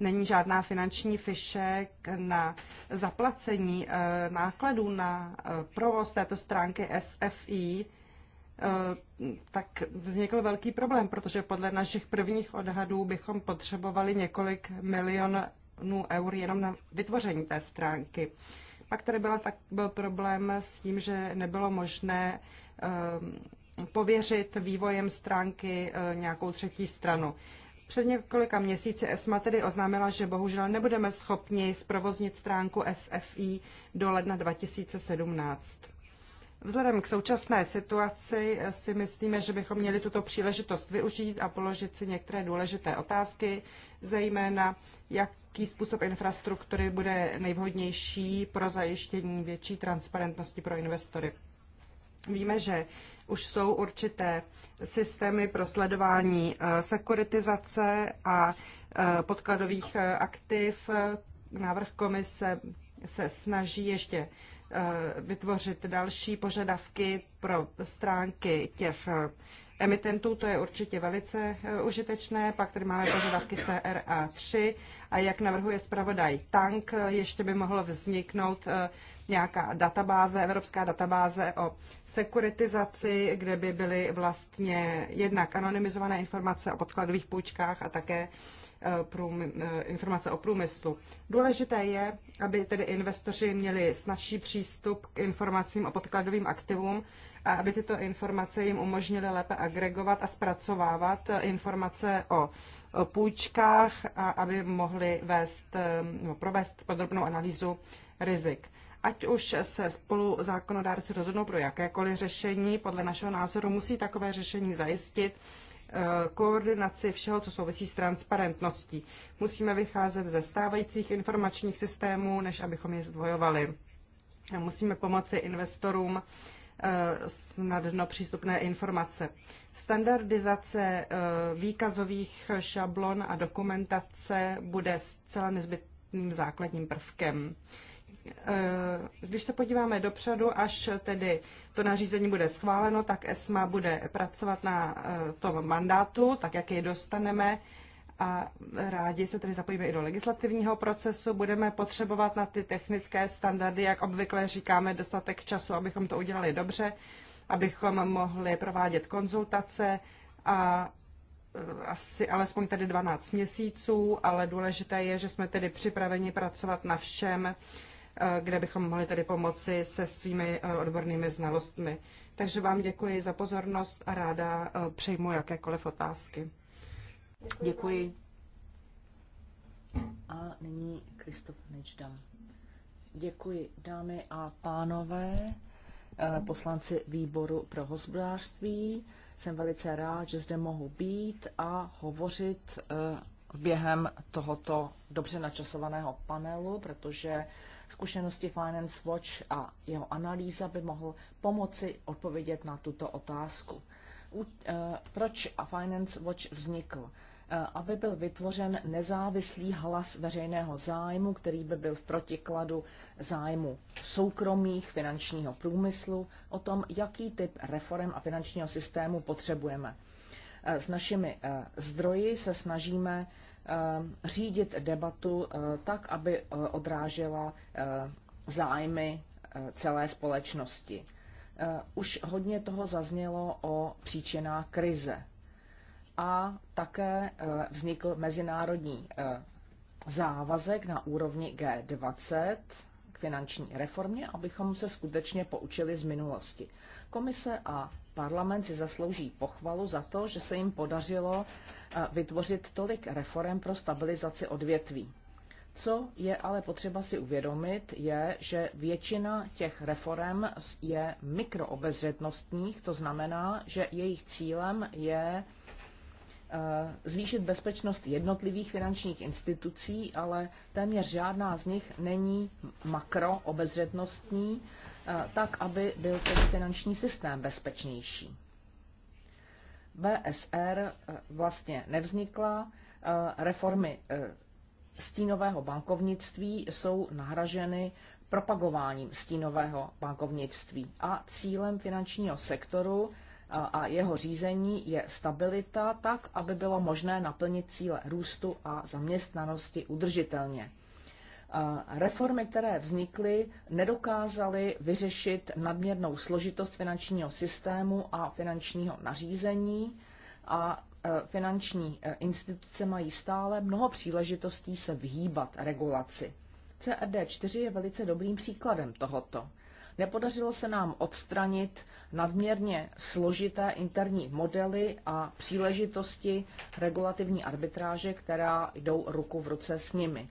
není žádná finanční fišek na zaplacení e, nákladů na e, provoz této stránky SFI Eh, tak vznikl velký problém, protože podle našich prvních odhadů bychom potřebovali několik milionů eur jenom na vytvoření té stránky. Pak tady byla tak, byl problém s tím, že nebylo možné eh, pověřit vývojem stránky eh, nějakou třetí stranu. Před několika měsíci ESMA tedy oznámila, že bohužel nebudeme schopni zprovoznit stránku SFI do ledna 2017. Vzhledem k současné situaci eh, si myslíme, že bychom měli tuto příležitost využít a položit si některé důležité otázky, zejména jaký způsob infrastruktury bude nejvhodnější pro zajištění větší transparentnosti pro investory. Víme, že už jsou určité systémy pro sledování eh, sekuritizace a eh, podkladových aktiv. Návrh komise se snaží ještě Eh, vytvořit další požadavky pro stránky těch eh, emitentů, to je určitě velice eh, užitečné. Pak tady máme požadavky CRA3 a jak navrhuje zpravodaj Tank, ještě by mohlo vzniknout nějaká databáze, evropská databáze o sekuritizaci, kde by byly vlastně jednak anonymizované informace o podkladových půjčkách a také Eh, eh, informace o průmyslu. Důležité je, aby tedy investoři měli snadší přístup k informacím o podkladovým aktivům a aby tyto informace jim umožnily lépe agregovat a zpracovávat eh, informace o půjčkách a aby mohli vést, no, provést podrobnou analýzu rizik. Ať už se spolu zákonodárci rozhodnou pro jakékoliv řešení, podle našeho názoru musí takové řešení zajistit, Eh, koordinaci všeho, co souvisí s transparentností. Musíme vycházet ze stávajících informačních systémů, než abychom je zdvojovali. musíme pomoci investorům eh, snadno přístupné informace. Standardizace eh, výkazových šablon a dokumentace bude zcela nezbytným základním prvkem. Eh, když se podíváme dopředu, až tedy to nařízení bude schváleno, tak ESMA bude pracovat na eh, tom mandátu, tak jak jej dostaneme a rádi se tedy zapojíme i do legislativního procesu. Budeme potřebovat na ty technické standardy, jak obvykle říkáme, dostatek času, abychom to udělali dobře, abychom mohli provádět konzultace a eh, asi alespoň tedy 12 měsíců, ale důležité je, že jsme tedy připraveni pracovat na všem, Eh, kde bychom mohli tedy pomoci se svými eh, odbornými znalostmi. Takže vám děkuji za pozornost a ráda eh, přejmu jakékoliv otázky. Děkuji. A nyní Kristof Nečda. Děkuji, dámy a pánové, poslanci výboru pro hospodářství. Jsem velice rád, že zde mohu být a hovořit během tohoto dobře načasovaného panelu, protože Zkušenosti Finance Watch a jeho analýza by mohl pomoci odpovědět na tuto otázku. Eh, proč Finance Watch vznikl? Eh, aby byl vytvořen nezávislý hlas veřejného zájmu, který by byl v protikladu zájmu soukromých finančního průmyslu o tom, jaký typ reform a finančního systému potřebujeme. Eh, s našimi zdroji se snažíme Eh, řídit debatu eh, tak, aby eh, odrážela zájmy celé společnosti. Už hodně toho zaznělo o příčinách krize. A také vznikl mezinárodní závazek na úrovni G20 k finanční reformě, abychom se skutečně poučili z minulosti. Komise a parlament si zaslouží pochvalu za to, že se jim podařilo eh, vytvořit tolik reform pro stabilizaci odvětví. Co je ale potřeba si uvědomit, je, že většina těch reform je mikroobezřetnostních, to znamená, že jejich cílem je eh, zvýšit bezpečnost jednotlivých finančních institucí, ale téměř žádná z nich není makroobezřetnostní Eh, tak aby byl celý finanční systém bezpečnější. BSR eh, vlastně nevznikla, eh, reformy stínového bankovnictví jsou nahraženy propagováním stínového bankovnictví a cílem finančního sektoru a jeho řízení je stabilita tak, aby bylo možné naplnit cíle růstu a zaměstnanosti udržitelně reformy, které vznikly, nedokázaly vyřešit nadměrnou složitost finančního systému a finančního nařízení a e, finanční e, instituce mají stále mnoho příležitostí se vyhýbat regulaci. CRD4 je velice dobrým příkladem tohoto. Nepodařilo se nám odstranit nadměrně složité interní modely a příležitosti regulativní arbitráže, která jdou ruku v ruce s nimi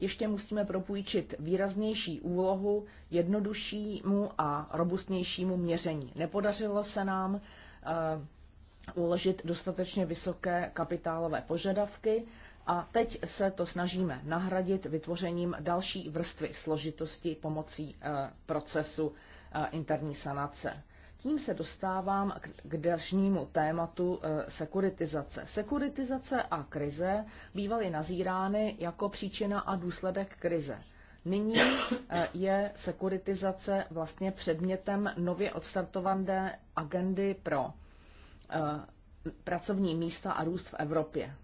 ještě musíme propůjčit výraznější úlohu jednoduššímu a robustnějšímu měření. Nepodařilo se nám eh, uložit dostatečně vysoké kapitálové požadavky a teď se to snažíme nahradit vytvořením další vrstvy složitosti pomocí eh, procesu eh, interní sanace. Tím se dostávám k dalšímu tématu eh, sekuritizace. Sekuritizace a krize bývaly nazírány jako příčina a důsledek krize. Nyní eh, je sekuritizace vlastně předmětem nově odstartované agendy pro eh, pracovní místa a růst v Evropě.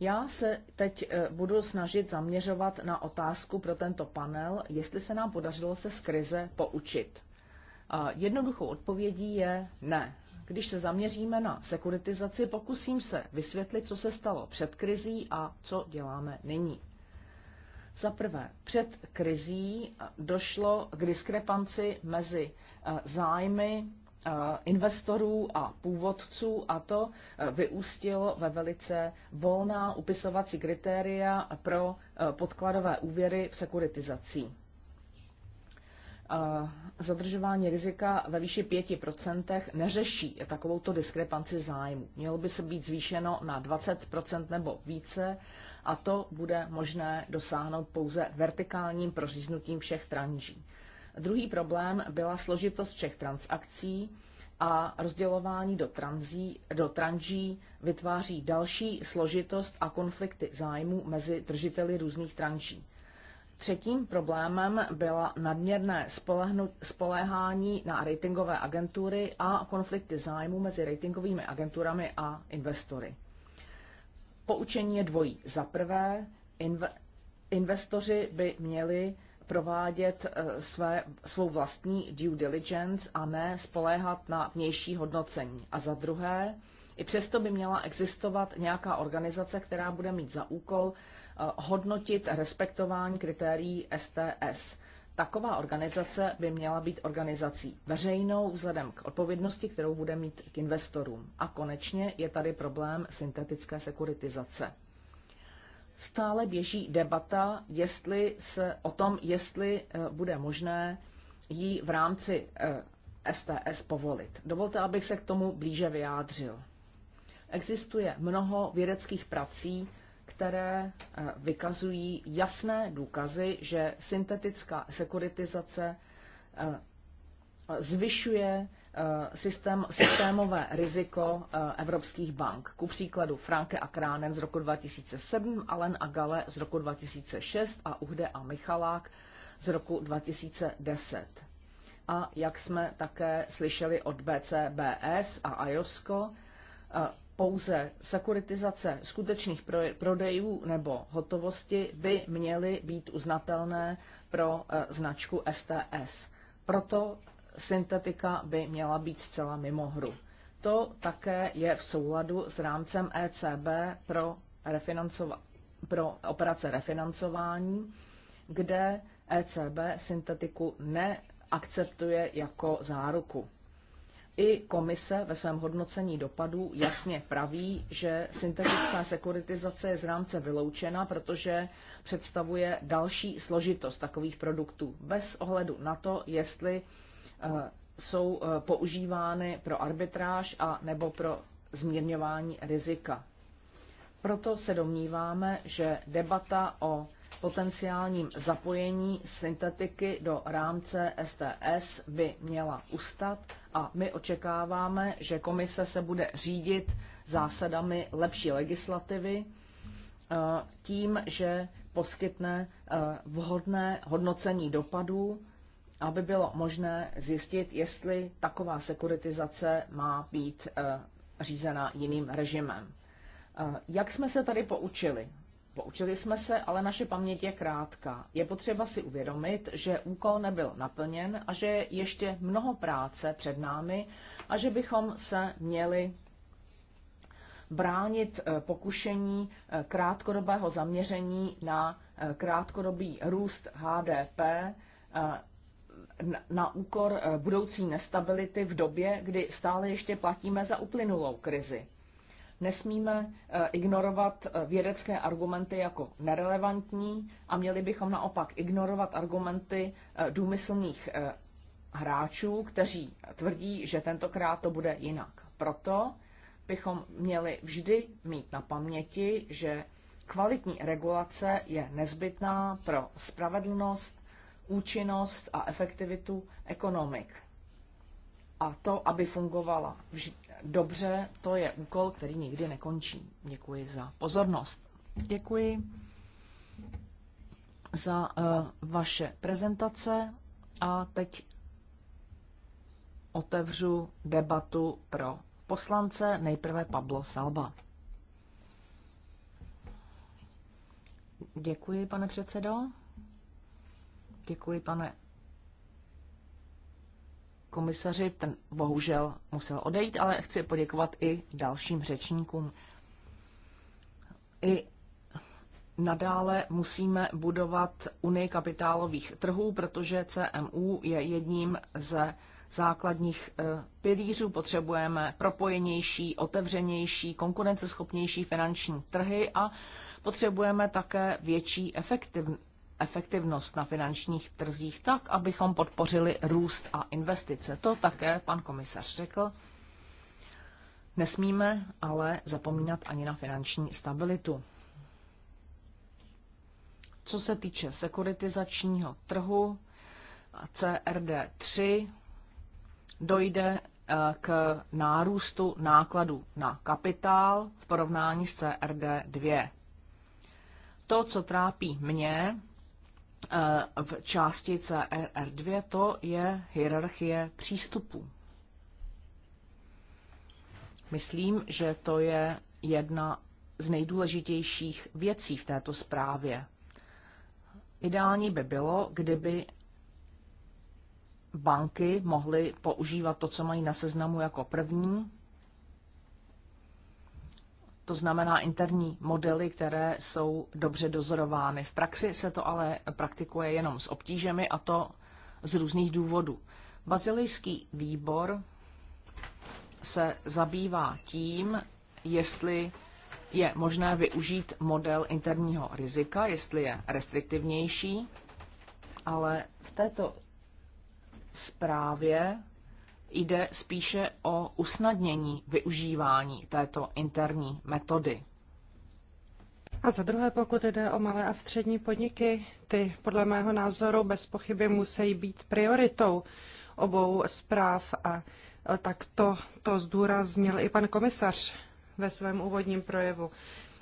Já se teď budu snažit zaměřovat na otázku pro tento panel, jestli se nám podařilo se z krize poučit. Jednoduchou odpovědí je ne. Když se zaměříme na sekuritizaci, pokusím se vysvětlit, co se stalo před krizí a co děláme nyní. Za prvé, před krizí došlo k diskrepanci mezi eh, zájmy eh, investorů a původců a to eh, vyústilo ve velice volná upisovací kritéria pro podkladové úvěry v sekuritizací zadržování rizika ve výši 5% neřeší takovouto diskrepanci zájmu. Mělo by se být zvýšeno na 20% nebo více a to bude možné dosáhnout pouze vertikálním proříznutím všech tranží. Druhý problém byla složitost všech transakcí a rozdělování do, tranzí, do tranží vytváří další složitost a konflikty zájmu mezi držiteli různých tranží. Třetím problémem byla nadměrné spoléhání na ratingové agentury a konflikty zájmu mezi ratingovými agenturami a investory. Poučení je dvojí. Za prvé, inv- investoři by měli provádět eh, své, svou vlastní due diligence a ne spoléhat na vnější hodnocení. A za druhé, i přesto by měla existovat nějaká organizace, která bude mít za úkol Eh, hodnotit respektování kritérií STS. Taková organizace by měla být organizací veřejnou vzhledem k odpovědnosti, kterou bude mít k investorům. A konečně je tady problém syntetické sekuritizace. Stále běží debata jestli se, o tom, jestli eh, bude možné ji v rámci STS eh, povolit. Dovolte, abych se k tomu blíže vyjádřil. Existuje mnoho vědeckých prací které eh, vykazují jasné důkazy, že syntetická sekuritizace eh, zvyšuje eh, systém, systémové riziko evropských bank. Ku příkladu Franke a Kránen z roku 2007, Allen a Gale z roku 2006 a Uhde a Michalák z roku 2010. A jak jsme také slyšeli od BCBS a IOSCO, pouze sekuritizace skutečných prodejů nebo hotovosti by měly být uznatelné pro eh, značku STS. Proto syntetika by měla být zcela mimo hru. To také je v souladu s rámcem ECB pro, pro operace refinancování, kde ECB syntetiku neakceptuje jako záruku. I komise ve svém hodnocení dopadů jasně praví, že syntetická sekuritizace je z rámce vyloučena, protože představuje další složitost takových produktů. Bez ohledu na to, jestli eh, jsou eh, používány pro arbitráž a nebo pro zmírňování rizika. Proto se domníváme, že debata o potenciálním zapojení syntetiky do rámce STS by měla ustat a my očekáváme, že komise se bude řídit zásadami lepší legislativy eh, tím, že poskytne eh, vhodné hodnocení dopadů, aby bylo možné zjistit, jestli taková sekuritizace má být eh, řízena jiným režimem. Jak jsme se tady poučili? Poučili jsme se, ale naše paměť je krátká. Je potřeba si uvědomit, že úkol nebyl naplněn a že je ještě mnoho práce před námi a že bychom se měli bránit eh, pokušení eh, krátkodobého zaměření na eh, krátkodobý růst HDP na úkor budoucí nestability v době, kdy stále ještě platíme za uplynulou krizi. Nesmíme eh, ignorovat eh, vědecké argumenty jako nerelevantní a měli bychom naopak ignorovat argumenty eh, důmyslných hráčů, kteří tvrdí, že tentokrát to bude jinak. Proto bychom měli vždy mít na paměti, že kvalitní regulace je nezbytná pro spravedlnost, účinnost a efektivitu ekonomik. A to, aby fungovala dobře, to je úkol, který nikdy nekončí. Děkuji za pozornost. Děkuji za uh, vaše prezentace a teď otevřu debatu pro poslance. Nejprve Pablo Salba. Děkuji, pane předsedo. Děkuji, pane komisaři, ten bohužel musel odejít, ale chci poděkovat i dalším řečníkům. I nadále musíme budovat unii kapitálových trhů, protože CMU je jedním ze základních eh, pilířů. Potřebujeme propojenější, otevřenější, konkurenceschopnější finanční trhy a potřebujeme také větší efektiv, efektivnost na finančních trzích tak, abychom podpořili růst a investice. To také pan komisař řekl. Nesmíme ale zapomínat ani na finanční stabilitu. Co se týče sekuritizačního trhu CRD3, dojde eh, k nárůstu nákladů na kapitál v porovnání s CRD2. To, co trápí mě, Eh, v části CRR2, e to je hierarchie přístupů. Myslím, že to je jedna z nejdůležitějších věcí v této zprávě. Ideální by bylo, kdyby banky mohly používat to, co mají na seznamu jako první, to znamená interní modely, které jsou dobře dozorovány. V praxi se to ale praktikuje jenom s obtížemi a to z různých důvodů. Bazilijský výbor se zabývá tím, jestli je možné využít model interního rizika, jestli je restriktivnější, ale v této zprávě jde spíše o usnadnění využívání této interní metody. A za druhé, pokud jde o malé a střední podniky, ty podle mého názoru bez pochyby musí být prioritou obou zpráv a tak to, to zdůraznil i pan komisař ve svém úvodním projevu.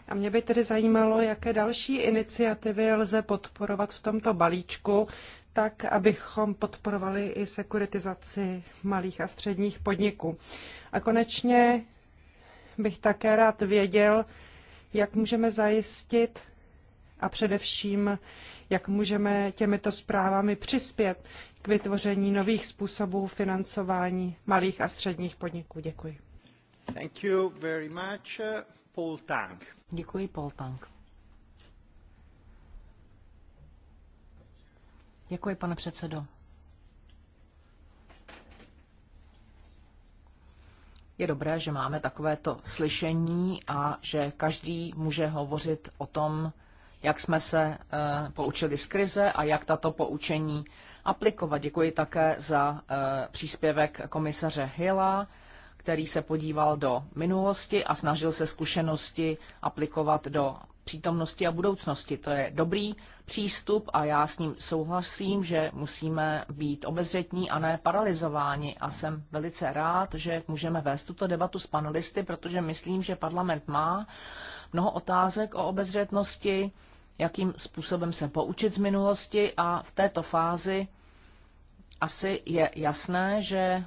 A mě by tedy zajímalo, jaké další iniciativy lze podporovat v tomto balíčku, tak, abychom podporovali i sekuritizaci malých a středních podniků. A konečně bych také rád věděl, jak můžeme zajistit a především, jak můžeme těmito zprávami přispět k vytvoření nových způsobů financování malých a středních podniků. Děkuji. Thank you very much, Paul Tang. Děkuji, Paul Tang. Děkuji, pane předsedo. Je dobré, že máme takovéto slyšení a že každý může hovořit o tom, jak jsme se eh, poučili z krize a jak tato poučení aplikovat. Děkuji také za eh, příspěvek komisaře Hilla, který se podíval do minulosti a snažil se zkušenosti aplikovat do přítomnosti a budoucnosti. To je dobrý přístup a já s ním souhlasím, že musíme být obezřetní a ne paralizováni. A jsem velice rád, že můžeme vést tuto debatu s panelisty, protože myslím, že parlament má mnoho otázek o obezřetnosti, jakým způsobem se poučit z minulosti a v této fázi asi je jasné, že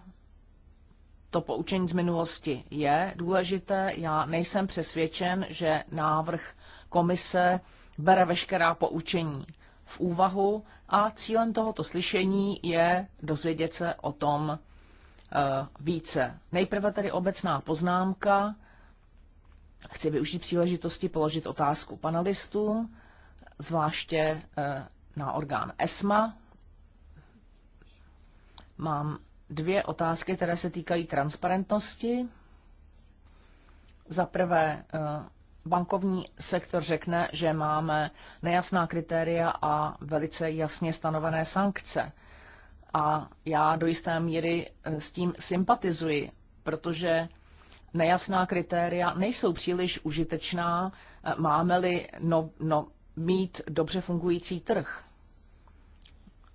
to poučení z minulosti je důležité. Já nejsem přesvědčen, že návrh komise bere veškerá poučení v úvahu a cílem tohoto slyšení je dozvědět se o tom eh, více. Nejprve tedy obecná poznámka. Chci využít příležitosti položit otázku panelistům, zvláště eh, na orgán ESMA. Mám dvě otázky, které se týkají transparentnosti. Za prvé, eh, bankovní sektor řekne, že máme nejasná kritéria a velice jasně stanovené sankce. A já do jisté míry eh, s tím sympatizuji, protože nejasná kritéria nejsou příliš užitečná, eh, máme-li no, no, mít dobře fungující trh.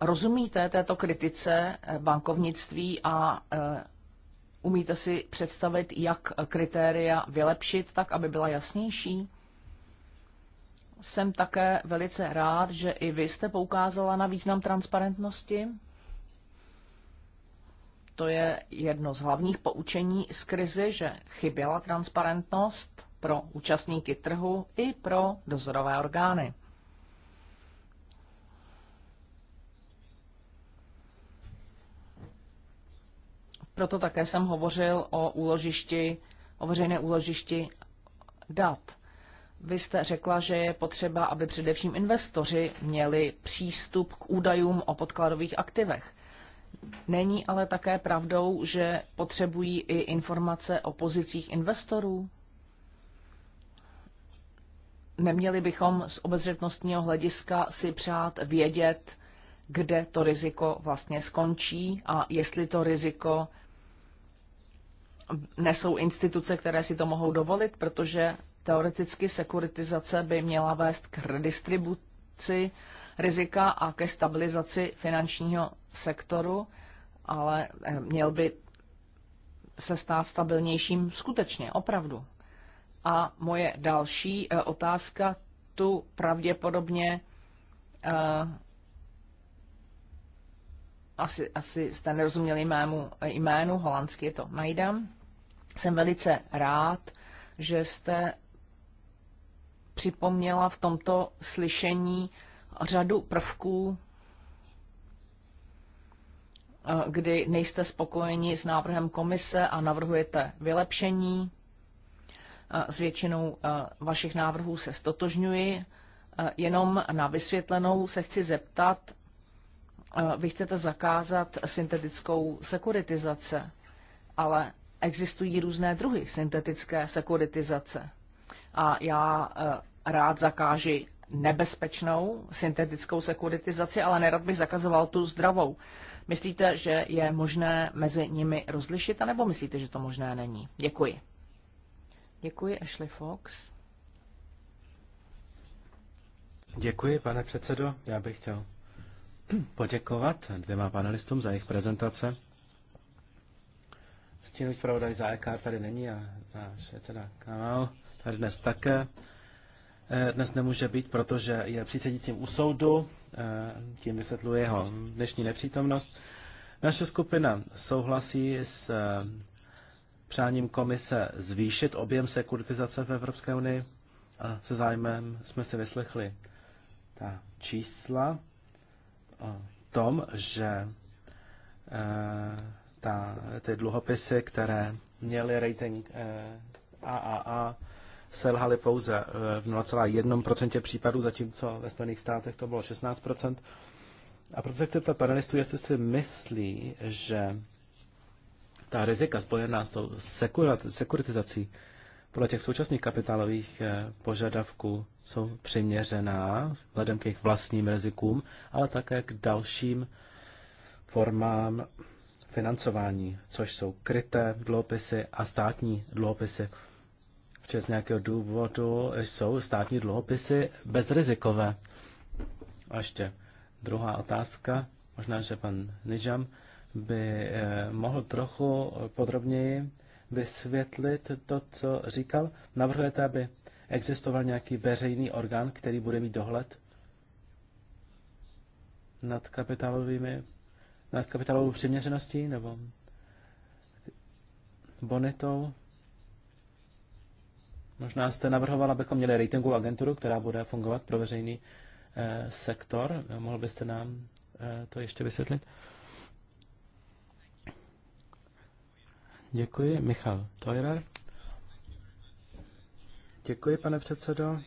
Rozumíte této kritice eh, bankovnictví a Umíte si představit, jak kritéria vylepšit tak, aby byla jasnější? Jsem také velice rád, že i vy jste poukázala na význam transparentnosti. To je jedno z hlavních poučení z krizi, že chyběla transparentnost pro účastníky trhu i pro dozorové orgány. Proto také jsem hovořil o úložišti, o veřejné úložišti dat. Vy jste řekla, že je potřeba, aby především investoři měli přístup k údajům o podkladových aktivech. Není ale také pravdou, že potřebují i informace o pozicích investorů? Neměli bychom z obezřetnostního hlediska si přát vědět, kde to riziko vlastně skončí a jestli to riziko nesou instituce, které si to mohou dovolit, protože teoreticky sekuritizace by měla vést k redistribuci rizika a ke stabilizaci finančního sektoru, ale eh, měl by se stát stabilnějším skutečně, opravdu. A moje další eh, otázka tu pravděpodobně eh, asi, asi jste nerozuměli mému jménu, holandsky je to Majdam. Jsem velice rád, že jste připomněla v tomto slyšení řadu prvků, eh, kdy nejste spokojeni s návrhem komise a navrhujete vylepšení. Eh, s většinou eh, vašich návrhů se stotožňuji. Jenom na vysvětlenou se chci zeptat, Eh, vy chcete zakázat syntetickou sekuritizace, ale existují různé druhy syntetické sekuritizace. A já eh, rád zakáži nebezpečnou syntetickou sekuritizaci, ale nerad bych zakazoval tu zdravou. Myslíte, že je možné mezi nimi rozlišit, anebo myslíte, že to možné není? Děkuji. Děkuji, Ashley Fox. Děkuji, pane předsedo. Já bych chtěl poděkovat dvěma panelistům za jejich prezentace. Stínový zpravodaj EK tady není a náš je teda kanál tady dnes také. E, dnes nemůže být, protože je přísedícím u soudu, e, tím vysvětluje jeho dnešní nepřítomnost. Naše skupina souhlasí s e, přáním komise zvýšit objem sekuritizace v Evropské unii a se zájmem jsme si vyslechli ta čísla tom, že eh, ta, ty dluhopisy, které měly rating AAA, eh, selhaly pouze eh, v 0,1% případů, zatímco ve Spojených státech to bylo 16%. A proto se chci ptat panelistů, jestli si myslí, že ta rizika spojená s tou sekuritizací podle těch současných kapitálových eh, požadavků jsou přiměřená vzhledem k jejich vlastním rizikům, ale také k dalším formám financování, což jsou kryté dluhopisy a státní dluhopisy. Včas nějakého důvodu jsou státní dluhopisy bezrizikové. A ještě druhá otázka, možná, že pan Nižam by eh, mohl trochu podrobněji vysvětlit to, co říkal? Navrhujete, aby existoval nějaký veřejný orgán, který bude mít dohled nad kapitálovými, nad kapitálovou přiměřeností nebo bonitou? Možná jste navrhoval, abychom měli ratingovou agenturu, která bude fungovat pro veřejný eh, sektor. Mohl byste nám eh, to ještě vysvětlit? Uh, Děkuji. Michal Teurer. Děkuji, pane předsedo.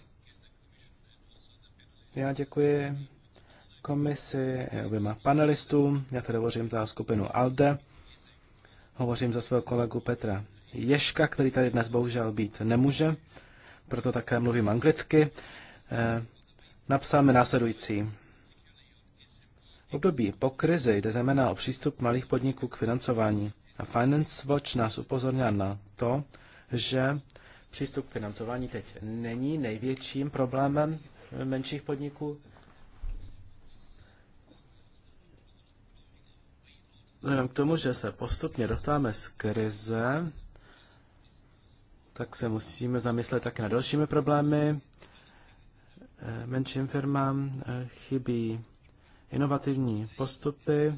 Já děkuji komisi, oběma panelistům. Já tady hovořím za skupinu ALDE. Hovořím za svého kolegu Petra Ješka, který tady dnes bohužel být nemůže, proto také mluvím anglicky. Eh, napsáme následující. V období po krizi jde zejména o přístup malých podniků k financování. A Finance Watch nás upozornil na to, že přístup k financování teď není největším problémem menších podniků. Vzhledem k tomu, že se postupně dostáváme z krize, tak se musíme zamyslet také na dalšími problémy. Eh, menším firmám eh, chybí inovativní postupy.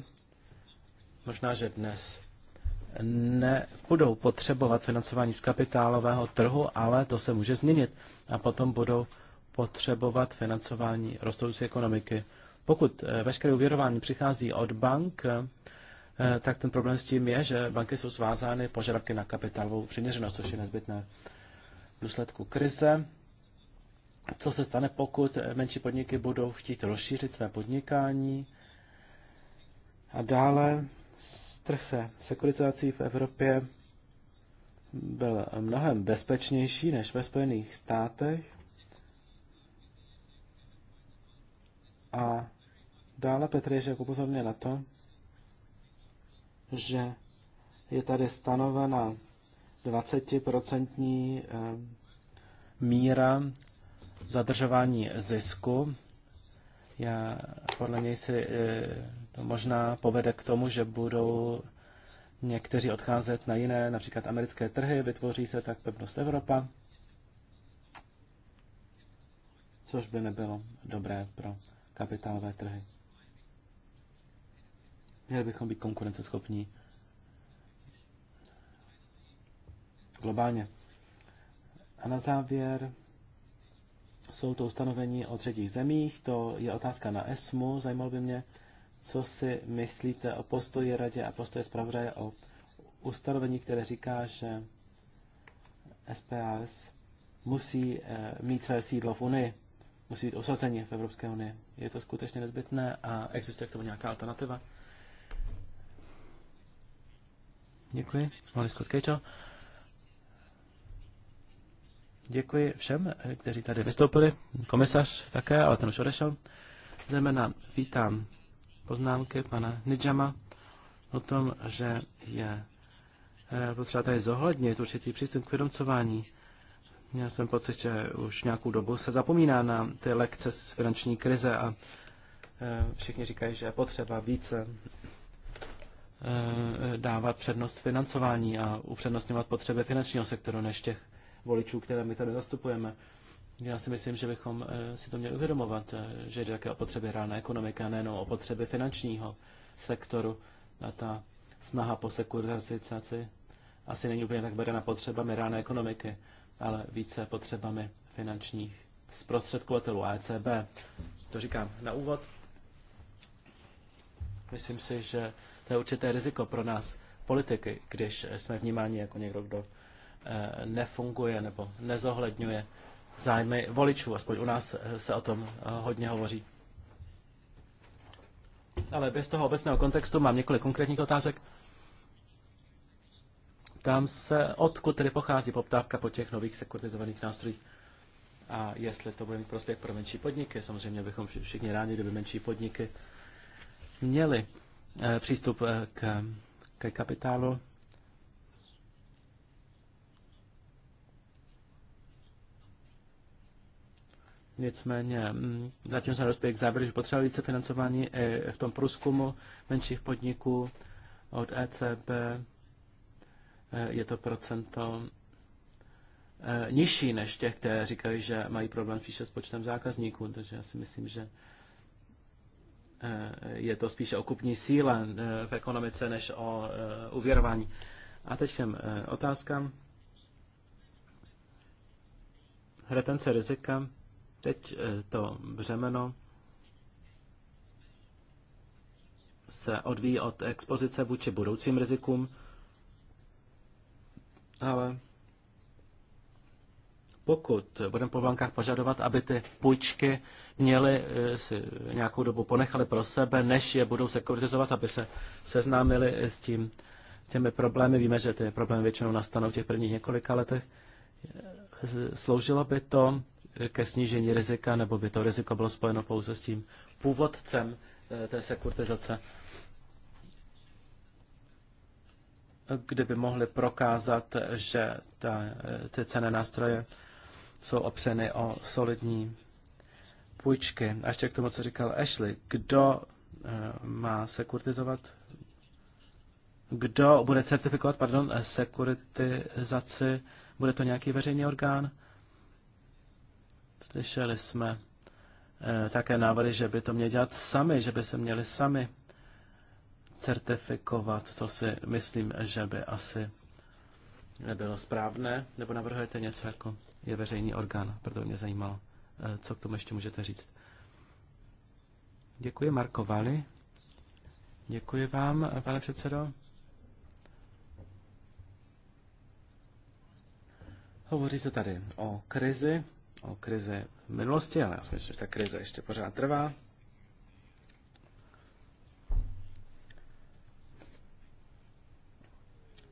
Možná, že dnes nebudou potřebovat financování z kapitálového trhu, ale to se může změnit. A potom budou potřebovat financování rostoucí ekonomiky. Pokud eh, veškeré uvěrování přichází od bank, eh, tak ten problém s tím je, že banky jsou svázány požadavky na kapitálovou přiměřenost, což je nezbytné v důsledku krize. Co se stane, pokud menší podniky budou chtít rozšířit své podnikání? A dále Trh se sekuritizací v Evropě byl mnohem bezpečnější než ve Spojených státech a dále Ježek upozorňuje na to, že je tady stanovena 20% eh, míra zadržování zisku. Já podle něj si eh, to možná povede k tomu, že budou někteří odcházet na jiné, například americké trhy, vytvoří se tak pevnost Evropa, což by nebylo dobré pro kapitálové trhy. Měli bychom být konkurenceschopní globálně. A na závěr jsou to ustanovení o třetích zemích, to je otázka na ESMU, zajímalo by mě, co si myslíte o postoji radě a postoji zpravodaje o ustanovení, které říká, že SPS musí eh, mít své sídlo v Unii, musí být osazeni v Evropské unii. Je to skutečně nezbytné a existuje k tomu nějaká alternativa? Děkuji. Mali Scott Kejčo. Děkuji všem, eh, kteří tady vystoupili. Komisař také, ale ten už odešel. Zejména vítám poznámky pana Nidžama o tom, že je eh, potřeba tady zohlednit určitý přístup k vědomcování. Měl jsem pocit, že už nějakou dobu se zapomíná na ty lekce z finanční krize a eh, všichni říkají, že je potřeba více eh, dávat přednost financování a upřednostňovat potřeby finančního sektoru než těch voličů, které my tady zastupujeme. Já si myslím, že bychom eh, si to měli uvědomovat, eh, že jde také o potřeby reálné ekonomiky a nejenom o potřeby finančního sektoru. A ta snaha po sekuritizaci asi není úplně tak vedena potřebami reálné ekonomiky, ale více potřebami finančních zprostředkovatelů ECB. To říkám na úvod. Myslím si, že to je určité riziko pro nás politiky, když jsme vnímáni jako někdo, kdo eh, nefunguje nebo nezohledňuje zájmy voličů. Aspoň u nás eh, se o tom eh, hodně hovoří. Ale bez toho obecného kontextu mám několik konkrétních otázek. Tam se, odkud tedy pochází poptávka po těch nových sekuritizovaných nástrojích a jestli to bude mít prospěch pro menší podniky. Samozřejmě bychom všichni rádi, kdyby menší podniky měli eh, přístup k, k kapitálu. Nicméně mm, zatím jsme dospěli k závěru, že potřeba více financování i v tom průzkumu menších podniků od ECB. Eh, je to procento eh, nižší než těch, které říkají, že mají problém spíše s počtem zákazníků, takže já si myslím, že eh, je to spíše o kupní síle v ekonomice než o uvěrování. A teď těm otázkám. Retence rizika Teď eh, to břemeno se odvíjí od expozice vůči budoucím rizikům, ale pokud budeme po bankách požadovat, aby ty půjčky měly eh, si nějakou dobu ponechali pro sebe, než je budou sekuritizovat, aby se seznámili s tím, těmi problémy. Víme, že ty problémy většinou nastanou v těch prvních několika letech. Eh, sloužilo by to ke snížení rizika, nebo by to riziko bylo spojeno pouze s tím původcem eh, té sekuritizace, kdyby mohli prokázat, že ta, eh, ty cené nástroje jsou opřeny o solidní půjčky. A ještě k tomu, co říkal Ashley, kdo eh, má sekuritizovat, kdo bude certifikovat, pardon, sekuritizaci, bude to nějaký veřejný orgán? Slyšeli jsme eh, také návrhy, že by to měli dělat sami, že by se měli sami certifikovat. To si myslím, že by asi nebylo správné. Nebo navrhujete něco jako je veřejný orgán, proto mě zajímalo, eh, co k tomu ještě můžete říct. Děkuji Marko Vali. Děkuji vám, pane předsedo. Hovoří se tady o krizi, o krizi v minulosti, ale já si myslím, že ta krize ještě pořád trvá.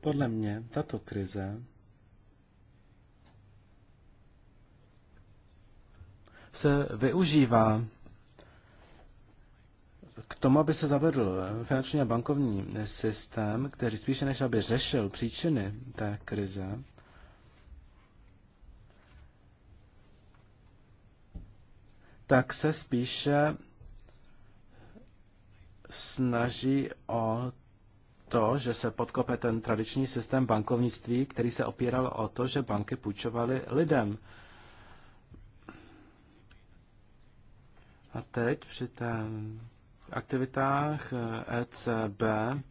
Podle mě tato krize se využívá k tomu, aby se zavedl finanční a bankovní systém, který spíše než aby řešil příčiny té krize, tak se spíše snaží o to, že se podkope ten tradiční systém bankovnictví, který se opíral o to, že banky půjčovaly lidem. A teď při ten aktivitách ECB eh,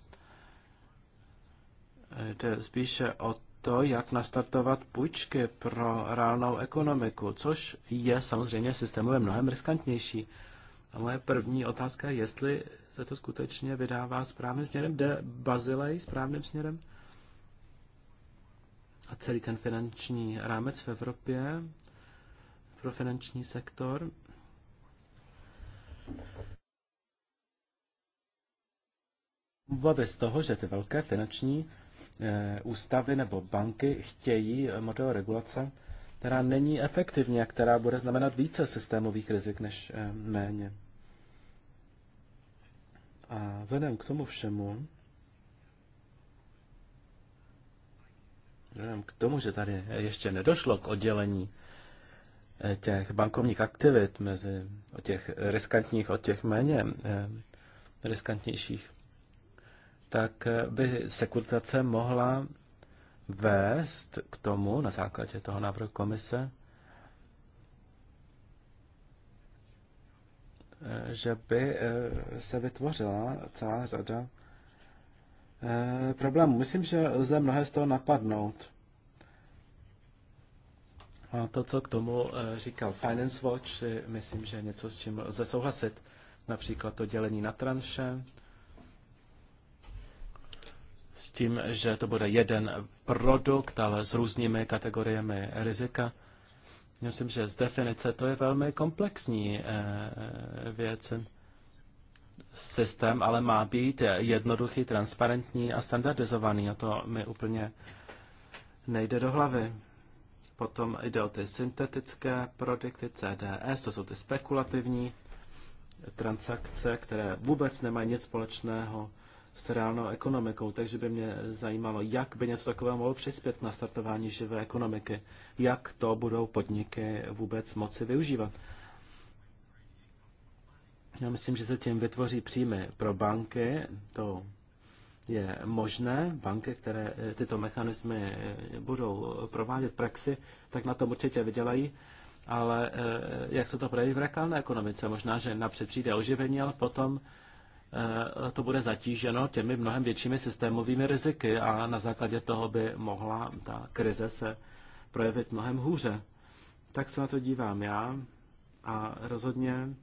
e jde spíše o to, jak nastartovat půjčky pro reálnou ekonomiku, což je samozřejmě systémově mnohem riskantnější. A moje první otázka je, jestli se to skutečně vydává správným směrem, jde Bazilej správným směrem? A celý ten finanční rámec v Evropě pro finanční sektor. Obavy z toho, že ty velké finanční Eh, ústavy nebo banky chtějí model regulace, která není efektivní a která bude znamenat více systémových rizik než eh, méně. A vzhledem k tomu všemu, vzhledem k tomu, že tady ještě nedošlo k oddělení eh, těch bankovních aktivit mezi od těch riskantních od těch méně riskantnějších, tak by sekuritace mohla vést k tomu, na základě toho návrhu komise, že by eh, se vytvořila celá řada eh, problémů. Myslím, že lze mnohé z toho napadnout. A to, co k tomu eh, říkal Finance Watch, myslím, že je něco, s čím lze souhlasit. Například to dělení na tranše, s tím, že to bude jeden produkt, ale s různými kategoriemi rizika. Myslím, že z definice to je velmi komplexní eh, eh, věc. Systém ale má být jednoduchý, transparentní a standardizovaný a to mi úplně nejde do hlavy. Potom jde o ty syntetické produkty CDS, to jsou ty spekulativní transakce, které vůbec nemají nic společného s reálnou ekonomikou, takže by mě zajímalo, jak by něco takového mohlo přispět na startování živé ekonomiky, jak to budou podniky vůbec moci využívat. Já myslím, že se tím vytvoří příjmy pro banky, to je možné, banky, které eh, tyto mechanismy budou provádět praxi, tak na tom určitě vydělají, ale eh, jak se to projeví v reklamné ekonomice? Možná, že napřed přijde oživení, ale potom Eh, to bude zatíženo těmi mnohem většími systémovými riziky a na základě toho by mohla ta krize se projevit mnohem hůře. Tak se na to dívám já a rozhodně eh,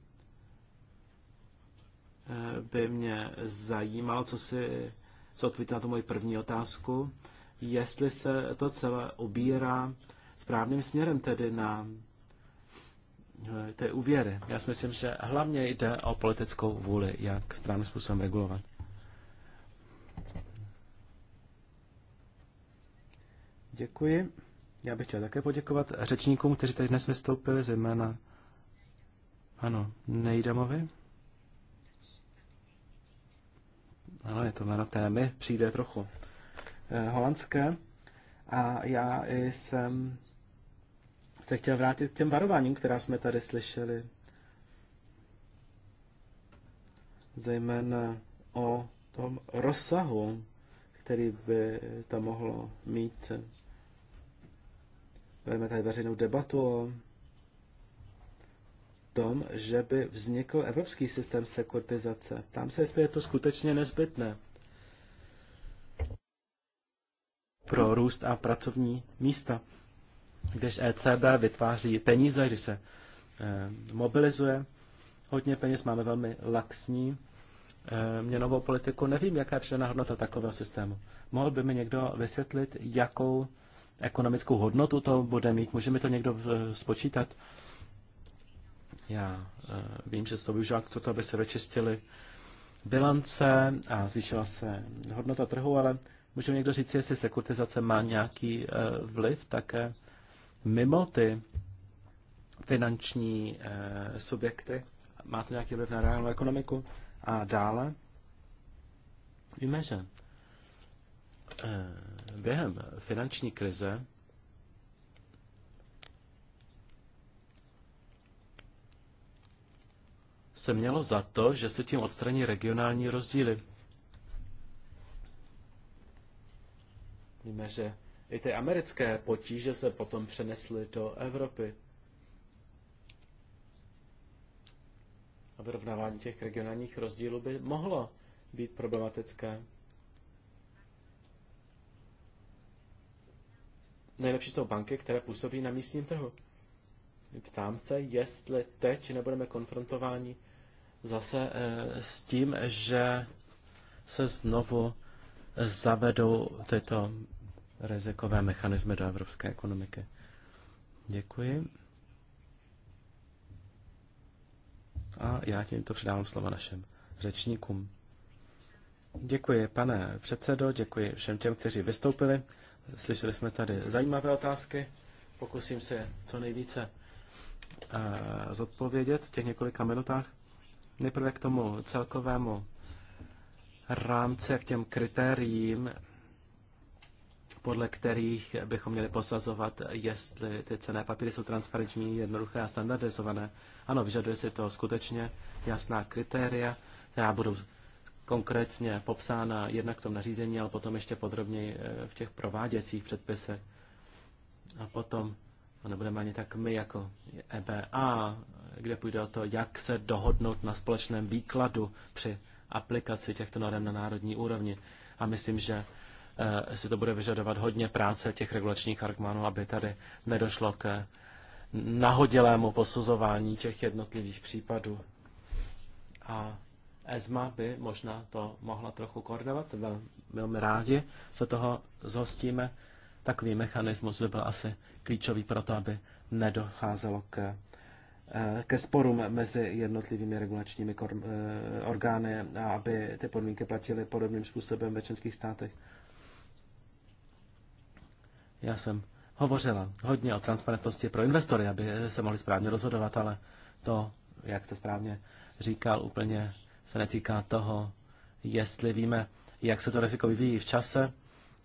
by mě zajímalo, co si co odpovíte na tu moji první otázku, jestli se to celé ubírá správným směrem, tedy na Eh, té úvěry. Já si myslím, že hlavně jde o politickou vůli, jak správným způsobem regulovat. Děkuji. Já bych chtěl také poděkovat řečníkům, kteří tady dnes vystoupili, zejména ano, Nejdamovi. Ano, je to jméno, které mi přijde trochu eh, holandské. A já jsem se chtěl vrátit k těm varováním, která jsme tady slyšeli. Zejména o tom rozsahu, který by tam mohlo mít. Vedeme tady veřejnou debatu o tom, že by vznikl evropský systém sekuritizace. Tam se, jestli je to skutečně nezbytné pro růst a pracovní místa když ECB vytváří peníze, když se eh, mobilizuje hodně peněz, máme velmi laxní eh, měnovou politiku. Nevím, jaká je přidaná hodnota takového systému. Mohl by mi někdo vysvětlit, jakou ekonomickou hodnotu to bude mít? Může mi to někdo eh, spočítat? Já vím, že se to využívá k toto, aby se vyčistili bilance a zvýšila se hodnota trhu, ale může mi někdo říct, jestli sekuritizace má nějaký vliv také mimo ty finanční e, subjekty? Má to nějaký vliv na reálnou ekonomiku? A dále? Víme, že e, během finanční krize se mělo za to, že se tím odstraní regionální rozdíly. Víme, že i ty americké potíže se potom přenesly do Evropy. A vyrovnávání těch regionálních rozdílů by mohlo být problematické. Nejlepší jsou banky, které působí na místním trhu. Ptám se, jestli teď nebudeme konfrontováni zase eh, s tím, že se znovu zavedou tyto rizikové mechanismy do evropské ekonomiky. Děkuji. A já tímto předávám slovo našim řečníkům. Děkuji, pane předsedo, děkuji všem těm, kteří vystoupili. Slyšeli jsme tady zajímavé otázky. Pokusím se co nejvíce eh, zodpovědět v těch několika minutách. Nejprve k tomu celkovému rámce, k těm kritériím podle kterých bychom měli posazovat, jestli ty cené papíry jsou transparentní, jednoduché a standardizované. Ano, vyžaduje si to skutečně jasná kritéria, která budou konkrétně popsána jednak v tom nařízení, ale potom ještě podrobněji eh, v těch prováděcích předpisech. A potom to nebudeme ani tak my jako EBA, kde půjde o to, jak se dohodnout na společném výkladu při aplikaci těchto norm na národní úrovni. A myslím, že Eh, si to bude vyžadovat hodně práce těch regulačních argmanů, aby tady nedošlo k nahodilému posuzování těch jednotlivých případů. A ESMA by možná to mohla trochu koordinovat, velmi rádi se toho zhostíme. Takový mechanismus by byl asi klíčový pro to, aby nedocházelo k eh, ke sporům mezi jednotlivými regulačními eh, orgány a aby ty podmínky platily podobným způsobem ve členských státech. Já jsem hovořila hodně o transparentnosti pro investory, aby se mohli správně rozhodovat, ale to, jak jste správně říkal, úplně se netýká toho, jestli víme, jak se to riziko vyvíjí v čase.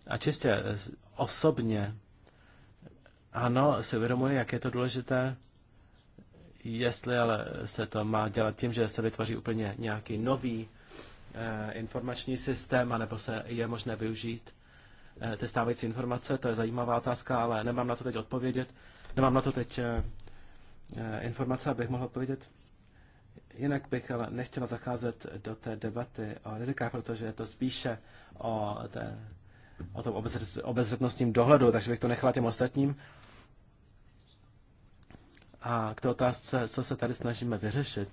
A čistě eh, osobně, ano, si uvědomuji, jak je to důležité, jestli ale se to má dělat tím, že se vytvoří úplně nějaký nový eh, informační systém, anebo se je možné využít Eh, ty stávající informace, to je zajímavá otázka, ale nemám na to teď odpovědět. Nemám na to teď eh, eh, informace, abych mohl odpovědět. Jinak bych ale nechtěla zacházet do té debaty o rizikách, protože je to spíše o, té, o tom obezřetnostním dohledu, takže bych to nechala těm ostatním. A k té otázce, co se tady snažíme vyřešit,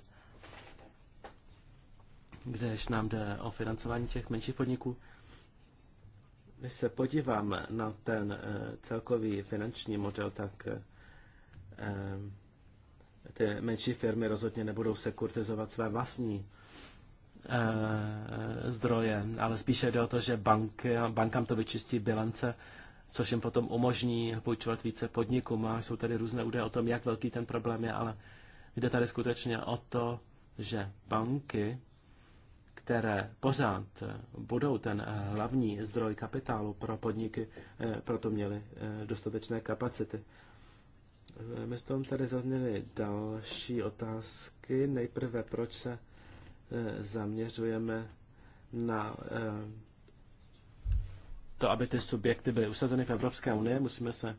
když nám jde o financování těch menších podniků, když se podívám na ten eh, celkový finanční model, tak eh, eh, ty menší firmy rozhodně nebudou sekurtizovat své vlastní zdroje, ale spíše jde o to, že bank, bankám to vyčistí bilance, což jim potom umožní půjčovat více podnikům. A jsou tady různé údaje o tom, jak velký ten problém je, ale jde tady skutečně o to, že banky které pořád eh, budou ten eh, hlavní zdroj kapitálu pro podniky, eh, proto měly dostatečné kapacity. My jsme tom tady zazněly další otázky. Nejprve, proč se zaměřujeme na to, aby ty subjekty byly usazeny v Evropské unii. Musíme se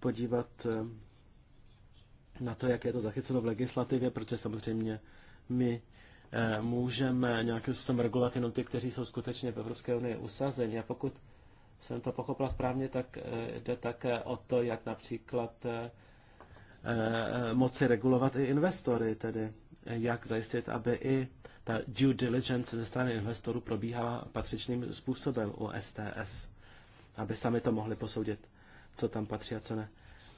podívat na to, jak je to zachyceno v legislativě, protože samozřejmě my Eh, můžeme nějakým způsobem regulovat jenom ty, kteří jsou skutečně v Evropské unii usazeni. A pokud jsem to pochopila správně, tak eh, jde také o to, jak například eh, moci regulovat i investory, tedy jak zajistit, aby i ta due diligence ze strany investorů probíhala patřičným způsobem u STS, aby sami to mohli posoudit, co tam patří a co ne.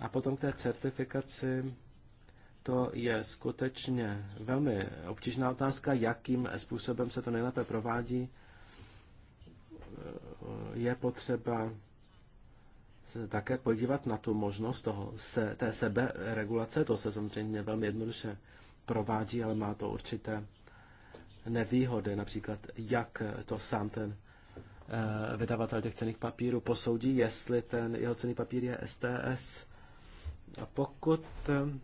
A potom k té certifikaci to je skutečně velmi obtížná otázka, jakým způsobem se to nejlépe provádí. Je potřeba se také podívat na tu možnost toho, se, té seberegulace. To se samozřejmě velmi jednoduše provádí, ale má to určité nevýhody. Například, jak to sám ten eh, vydavatel těch cených papírů posoudí, jestli ten jeho cený papír je STS. A pokud eh,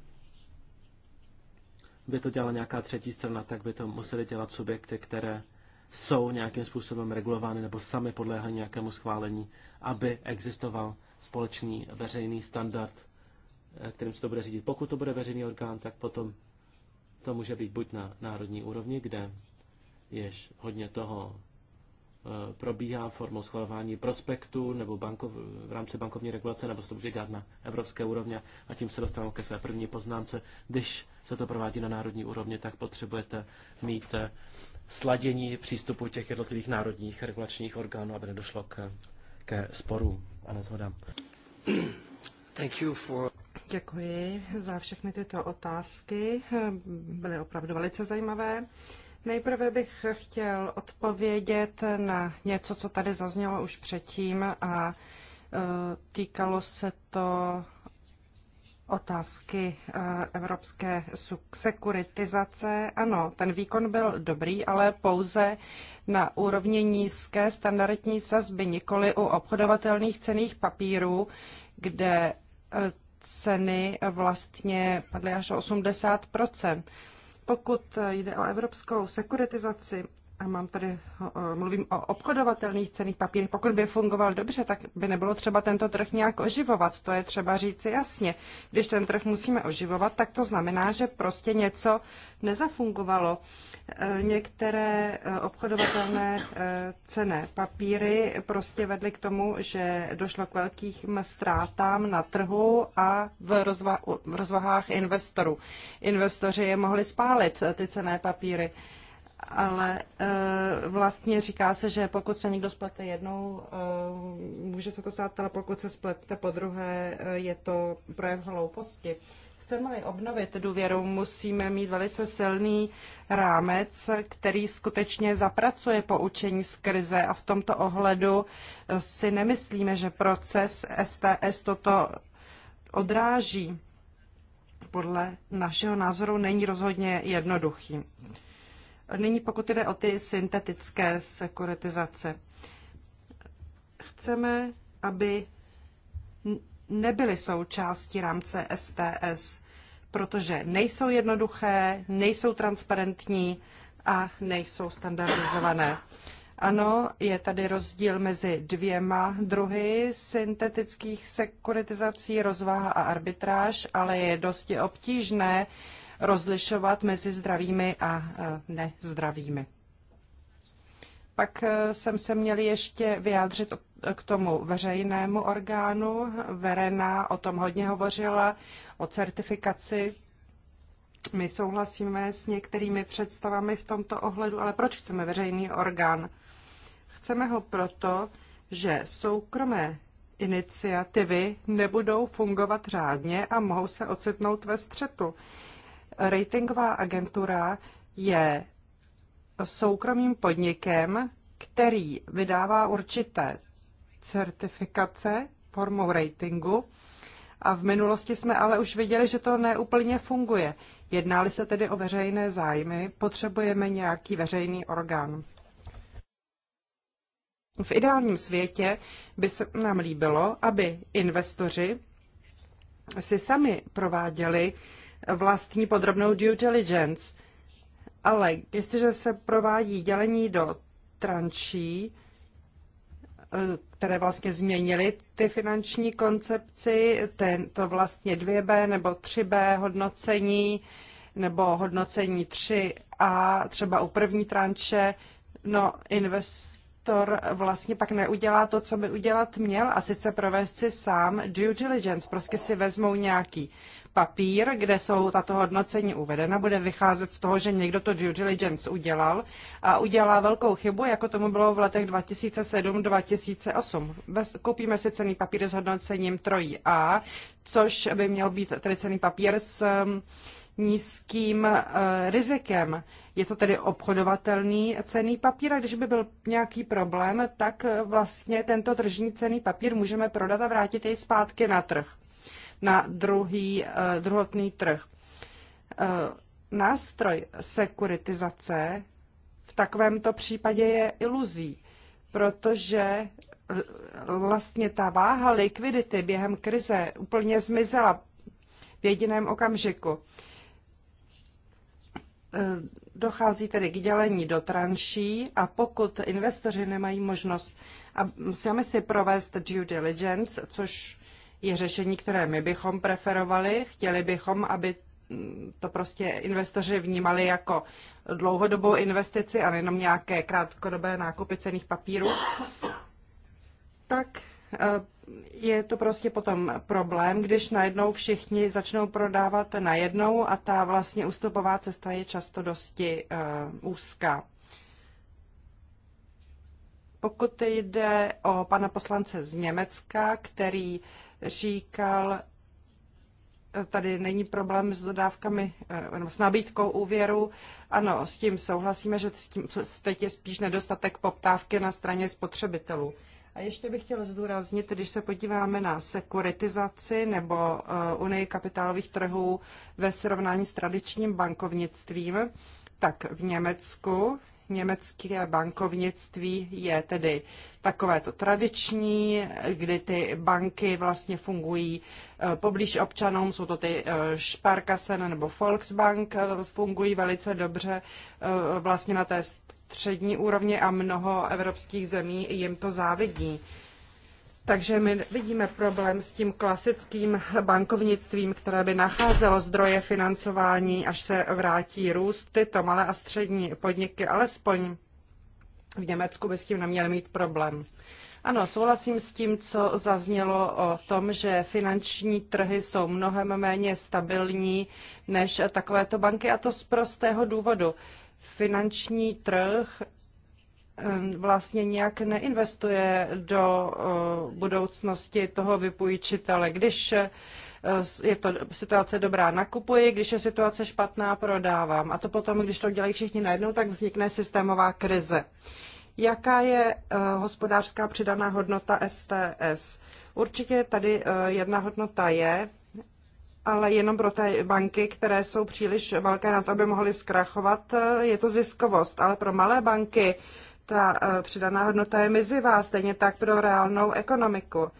by to dělala nějaká třetí strana, tak by to museli dělat subjekty, které jsou nějakým způsobem regulovány nebo sami podléhají nějakému schválení, aby existoval společný veřejný standard, eh, kterým se to bude řídit. Pokud to bude veřejný orgán, tak potom to může být buď na národní úrovni, kde jež hodně toho eh, probíhá formou schvalování prospektu nebo bankov, v rámci bankovní regulace, nebo se to může dělat na evropské úrovně a tím se dostanou ke své první poznámce. Když se to provádí na národní úrovni, tak potřebujete mít eh, sladění přístupu těch jednotlivých národních regulačních orgánů, aby nedošlo k, ke sporům a nezhodám. Thank you for... Děkuji za všechny tyto otázky. Byly opravdu velice zajímavé. Nejprve bych chtěl odpovědět na něco, co tady zaznělo už předtím a e, týkalo se to otázky eh, evropské sekuritizace. Ano, ten výkon byl dobrý, ale pouze na úrovni nízké standardní sazby, nikoli u obchodovatelných cených papírů, kde eh, ceny vlastně padly až o 80 Pokud jde o evropskou sekuritizaci, a mám tady, eh, mluvím o obchodovatelných cených papírech, pokud by fungoval dobře, tak by nebylo třeba tento trh nějak oživovat. To je třeba říci jasně. Když ten trh musíme oživovat, tak to znamená, že prostě něco nezafungovalo. Eh, některé eh, obchodovatelné cené papíry prostě vedly k tomu, že došlo k velkým ztrátám na trhu a v, rozva- v rozvahách investorů. Investoři je mohli spálit, ty cené papíry ale eh, vlastně říká se, že pokud se někdo splete jednou, eh, může se to stát, ale pokud se splete po druhé, eh, je to projev hlouposti. Chceme-li obnovit důvěru, musíme mít velice silný rámec, který skutečně zapracuje poučení z krize a v tomto ohledu si nemyslíme, že proces STS toto odráží. Podle našeho názoru není rozhodně jednoduchý. Nyní pokud jde o ty syntetické sekuritizace. Chceme, aby nebyly součástí rámce STS, protože nejsou jednoduché, nejsou transparentní a nejsou standardizované. Ano, je tady rozdíl mezi dvěma druhy syntetických sekuritizací, rozvaha a arbitráž, ale je dosti obtížné rozlišovat mezi zdravými a e, nezdravými. Pak e, jsem se měl ještě vyjádřit k tomu veřejnému orgánu. Verena o tom hodně hovořila, o certifikaci. My souhlasíme s některými představami v tomto ohledu, ale proč chceme veřejný orgán? Chceme ho proto, že soukromé iniciativy nebudou fungovat řádně a mohou se ocitnout ve střetu. Ratingová agentura je soukromým podnikem, který vydává určité certifikace formou ratingu. A v minulosti jsme ale už viděli, že to neúplně funguje. Jednáli se tedy o veřejné zájmy, potřebujeme nějaký veřejný orgán. V ideálním světě by se nám líbilo, aby investoři si sami prováděli uh, vlastní podrobnou due diligence. Ale jestliže se provádí dělení do tranší, eh, které vlastně změnily ty finanční koncepci, ten, to vlastně 2B nebo 3B hodnocení, nebo hodnocení 3A, třeba u první tranše, no invest investor vlastně pak neudělá to, co by udělat měl, a sice provést si sám due diligence. Prostě si vezmou nějaký papír, kde jsou tato hodnocení uvedena, bude vycházet z toho, že někdo to due diligence udělal a udělá velkou chybu, jako tomu bylo v letech 2007-2008. Koupíme si cený papír s hodnocením 3A, což by měl být tedy cený papír s nízkým eh, rizikem. Je to tedy obchodovatelný cený papír a když by byl nějaký problém, tak eh, vlastně tento tržní cený papír můžeme prodat a vrátit jej zpátky na trh, na druhý, eh, druhotný trh. Nástroj sekuritizace v takovémto případě je iluzí, protože vlastně ta váha likvidity během krize úplně zmizela v jediném okamžiku. Eh, dochází tedy k dělení do tranší a pokud investoři nemají možnost sami si provést due diligence, což je řešení, které my bychom preferovali, chtěli bychom, aby mm, to prostě investoři vnímali jako dlouhodobou investici a nejenom nějaké krátkodobé nákupy cených papírů, tak Eh, je to prostě potom problém, když najednou všichni začnou prodávat najednou a ta vlastně ústupová cesta je často dosti eh, úzká. Pokud jde o pana poslance z Německa, který říkal, eh, tady není problém s dodávkami, s nabídkou úvěru. Ano, s tím souhlasíme, že s tím, teď je spíš nedostatek poptávky na straně spotřebitelů. A ještě bych chtěl zdůraznit, když se podíváme na sekuritizaci nebo eh, Unii kapitálových trhů ve srovnání s tradičním bankovnictvím, tak v Německu německé bankovnictví je tedy takové to tradiční, kdy ty banky vlastně fungují eh, poblíž občanům, jsou to ty eh, Sparkassen nebo Volksbank, fungují velice dobře vlastně na té střední úrovně a mnoho evropských zemí jim to závidí. Takže my vidíme problém s tím klasickým bankovnictvím, které by nacházelo zdroje financování, až se vrátí růst. Tyto malé a střední podniky alespoň v Německu by s tím neměl mít problém. Ano, souhlasím s tím, co zaznělo o tom, že finanční trhy jsou mnohem méně stabilní než takovéto banky a to z prostého důvodu finanční trh vlastně nějak neinvestuje do budoucnosti toho vypůjčitele. Když e, je to situace dobrá, nakupuji, když je situace špatná, prodávám. A to potom, když to dělají všichni najednou, tak vznikne systémová krize. Jaká je e, hospodářská přidaná hodnota STS? Určitě tady e, jedna hodnota je, ale jenom pro ty banky, které jsou příliš velké na to, aby mohly zkrachovat, eh, je to ziskovost. Ale pro malé banky ta eh, přidaná hodnota je mizivá, stejně tak pro reálnou ekonomiku.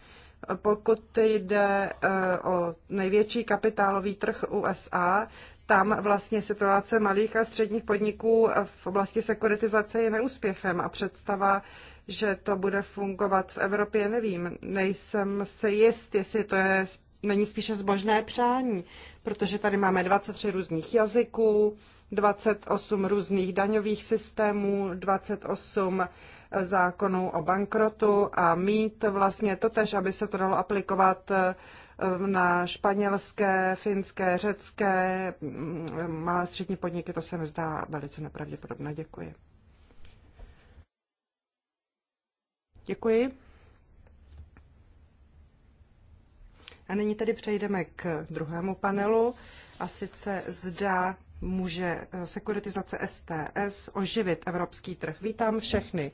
Pokud jde eh, o největší kapitálový trh USA, tam vlastně situace malých a středních podniků v oblasti sekuritizace je neúspěchem a představa, že to bude fungovat v Evropě, nevím. Nejsem si jist, jestli to je není spíše zbožné přání, protože tady máme 23 různých jazyků, 28 různých daňových systémů, 28 zákonů o bankrotu a mít vlastně to tež, aby se to dalo aplikovat eh, na španělské, finské, řecké mm, malé střední podniky, to se mi zdá velice nepravděpodobné. Děkuji. Děkuji. A nyní tedy přejdeme k druhému panelu, a sice zda může eh, sekuritizace STS oživit evropský trh. Vítám všechny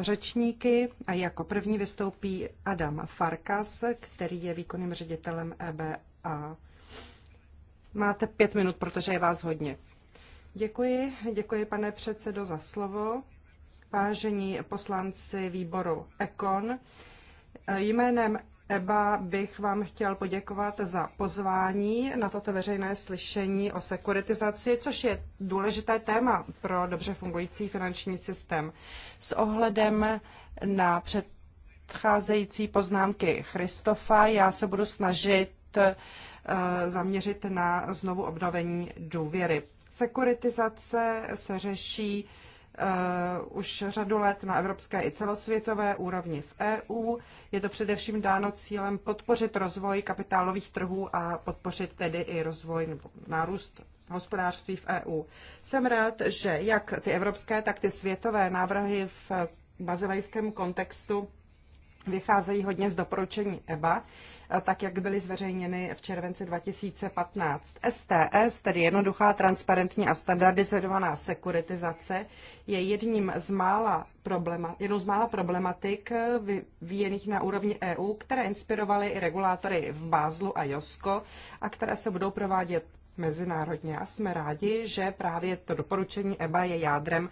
řečníky a jako první vystoupí Adam Farkas, který je výkonným ředitelem EBA. Máte pět minut, protože je vás hodně. Děkuji, děkuji pane předsedo za slovo. Vážení poslanci výboru EKON, eh, jménem EBA bych vám chtěl poděkovat za pozvání na toto veřejné slyšení o sekuritizaci, což je důležité téma pro dobře fungující finanční systém. S ohledem na předcházející poznámky Christofa, já se budu snažit eh, zaměřit na znovu obnovení důvěry. Sekuritizace se řeší Eh, už řadu let na evropské i celosvětové úrovni v EU. Je to především dáno cílem podpořit rozvoj kapitálových trhů a podpořit tedy i rozvoj nebo nárůst hospodářství v EU. Jsem rád, že jak ty evropské, tak ty světové návrhy v bazilejském kontextu vycházejí hodně z doporučení EBA tak jak byly zveřejněny v červenci 2015. STS, tedy jednoduchá, transparentní a standardizovaná sekuritizace, je jedním z mála problema, jednou z mála problematik eh, vyvíjených na úrovni EU, které inspirovaly i regulátory v Bázlu a Josko a které se budou provádět mezinárodně. A jsme rádi, že právě to doporučení EBA je jádrem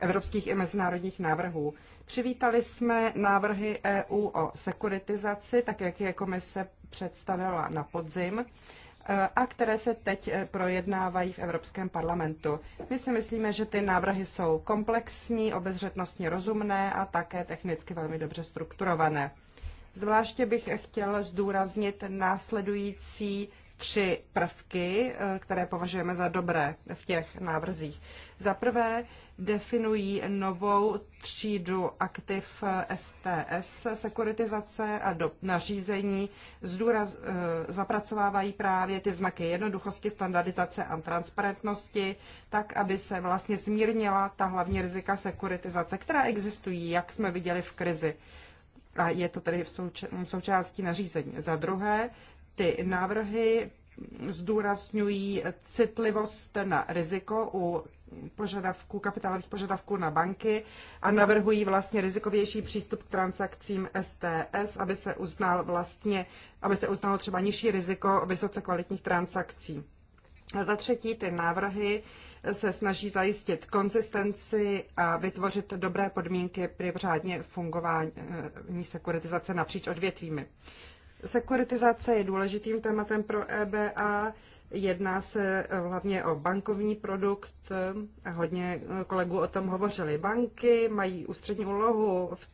evropských i mezinárodních návrhů. Přivítali jsme návrhy EU o sekuritizaci, tak jak je komise představila na podzim e, a které se teď e, projednávají v Evropském parlamentu. My si myslíme, že ty návrhy jsou komplexní, obezřetnostně rozumné a také technicky velmi dobře strukturované. Zvláště bych chtěl zdůraznit následující tři prvky, eh, které považujeme za dobré v těch návrzích. Za prvé definují novou třídu aktiv STS eh, sekuritizace a do nařízení zdůraz, eh, zapracovávají právě ty znaky jednoduchosti, standardizace a transparentnosti, tak, aby se vlastně zmírnila ta hlavní rizika sekuritizace, která existují, jak jsme viděli v krizi a je to tedy v součástí nařízení. Za druhé, ty návrhy zdůrazňují citlivost na riziko u požadavků, kapitálových požadavků na banky a navrhují vlastně rizikovější přístup k transakcím STS, aby se uznal vlastně, aby se uznalo třeba nižší riziko vysoce kvalitních transakcí. A za třetí, ty návrhy se snaží zajistit konzistenci a vytvořit dobré podmínky pro řádně fungování eh, sekuritizace napříč odvětvími. Sekuritizace je důležitým tématem pro EBA. Jedná se eh, hlavně o bankovní produkt. Eh, hodně eh, kolegů o tom hovořili. Banky mají ústřední úlohu v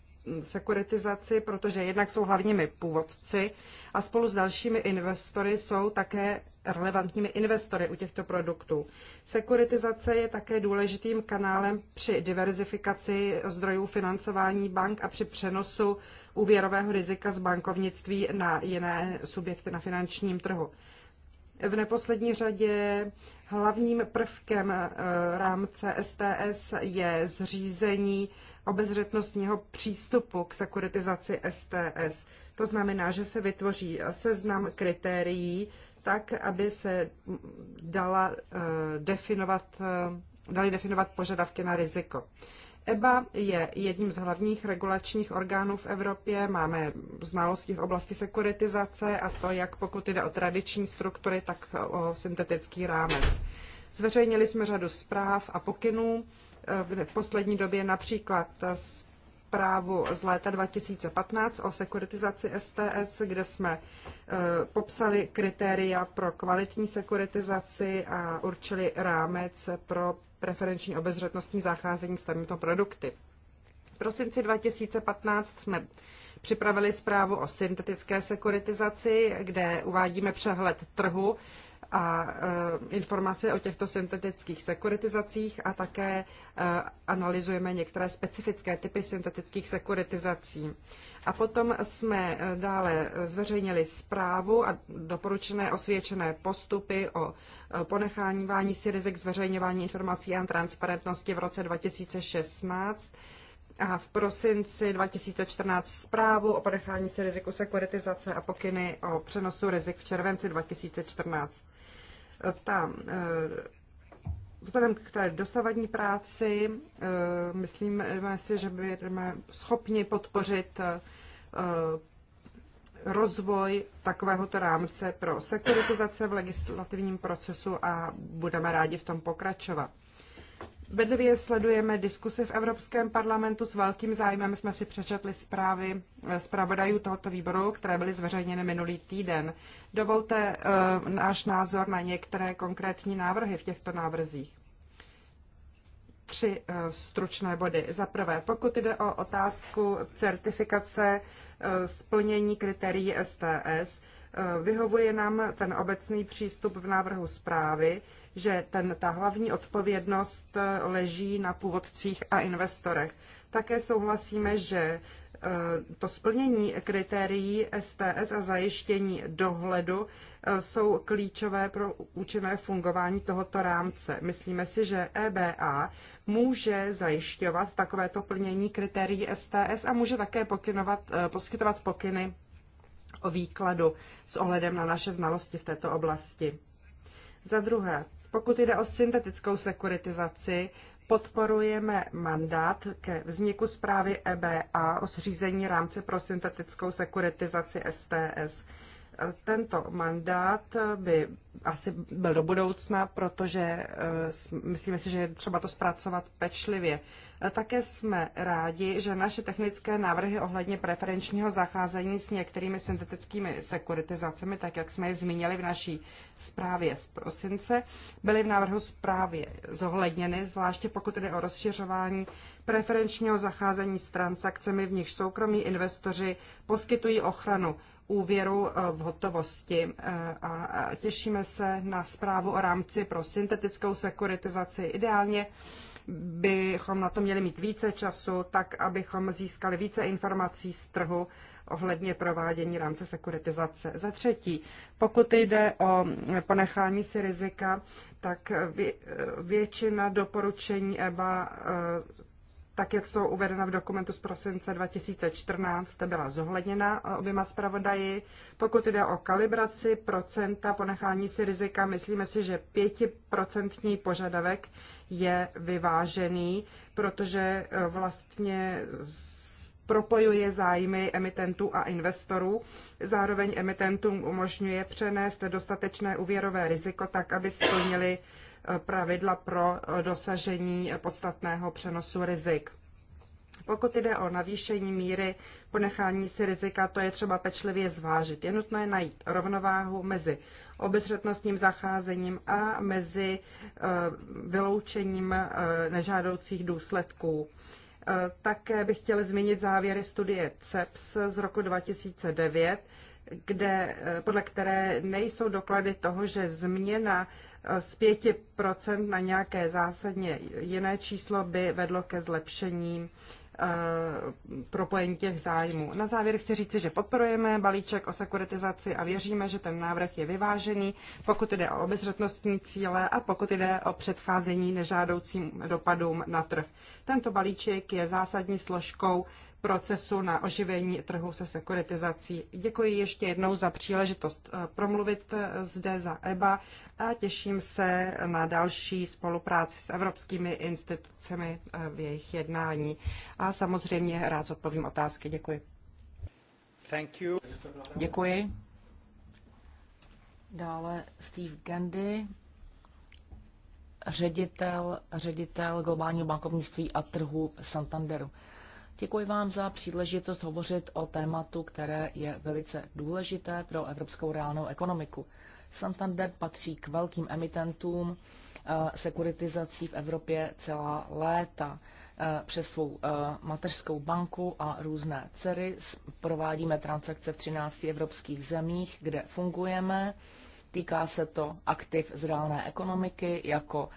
sekuritizaci, protože jednak jsou hlavními původci a spolu s dalšími investory jsou také relevantními investory u těchto produktů. Sekuritizace je také důležitým kanálem při diverzifikaci zdrojů financování bank a při přenosu úvěrového rizika z bankovnictví na jiné subjekty na finančním trhu. V neposlední řadě hlavním prvkem eh, rámce STS je zřízení obezřetnostního přístupu k sekuritizaci STS. To znamená, že se vytvoří seznam kritérií, tak, aby se dala eh, definovat, eh, dali definovat požadavky na riziko. EBA je jedním z hlavních regulačních orgánů v Evropě. Máme znalosti v oblasti sekuritizace a to, jak pokud jde o tradiční struktury, tak o syntetický rámec. Zveřejnili jsme řadu zpráv a pokynů eh, v poslední době, například zprávu z léta 2015 o sekuritizaci STS, kde jsme eh, popsali kritéria pro kvalitní sekuritizaci a určili rámec pro preferenční obezřetnostní zacházení s těmito produkty. V prosinci 2015 jsme připravili zprávu o syntetické sekuritizaci, kde uvádíme přehled trhu a eh, informace o těchto syntetických sekuritizacích a také eh, analyzujeme některé specifické typy syntetických sekuritizací. A potom jsme eh, dále zveřejnili zprávu a doporučené osvědčené postupy o ponechání si rizik zveřejňování informací a transparentnosti v roce 2016 a v prosinci 2014 zprávu o ponechání si riziku sekuritizace a pokyny o přenosu rizik v červenci 2014. Ta, eh, vzhledem k té dosavadní práci, eh, myslíme si, že budeme schopni podpořit eh, rozvoj takovéhoto rámce pro sekuritizace v legislativním procesu a budeme rádi v tom pokračovat. Bedlivě sledujeme diskuse v Evropském parlamentu. S velkým zájmem jsme si přečetli zprávy eh, zpravodajů tohoto výboru, které byly zveřejněny minulý týden. Dovolte uh, náš názor na některé konkrétní návrhy v těchto návrzích. Tři uh, stručné body. Za prvé, pokud jde o otázku certifikace uh, splnění kritérií STS, Eh, vyhovuje nám ten obecný přístup v návrhu zprávy, že ten, ta hlavní odpovědnost eh, leží na původcích a investorech. Také souhlasíme, že eh, to splnění kritérií STS a zajištění dohledu jsou klíčové pro účinné fungování tohoto rámce. Myslíme si, že EBA může zajišťovat takovéto plnění kritérií STS a může také pokynovat, poskytovat pokyny o výkladu s ohledem na naše znalosti v této oblasti. Za druhé, pokud jde o syntetickou sekuritizaci, podporujeme mandát ke vzniku zprávy EBA o zřízení rámce pro syntetickou sekuritizaci STS. Tento mandát by asi byl do budoucna, protože eh, myslíme si, že je třeba to zpracovat pečlivě. Také jsme rádi, že naše technické návrhy ohledně preferenčního zacházení s některými syntetickými sekuritizacemi, tak jak jsme je zmínili v naší zprávě z prosince, byly v návrhu zprávě zohledněny, zvláště pokud jde o rozšiřování preferenčního zacházení s transakcemi, v nich soukromí investoři poskytují ochranu úvěru eh, v hotovosti eh, a těšíme se na zprávu o rámci pro syntetickou sekuritizaci. Ideálně bychom na to měli mít více času, tak abychom získali více informací z trhu ohledně provádění rámce sekuritizace. Za třetí, pokud jde o ponechání si rizika, tak eh, většina doporučení EBA tak jak jsou uvedena v dokumentu z prosince 2014, byla zohledněna eh, oběma zpravodaji. Pokud jde o kalibraci procenta ponechání si rizika, myslíme si, že pětiprocentní požadavek je vyvážený, protože eh, vlastně propojuje zájmy emitentů a investorů. Zároveň emitentům umožňuje přenést dostatečné úvěrové riziko tak, aby splnili pravidla pro dosažení podstatného přenosu rizik. Pokud jde o navýšení míry ponechání si rizika, to je třeba pečlivě zvážit. Je nutné najít rovnováhu mezi obezřetnostním zacházením a mezi eh, vyloučením eh, nežádoucích důsledků. Eh, také bych chtěl zmínit závěry studie CEPS z roku 2009, kde, podle které nejsou doklady toho, že změna z 5% na nějaké zásadně jiné číslo by vedlo ke zlepšení eh, propojení těch zájmů. Na závěr chci říci, že podporujeme balíček o sekuritizaci a věříme, že ten návrh je vyvážený, pokud jde o obezřetnostní cíle a pokud jde o předcházení nežádoucím dopadům na trh. Tento balíček je zásadní složkou procesu na oživení trhu se sekuritizací. Děkuji ještě jednou za příležitost eh, promluvit eh, zde za EBA a těším se na další spolupráci s evropskými institucemi eh, v jejich jednání. A samozřejmě rád odpovím otázky. Děkuji. Thank you. Děkuji. Dále Steve Gandy, ředitel, ředitel globálního bankovnictví a trhu Santanderu. Děkuji vám za příležitost hovořit o tématu, které je velice důležité pro evropskou reálnou ekonomiku. Santander patří k velkým emitentům eh, sekuritizací v Evropě celá léta. Eh, přes svou eh, mateřskou banku a různé dcery provádíme transakce v 13 evropských zemích, kde fungujeme. Týká se to aktiv z reálné ekonomiky, jako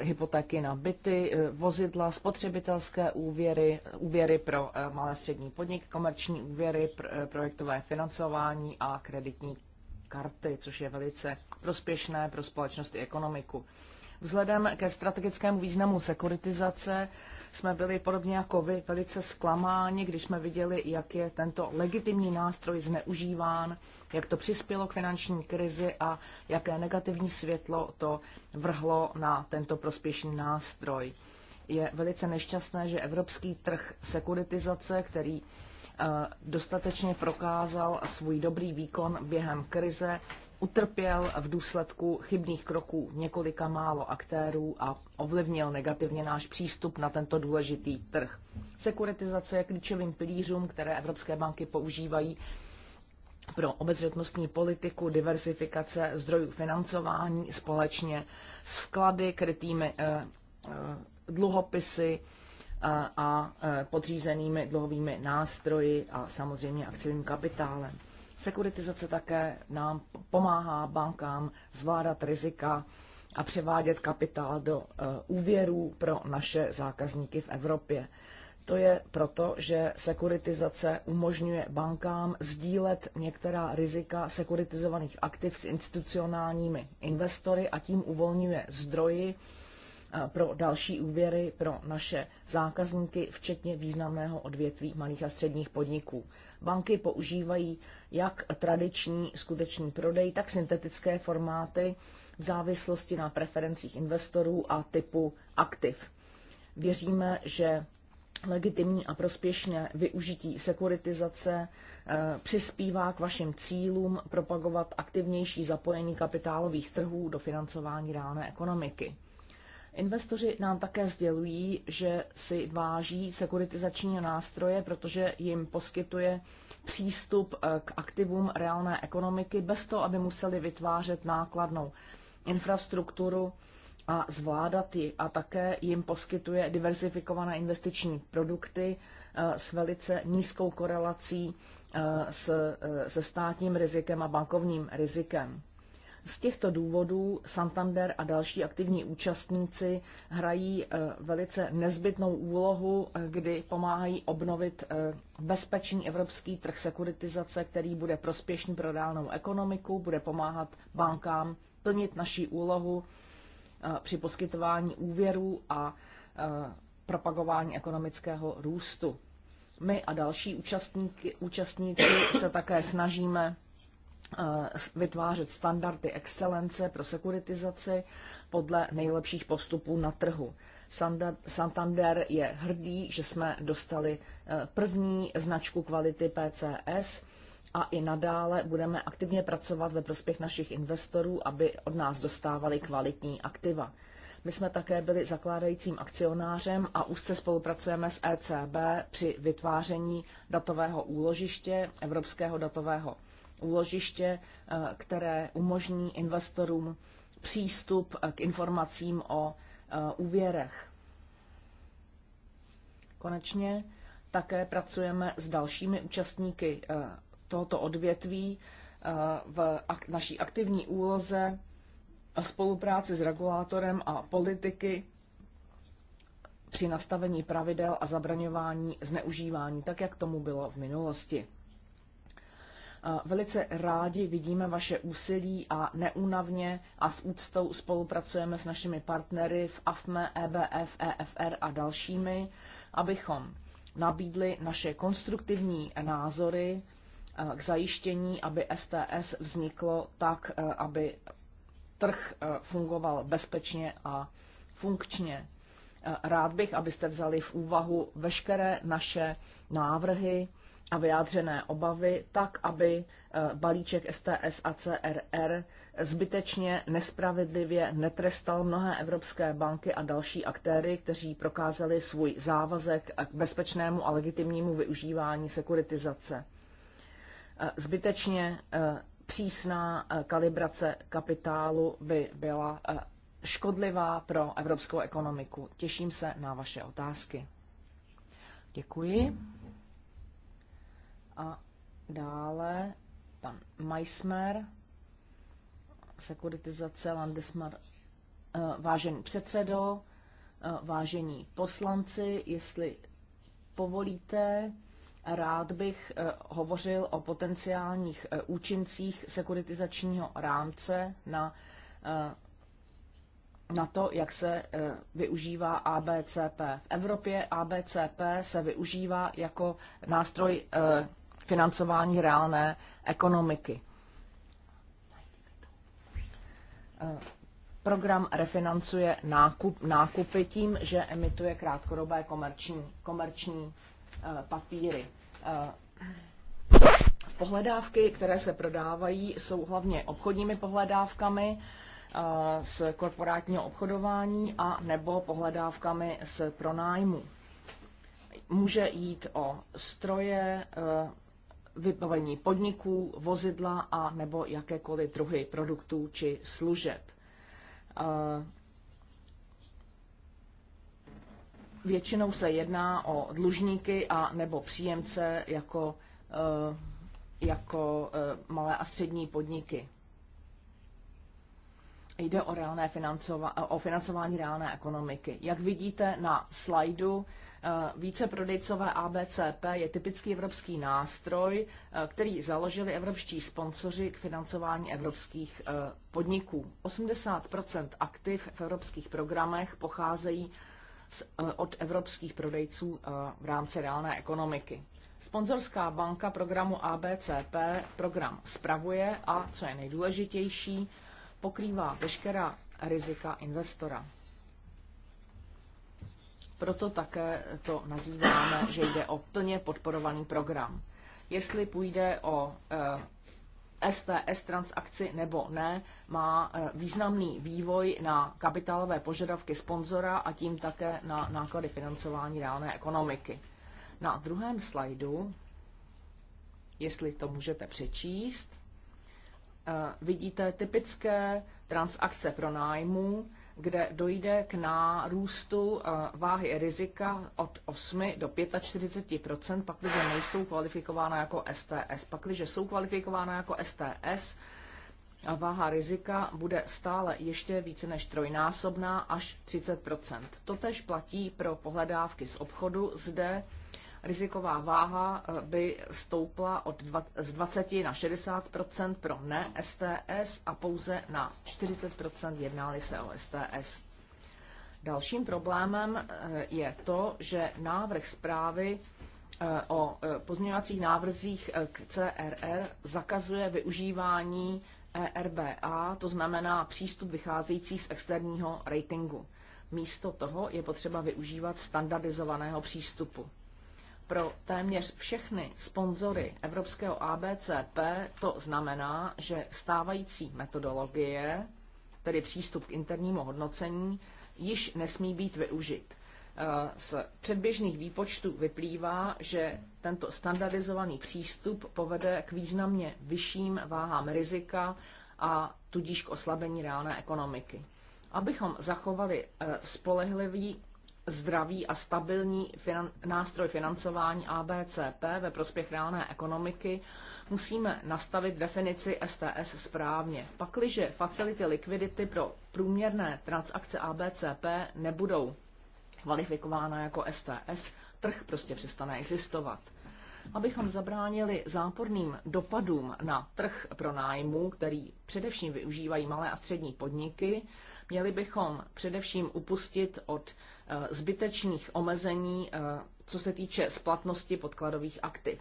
hypotéky na byty, e, vozidla, spotřebitelské úvěry, úvěry pro e, malé střední podnik, komerční úvěry, e, projektové financování a kreditní karty, což je velice prospěšné pro společnost i ekonomiku. Vzhledem ke strategickému významu sekuritizace jsme byli podobně jako vy velice zklamáni, když jsme viděli, jak je tento legitimní nástroj zneužíván, jak to přispělo k finanční krizi a jaké negativní světlo to vrhlo na tento prospěšný nástroj. Je velice nešťastné, že evropský trh sekuritizace, který eh, dostatečně prokázal svůj dobrý výkon během krize, utrpěl v důsledku chybných kroků několika málo aktérů a ovlivnil negativně náš přístup na tento důležitý trh. Sekuritizace je klíčovým pilířům, které evropské banky používají pro obezřetnostní politiku, diversifikace zdrojů financování společně s vklady krytými eh, eh, dluhopisy eh, a podřízenými dluhovými nástroji a samozřejmě akciovým kapitálem. Sekuritizace také nám pomáhá bankám zvládat rizika a převádět kapitál do eh, úvěrů pro naše zákazníky v Evropě. To je proto, že sekuritizace umožňuje bankám sdílet některá rizika sekuritizovaných aktiv s institucionálními investory a tím uvolňuje zdroji eh, pro další úvěry pro naše zákazníky, včetně významného odvětví malých a středních podniků. Banky používají jak tradiční skutečný prodej, tak syntetické formáty v závislosti na preferencích investorů a typu aktiv. Věříme, že legitimní a prospěšné využití sekuritizace eh, přispívá k vašim cílům propagovat aktivnější zapojení kapitálových trhů do financování reálné ekonomiky. Investoři nám také sdělují, že si váží sekuritizační nástroje, protože jim poskytuje přístup eh, k aktivům reálné ekonomiky bez toho, aby museli vytvářet nákladnou infrastrukturu a zvládat ji. A také jim poskytuje diverzifikované investiční produkty eh, s velice nízkou korelací eh, se státním rizikem a bankovním rizikem. Z těchto důvodů Santander a další aktivní účastníci hrají eh, velice nezbytnou úlohu, eh, kdy pomáhají obnovit eh, bezpečný evropský trh sekuritizace, který bude prospěšný pro reálnou ekonomiku, bude pomáhat bankám plnit naší úlohu při poskytování úvěrů a propagování ekonomického růstu. My a další účastníci se také snažíme Eh, vytvářet standardy excelence pro sekuritizaci podle nejlepších postupů na trhu. Santander je hrdý, že jsme dostali eh, první značku kvality PCS a i nadále budeme aktivně pracovat ve prospěch našich investorů, aby od nás dostávali kvalitní aktiva. My jsme také byli zakládajícím akcionářem a úzce spolupracujeme s ECB při vytváření datového úložiště, Evropského datového úložiště, eh, které umožní investorům přístup eh, k informacím o eh, úvěrech. Konečně také pracujeme s dalšími účastníky tohoto odvětví v naší aktivní úloze spolupráci s regulátorem a politiky při nastavení pravidel a zabraňování zneužívání, tak jak tomu bylo v minulosti. Velice rádi vidíme vaše úsilí a neúnavně a s úctou spolupracujeme s našimi partnery v AFME, EBF, EFR a dalšími, abychom nabídli naše konstruktivní názory eh, k zajištění, aby STS vzniklo tak, eh, aby trh eh, fungoval bezpečně a funkčně. Rád bych, abyste vzali v úvahu veškeré naše návrhy, a vyjádřené obavy, tak aby eh, balíček STS a CRR zbytečně, nespravedlivě netrestal mnohé evropské banky a další aktéry, kteří prokázali svůj závazek k bezpečnému a legitimnímu využívání sekuritizace. Eh, zbytečně eh, přísná kalibrace kapitálu by byla škodlivá pro evropskou ekonomiku. Těším se na vaše otázky. Děkuji. A dále pan Majsmer, sekuritizace Landesmar, eh, vážený předsedo, eh, vážení poslanci, jestli povolíte, rád bych eh, hovořil o potenciálních účincích sekuritizačního rámce na, na to, jak se využívá ABCP. V Evropě ABCP se využívá jako nástroj financování reálné ekonomiky. Eh, program refinancuje nákup, nákupy tím, že emituje krátkodobé komerční, komerční eh, papíry. Eh, pohledávky, které se prodávají, jsou hlavně obchodními pohledávkami z korporátního obchodování a nebo pohledávkami z pronájmu. Může jít o stroje, vybavení podniků, vozidla a nebo jakékoliv druhy produktů či služeb. Většinou se jedná o dlužníky a nebo příjemce jako, e, jako e, malé a střední podniky. Jde o, reálné financova- o financování reálné ekonomiky. Jak vidíte na slajdu, Eh, Více prodejcové ABCP je typický evropský nástroj, eh, který založili evropští sponsoři k financování evropských eh, podniků. 80 aktiv v evropských programech pocházejí od evropských prodejců v rámci reálné ekonomiky. Sponzorská banka programu ABCP program spravuje a, co je nejdůležitější, pokrývá veškerá rizika investora. Proto také to nazýváme, že jde o plně podporovaný program. Jestli půjde o STS eh, transakci nebo ne, má eh, významný vývoj na kapitálové požadavky sponzora a tím také na náklady financování reálné ekonomiky. Na druhém slajdu, jestli to můžete přečíst, eh, vidíte typické transakce pro nájmu, kde dojde k nárůstu eh, váhy rizika od 8 do 45 pakliže nejsou kvalifikována jako STS. Pakliže jsou kvalifikována jako STS, váha rizika bude stále ještě více než trojnásobná až 30 Totež platí pro pohledávky z obchodu. Zde riziková váha eh, by stoupla od dva, z 20 na 60 pro ne STS a pouze na 40 jednáli se o STS. Dalším problémem eh, je to, že návrh zprávy eh, o pozměňovacích návrzích k CRR zakazuje využívání ERBA, to znamená přístup vycházející z externího ratingu. Místo toho je potřeba využívat standardizovaného přístupu pro téměř všechny sponzory evropského ABCP to znamená, že stávající metodologie, tedy přístup k internímu hodnocení, již nesmí být využit. Eh, z předběžných výpočtů vyplývá, že tento standardizovaný přístup povede k významně vyšším váhám rizika a tudíž k oslabení reálné ekonomiky. Abychom zachovali eh, spolehlivý zdravý a stabilní finan- nástroj financování ABCP ve prospěch reálné ekonomiky, musíme nastavit definici STS správně. Pakliže facility likvidity pro průměrné transakce ABCP nebudou kvalifikována jako STS, trh prostě přestane existovat. Abychom zabránili záporným dopadům na trh pro nájmu, který především využívají malé a střední podniky, Měli bychom především upustit od eh, zbytečných omezení, eh, co se týče splatnosti podkladových aktiv.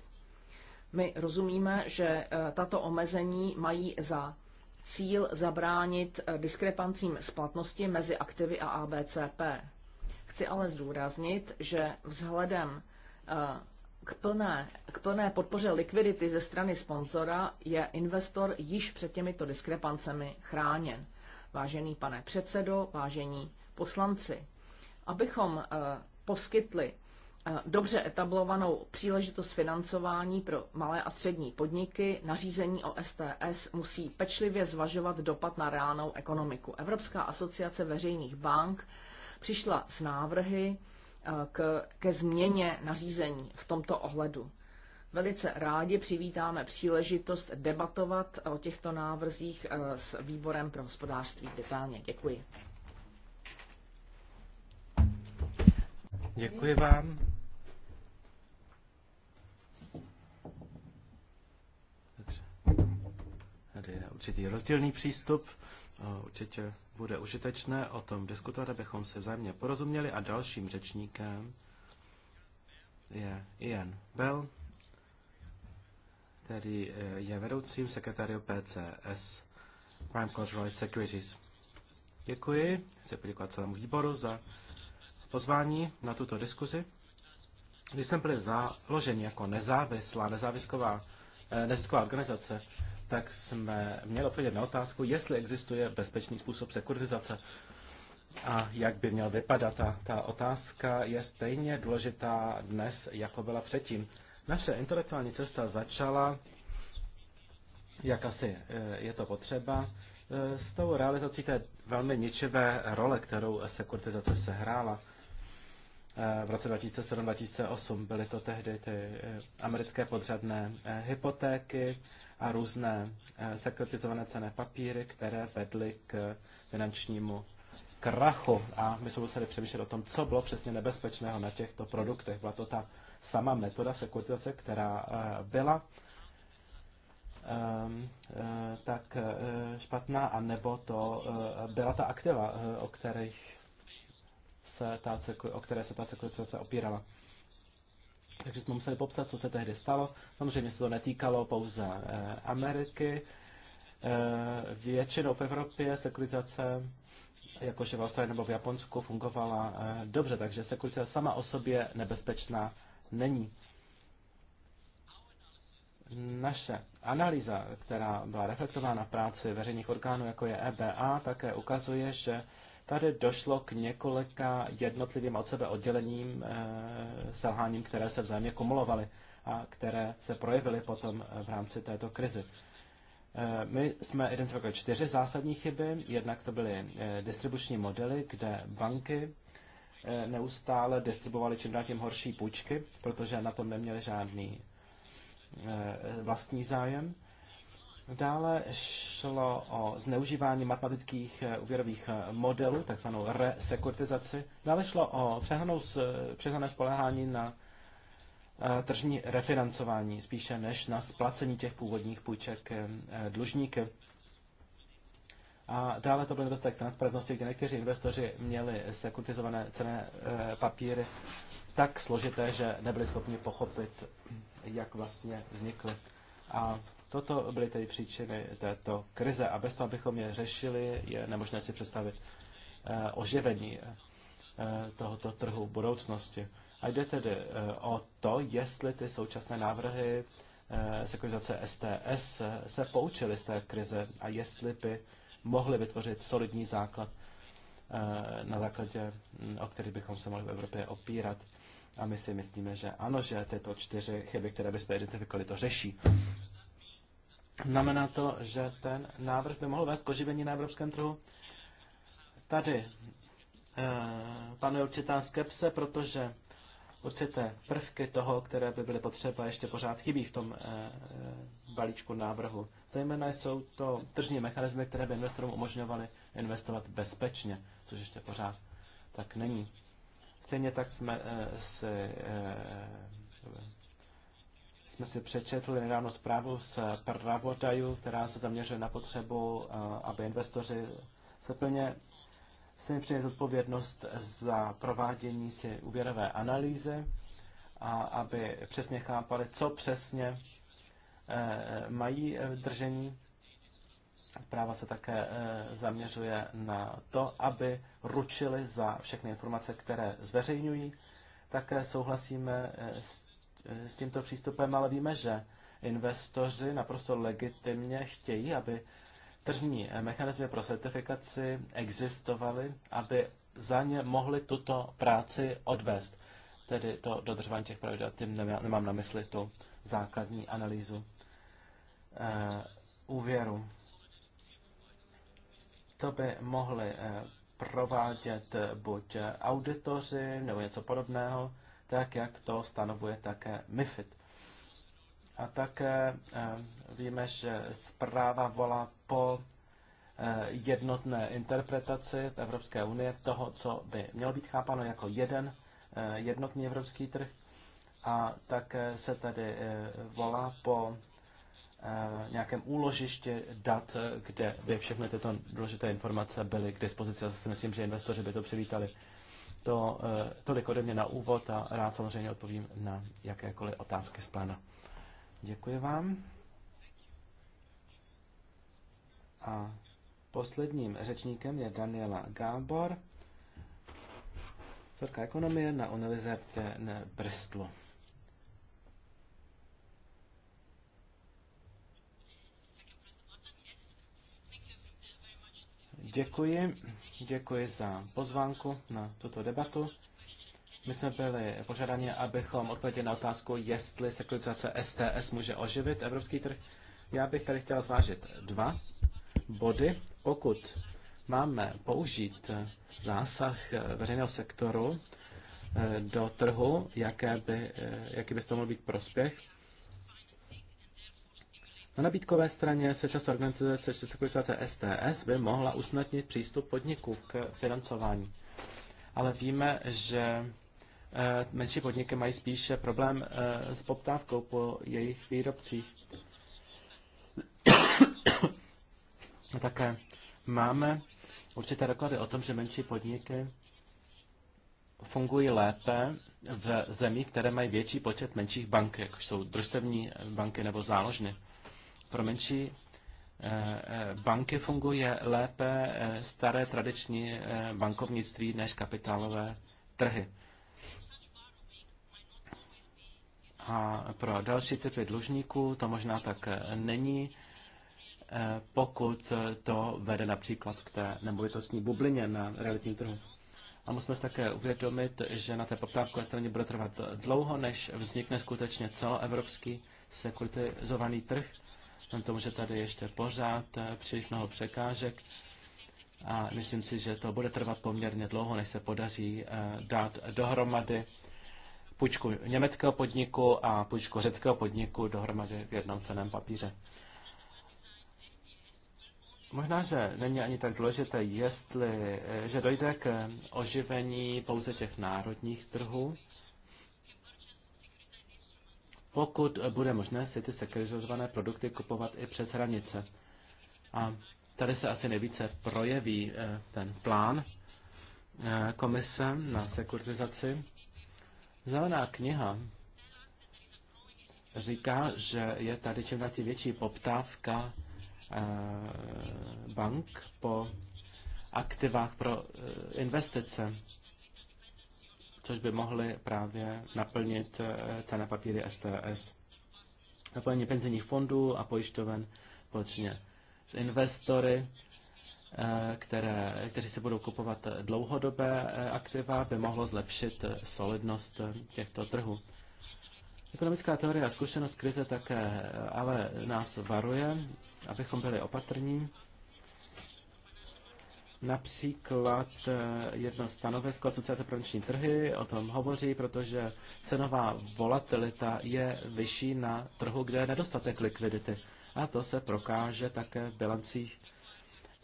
My rozumíme, že eh, tato omezení mají za cíl zabránit diskrepancím splatnosti mezi aktivy a ABCP. Chci ale zdůraznit, že vzhledem k plné, k plné podpoře likvidity ze strany sponzora je investor již před těmito diskrepancemi chráněn. Vážený pane předsedo, vážení poslanci, abychom eh, poskytli eh, dobře etablovanou příležitost financování pro malé a střední podniky, nařízení o STS musí pečlivě zvažovat dopad na reálnou ekonomiku. Evropská asociace veřejných bank přišla s návrhy eh, k, ke změně nařízení v tomto ohledu. Velice rádi přivítáme příležitost debatovat o těchto návrzích eh, s výborem pro hospodářství detailně. Děkuji. Děkuji vám. Takže tady je určitý rozdílný přístup. Eh, Určitě bude užitečné o tom diskutovat, abychom se vzájemně porozuměli. A dalším řečníkem je Ian Bell který eh, je vedoucím sekretáriu PCS Prime Control Securities. Děkuji, chci poděkovat celému výboru za pozvání na tuto diskuzi. Když jsme byli založeni jako nezávislá, nezávisková eh, nezisková organizace, tak jsme měli odpovědět na otázku, jestli existuje bezpečný způsob sekuritizace a jak by měl vypadat. A ta otázka je stejně důležitá dnes, jako byla předtím. Naše intelektuální cesta začala, jak asi eh, je to potřeba, eh, s tou realizací té velmi ničivé role, kterou sekuritizace sehrála. Eh, v roce 2007-2008 byly to tehdy ty americké podřadné hypotéky a různé sekuritizované cené papíry, které vedly k finančnímu krachu. A my jsme museli přemýšlet o tom, co bylo přesně nebezpečného na těchto produktech. Byla to ta sama metoda sekuritizace, která eh, byla ehm, eh, tak eh, špatná, anebo to byla ta aktiva, o, kterých se ta, o které se ta sekuritizace opírala. Takže jsme museli popsat, co se tehdy stalo. Samozřejmě se to netýkalo pouze Ameriky. Většinou v Evropě sekuritizace, jakože v Austrálii nebo v Japonsku, fungovala dobře, takže sekuritizace sama o sobě nebezpečná není. Naše analýza, která byla reflektována v práci veřejných orgánů, jako je EBA, také ukazuje, že tady došlo k několika jednotlivým od sebe odděleným e, eh, selháním, které se vzájemně kumulovaly a které se projevily potom eh, v rámci této krizi. Eh, my jsme identifikovali čtyři zásadní chyby. Jednak to byly distribuční modely, kde banky Eh, neustále distribuovali čím dál tím horší půjčky, protože na tom neměli žádný eh, vlastní zájem. Dále šlo o zneužívání matematických eh, úvěrových modelů, takzvanou resekuritizaci. Dále šlo o přehnanou, přehnané spolehání na tržní refinancování, spíše než na splacení těch původních půjček dlužníky. A dále to byl nedostatek transparentnosti, kde někteří investoři měli sekuritizované cené eh, papíry tak složité, že nebyli schopni pochopit, jak vlastně vznikly. A toto byly tedy příčiny této krize a bez toho, abychom je řešili, je nemožné si představit eh, oživení eh, tohoto trhu v budoucnosti. A jde tedy o to, jestli ty současné návrhy sekuritizace STS se poučily z té krize a jestli by mohli vytvořit solidní základ, eh, na základě, mm, o který bychom se mohli v Evropě opírat. A my si myslíme, že ano, že tyto čtyři chyby, které byste identifikovali, to řeší. Znamená to, že ten návrh by mohl vést k oživení na evropském trhu? Tady eh, panuje určitá skepse, protože určité prvky toho, které by byly potřeba, ještě pořád chybí v tom eh, eh, balíčku návrhu. Zejména jsou to tržní mechanismy, které by investorům umožňovaly investovat bezpečně, což ještě pořád tak není. Stejně tak jsme eh, si jsme si přečetli nedávno zprávu z Pravodaju, která se zaměřuje na potřebu, aby investoři se plně si přeje zodpovědnost za provádění si úvěrové analýzy a aby přesně chápali, co přesně eh, mají v eh, držení. Práva se také eh, zaměřuje na to, aby ručili za všechny informace, které zveřejňují. Také souhlasíme s, s tímto přístupem, ale víme, že investoři naprosto legitimně chtějí, aby tržní eh, mechanismy pro certifikaci existovaly, aby za ně mohli tuto práci odvést. Tedy to dodržování těch pravidel, tím nemám na mysli tu základní analýzu e, úvěru. To by mohli eh, provádět buď auditoři nebo něco podobného, tak jak to stanovuje také MIFID. A také víme, že zpráva volá po eh, jednotné interpretaci Evropské unie toho, co by mělo být chápáno jako jeden eh, jednotný evropský trh. A také se tady eh, volá po nějakém úložiště dat, kde by všechny tyto důležité informace byly k dispozici. Já si myslím, že investoři by to přivítali. To tolik ode mě na úvod a rád samozřejmě odpovím na jakékoliv otázky z pléna. Děkuji vám. A posledním řečníkem je Daniela Gábor, doktorka ekonomie na univerzitě na Bristolu. Děkuji, děkuji za pozvánku na tuto debatu. My jsme byli požádáni, abychom odpověděli na otázku, jestli sekuritizace STS může oživit evropský trh. Já bych tady chtěl zvážit dva body. Pokud máme použít zásah veřejného sektoru eh, do trhu, jaké by, eh, jaký by z toho mohl být prospěch, na nabídkové straně se často organizace sekuritizace STS by mohla usnadnit přístup podniků k financování. Ale víme, že eh, menší podniky mají spíše problém s poptávkou po jejich výrobcích. My také máme určité doklady o tom, že menší podniky fungují lépe v zemích, které mají větší počet menších bank, jako jsou družstevní banky nebo záložny. Pro menší eh, eh, banky funguje lépe eh, staré tradiční bankovnictví než kapitálové trhy. A pro další typy dlužníků to možná tak není. Eh, pokud to vede například k té nemovitostní bublině na realitním trhu. A musíme se také uvědomit, že na té poptávkové straně bude trvat dlouho, než vznikne skutečně celoevropský sekuritizovaný trh. K tomu, že tady ještě pořád eh, příliš mnoho překážek a myslím si, že to bude trvat poměrně dlouho, než se podaří eh, dát dohromady půjčku německého podniku a půjčku řeckého podniku dohromady v jednom ceném papíře. Možná, že není ani tak důležité, jestli, eh, že dojde k oživení pouze těch národních trhů, pokud bude možné si ty sekurizované produkty kupovat i přes hranice. A tady se asi nejvíce projeví eh, ten plán eh, komise na sekuritizaci. Zelená kniha říká, že je tady čím dál větší poptávka Eh, bank po aktivách pro eh, investice, což by mohly právě naplnit eh, cené papíry STS. Naplnění penzijních fondů a pojišťoven společně s investory, které, kteří se budou kupovat dlouhodobé aktiva, by mohlo zlepšit solidnost těchto trhů. Ekonomická teorie a zkušenost krize také ale nás varuje, abychom byli opatrní. Například eh, jedno stanovisko Asociace provinční trhy o tom hovoří, protože cenová volatilita je vyšší na trhu, kde je nedostatek likvidity. A to se prokáže také v bilancích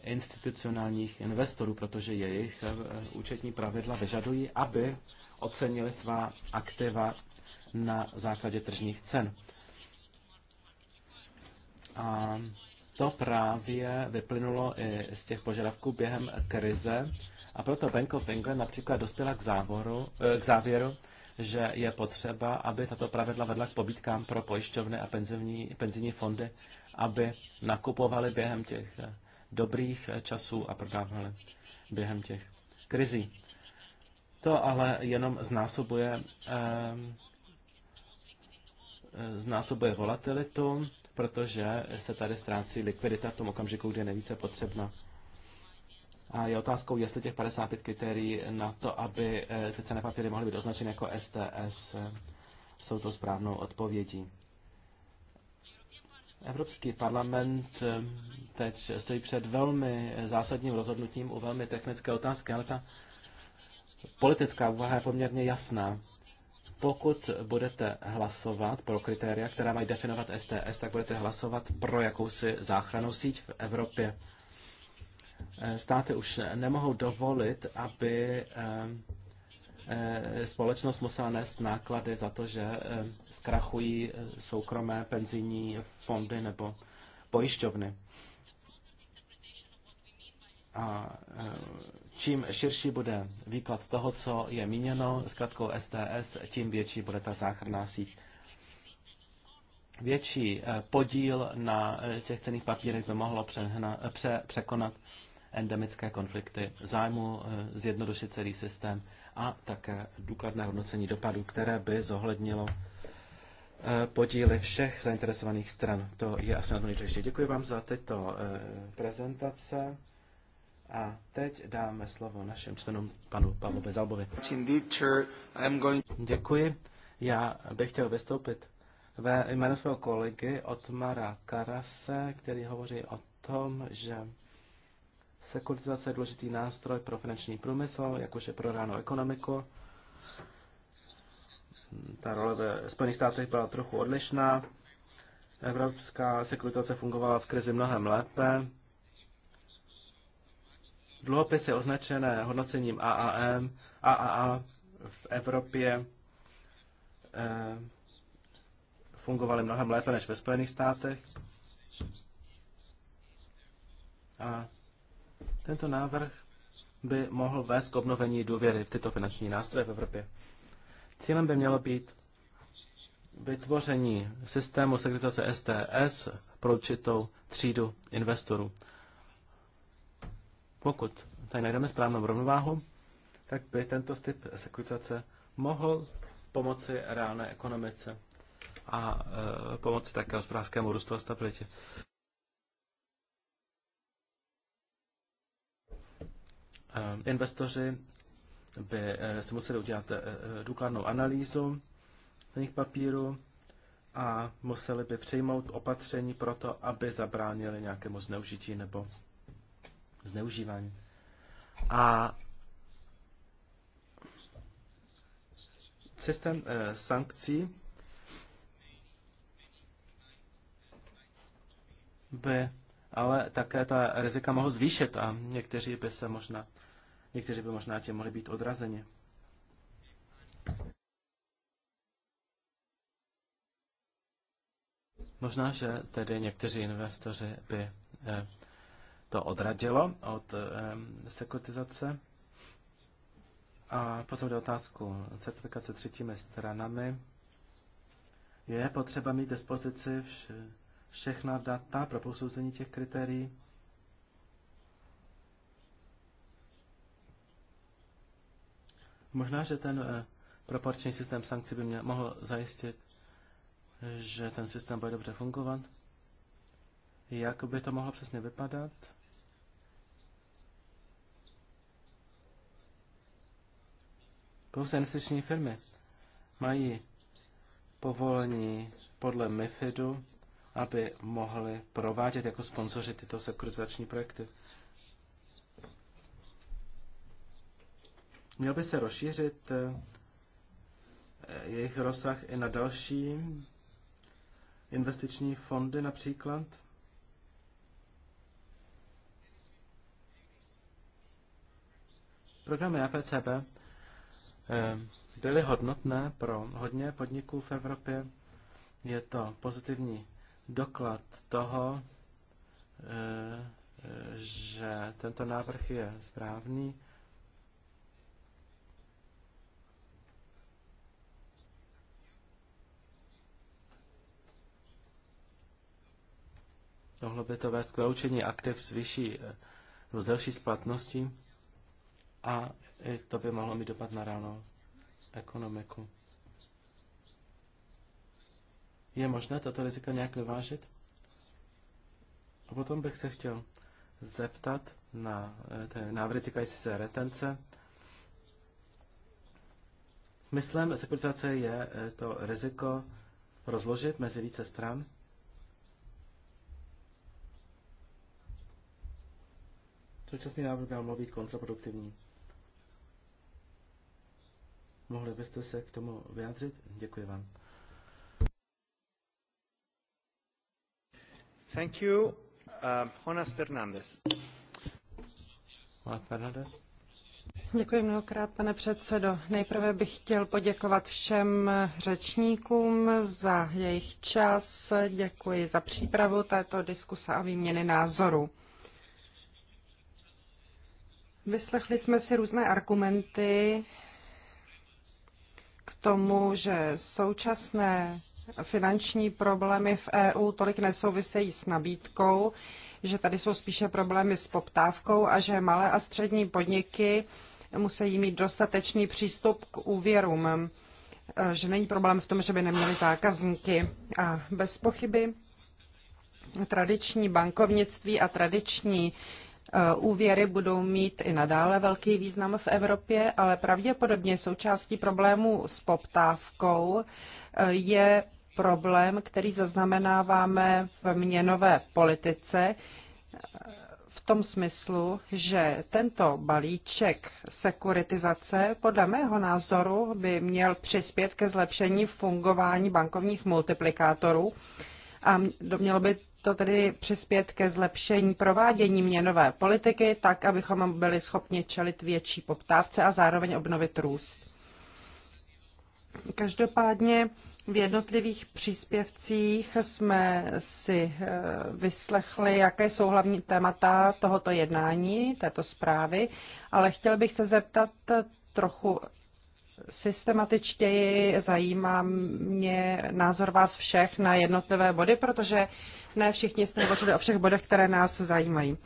institucionálních investorů, protože jejich eh, účetní pravidla vyžadují, aby ocenili svá aktiva na základě tržních cen. A to právě vyplynulo i z těch požadavků během krize a proto Bank of England například dospěla k, závoru, eh, k závěru, že je potřeba, aby tato pravidla vedla k pobítkám pro pojišťovny a penzivní, penzijní fondy, aby nakupovali během těch eh, dobrých eh, časů a prodávali během těch krizí. To ale jenom znásobuje eh, znásobuje volatilitu, protože se tady ztrácí likvidita v tom okamžiku, kde je nejvíce potřebna. A je otázkou, jestli těch 55 kritérií na to, aby eh, ty cené papíry mohly být označeny jako STS, eh, jsou to správnou odpovědí. Evropský parlament eh, teď stojí před velmi zásadním rozhodnutím u velmi technické otázky, ale ta politická úvaha je poměrně jasná. Pokud budete hlasovat pro kritéria, která mají definovat STS, tak budete hlasovat pro jakousi záchranou síť v Evropě. Eh, státy už nemohou dovolit, aby eh, eh, společnost musela nést náklady za to, že zkrachují soukromé penzijní fondy nebo pojišťovny. A čím širší bude výklad toho, co je míněno s kratkou STS, tím větší bude ta záchranná síť. Větší eh, podíl na eh, těch cených papírech by mohlo přehna, eh, pře, překonat endemické konflikty zájmu, zjednodušit celý systém a také důkladné hodnocení dopadů, které by zohlednilo podíly všech zainteresovaných stran. To je asi na to nejdůležitější. Děkuji vám za tyto prezentace. A teď dáme slovo našem členům panu Pavlu Bezalbovi. Děkuji. Já bych chtěl vystoupit ve jménu svého kolegy Otmara Karase, který hovoří o tom, že sekuritizace je důležitý nástroj pro finanční průmysl, jakož je pro ránou ekonomiku. Ta role ve Spojených státech byla trochu odlišná. Evropská sekuritizace fungovala v krizi mnohem lépe dluhopisy označené hodnocením AAM, AAA v Evropě eh, fungovaly mnohem lépe než ve Spojených státech. A tento návrh by mohl vést k obnovení důvěry v tyto finanční nástroje v Evropě. Cílem by mělo být vytvoření systému sekretace STS pro určitou třídu investorů. Pokud tady najdeme správnou rovnováhu, tak by tento typ sekuritizace mohl pomoci reálné ekonomice a e, pomoci také hospodářskému růstu a stabilitě. E, investoři by e, si museli udělat e, e důkladnou analýzu těch papírů a museli by přijmout opatření pro to, aby zabránili nějakému zneužití nebo zneužívání. A systém eh, sankcí by ale také ta rizika mohl zvýšit a někteří by se možná, někteří by možná tě mohli být odrazeni. Možná, že tedy někteří investoři by eh, to odradilo od eh, sekuritizace. A potom jde otázku certifikace třetími stranami. Je potřeba mít dispozici vše, všechna data pro posouzení těch kritérií. Možná, že ten eh, proporční systém sankcí by mě mohl zajistit, že ten systém bude dobře fungovat. Jak by to mohlo přesně vypadat? Pouze investiční firmy mají povolení podle MIFIDu, aby mohly provádět jako sponzoři tyto sekurizační projekty. Měl by se rozšířit eh, jejich rozsah i na další investiční fondy například? Programy APCB Eh, byly hodnotné pro hodně podniků v Evropě. Je to pozitivní doklad toho, eh, že tento návrh je správný. Mohlo by to vést k vyloučení aktiv s vyšší, eh, s delší splatností a to by mohlo mít dopad na ráno ekonomiku. Je možné toto riziko nějak vyvážit? A potom bych se chtěl zeptat na eh, ty návrhy týkající se retence. Smyslem sekuritizace je eh, to riziko rozložit mezi více stran. Současný návrh by mohl být kontraproduktivní. Mohli byste se k tomu vyjádřit? Děkuji vám. Thank you. Uh, Jonas Fernandez. Jonas Fernandez. Děkuji mnohokrát, pane předsedo. Nejprve bych chtěl poděkovat všem řečníkům za jejich čas. Děkuji za přípravu této diskuse a výměny názorů. Vyslechli jsme si různé argumenty, tomu, že současné finanční problémy v EU tolik nesouvisejí s nabídkou, že tady jsou spíše problémy s poptávkou a že malé a střední podniky musí mít dostatečný přístup k úvěrům, že není problém v tom, že by neměli zákazníky. A bez pochyby tradiční bankovnictví a tradiční Eh, úvěry budou mít i nadále velký význam v Evropě, ale pravděpodobně součástí problému s poptávkou eh, je problém, který zaznamenáváme v měnové politice eh, v tom smyslu, že tento balíček sekuritizace podle mého názoru by měl přispět ke zlepšení fungování bankovních multiplikátorů a mělo by to tedy přispět ke zlepšení provádění měnové politiky, tak abychom byli schopni čelit větší poptávce a zároveň obnovit růst. Každopádně v jednotlivých příspěvcích jsme si eh, vyslechli, jaké jsou hlavní témata tohoto jednání, této zprávy, ale chtěl bych se zeptat trochu systematičtěji. Zajímá mě názor vás všech na jednotlivé body, protože ne všichni jste hovořili o všech bodech, které nás zajímají.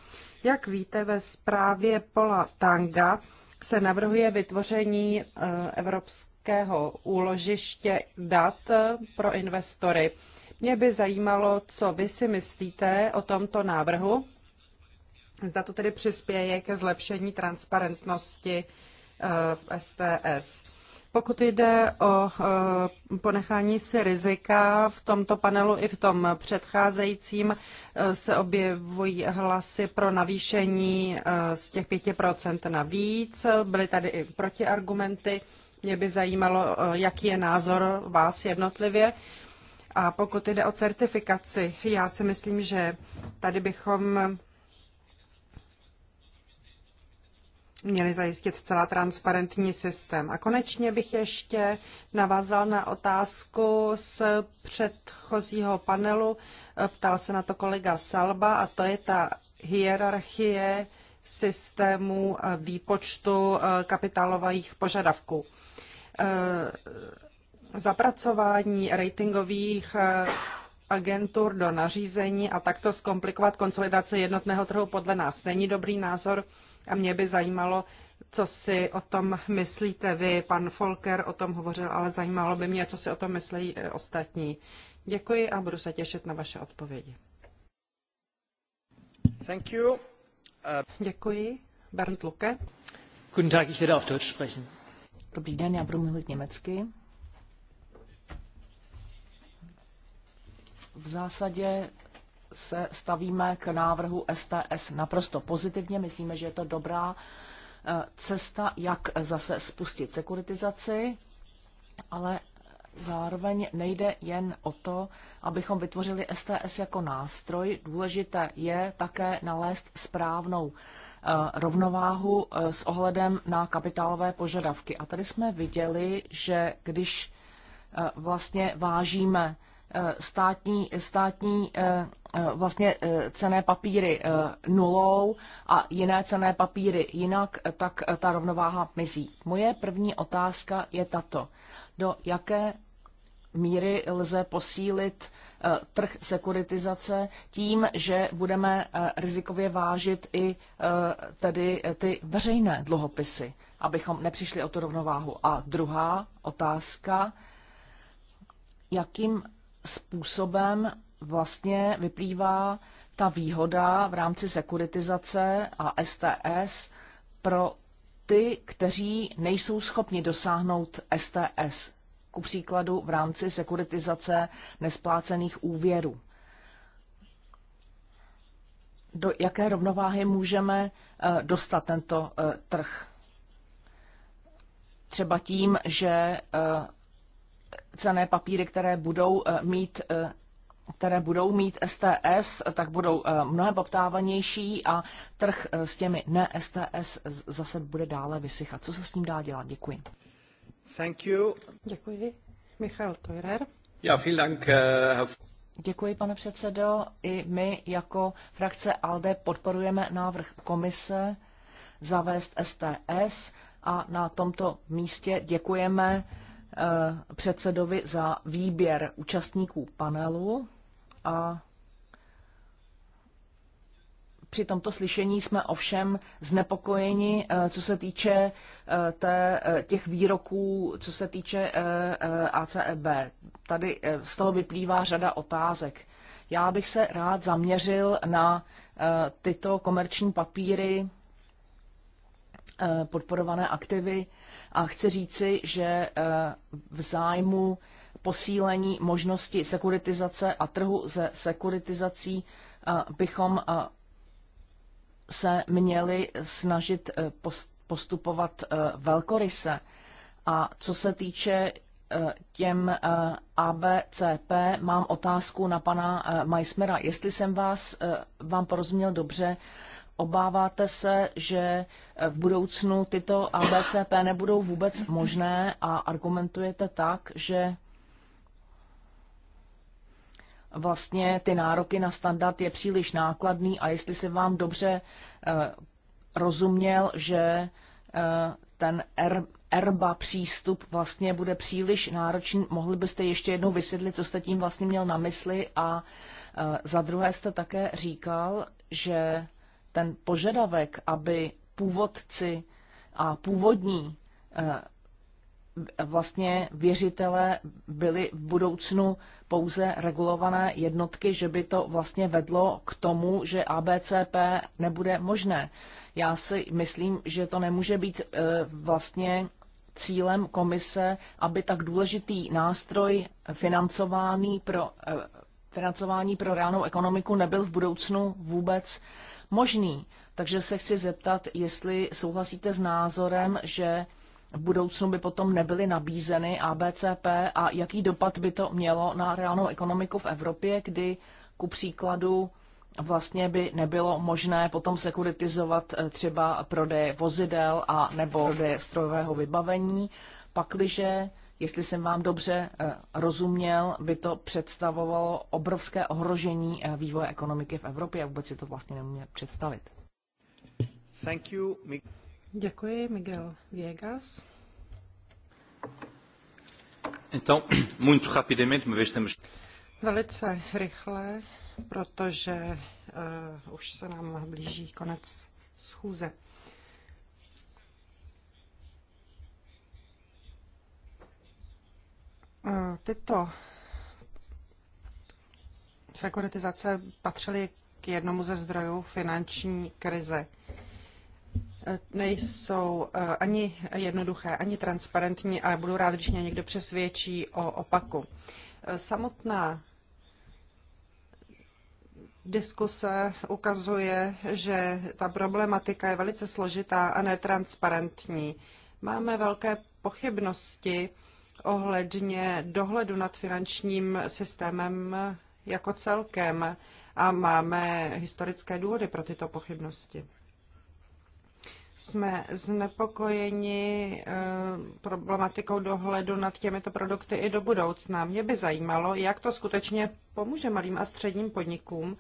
Jak víte, ve zprávě Pola Tanga se navrhuje vytvoření eh, evropského úložiště dat pro investory. Mě by zajímalo, co vy si myslíte o tomto návrhu. Zda to tedy přispěje ke zlepšení transparentnosti eh, v STS. Pokud jde o eh, ponechání si rizika, v tomto panelu i v tom předcházejícím eh, se objevují hlasy pro navýšení eh, z těch 5% na víc. Byly tady i protiargumenty. Mě by zajímalo, jaký je názor vás jednotlivě. A pokud jde o certifikaci, já si myslím, že tady bychom měli zajistit zcela transparentní systém. A konečně bych ještě navazal na otázku z předchozího panelu. Ptal se na to kolega Salba a to je ta hierarchie systému eh, výpočtu eh, kapitálových požadavků. Eh, zapracování ratingových agentur do nařízení a takto zkomplikovat konsolidace jednotného trhu podle nás není dobrý názor a mě by zajímalo, co si o tom myslíte vy. Pan Folker o tom hovořil, ale zajímalo by mě, co si o tom myslí e, ostatní. Děkuji a budu se těšit na vaše odpovědi. Thank you. Uh... Děkuji. Bernd Luke. Guten Tag, ich werde auf Deutsch sprechen. Dobrý den, já budu mluvit německy. V zásadě se stavíme k návrhu STS naprosto pozitivně. Myslíme, že je to dobrá eh, cesta, jak zase spustit sekuritizaci, ale zároveň nejde jen o to, abychom vytvořili STS jako nástroj. Důležité je také nalézt správnou eh, rovnováhu eh, s ohledem na kapitálové požadavky. A tady jsme viděli, že když vlastně vážíme Eh, státní, státní eh, eh, vlastně cené papíry nulou a jiné cené papíry jinak, tak ta rovnováha mizí. Moje první otázka je tato. Do jaké míry lze posílit trh sekuritizace tím, že budeme rizikově vážit i tedy ty veřejné dluhopisy, abychom nepřišli o tu rovnováhu. A druhá otázka, jakým způsobem vlastně vyplývá ta výhoda v rámci sekuritizace a STS pro ty, kteří nejsou schopni dosáhnout STS, ku příkladu v rámci sekuritizace nesplácených úvěrů. Do jaké rovnováhy můžeme eh, dostat tento eh, trh? Třeba tím, že eh, cené papíry, které budou eh, mít eh, které budou mít STS, tak budou eh, mnohem poptávanější a trh s těmi ne STS zase bude dále vysychat. Co se s tím dá dělat? Děkuji. Thank you. Děkuji. Michal Teurer. Ja, vielen Dank, Děkuji, pane předsedo. I my jako frakce ALDE podporujeme návrh komise zavést STS a na tomto místě děkujeme Eh, předsedovi za výběr účastníků panelu a při tomto slyšení jsme ovšem znepokojeni, eh, co se týče eh, té, těch výroků, co se týče ACEB. Tady z toho vyplývá řada otázek. Já bych se rád zaměřil na tyto komerční papíry, podporované aktivy, a chci říci, že eh, v zájmu posílení možnosti sekuritizace a trhu se sekuritizací eh, bychom eh, se měli snažit postupovat velkoryse. A co se týče těm ABCP, mám otázku na pana Majsmera. Jestli jsem vás, vám porozuměl dobře, Obáváte se, že v budoucnu tyto ABCP nebudou vůbec možné a argumentujete tak, že vlastně ty nároky na standard je příliš nákladný a jestli se vám dobře eh, rozuměl, že eh, ten erba přístup vlastně bude příliš náročný. Mohli byste ještě jednou vysvětlit, co jste tím vlastně měl na mysli a eh, za druhé jste také říkal, že ten požadavek, aby původci a původní eh, vlastně věřitele byly v budoucnu pouze regulované jednotky, že by to vlastně vedlo k tomu, že ABCP nebude možné. Já si myslím, že to nemůže být eh, vlastně cílem komise, aby tak důležitý nástroj eh, financování pro, financování pro reálnou ekonomiku nebyl v budoucnu vůbec možný. Takže se chci zeptat, jestli souhlasíte s názorem, že v budoucnu by potom nebyly nabízeny ABCP a jaký dopad by to mělo na reálnou ekonomiku v Evropě, kdy ku příkladu vlastně by nebylo možné potom sekuritizovat eh, třeba prodej vozidel a nebo prodej strojového vybavení, pakliže Jestli jsem vám dobře eh, rozuměl, by to představovalo obrovské ohrožení eh, vývoje ekonomiky v Evropě a vůbec si to vlastně nemůžeme představit. Thank you, Děkuji, Miguel Viegas. Então, muito rapidamente, uma vez estamos... Velice rychle, protože uh, už se nám blíží konec schůze. Eh, tyto sekuritizace patřily k jednomu ze zdrojů finanční krize. Eh, nejsou eh, ani jednoduché, ani transparentní a budu rád, když mě někdo přesvědčí o opaku. Samotná diskuse ukazuje, že ta problematika je velice složitá a netransparentní. Máme velké pochybnosti, ohledně dohledu nad finančním systémem jako celkem a máme historické důvody pro tyto pochybnosti. Jsme znepokojeni eh, problematikou dohledu nad těmito produkty i do budoucna. Mě by zajímalo, jak to skutečně pomůže malým a středním podnikům,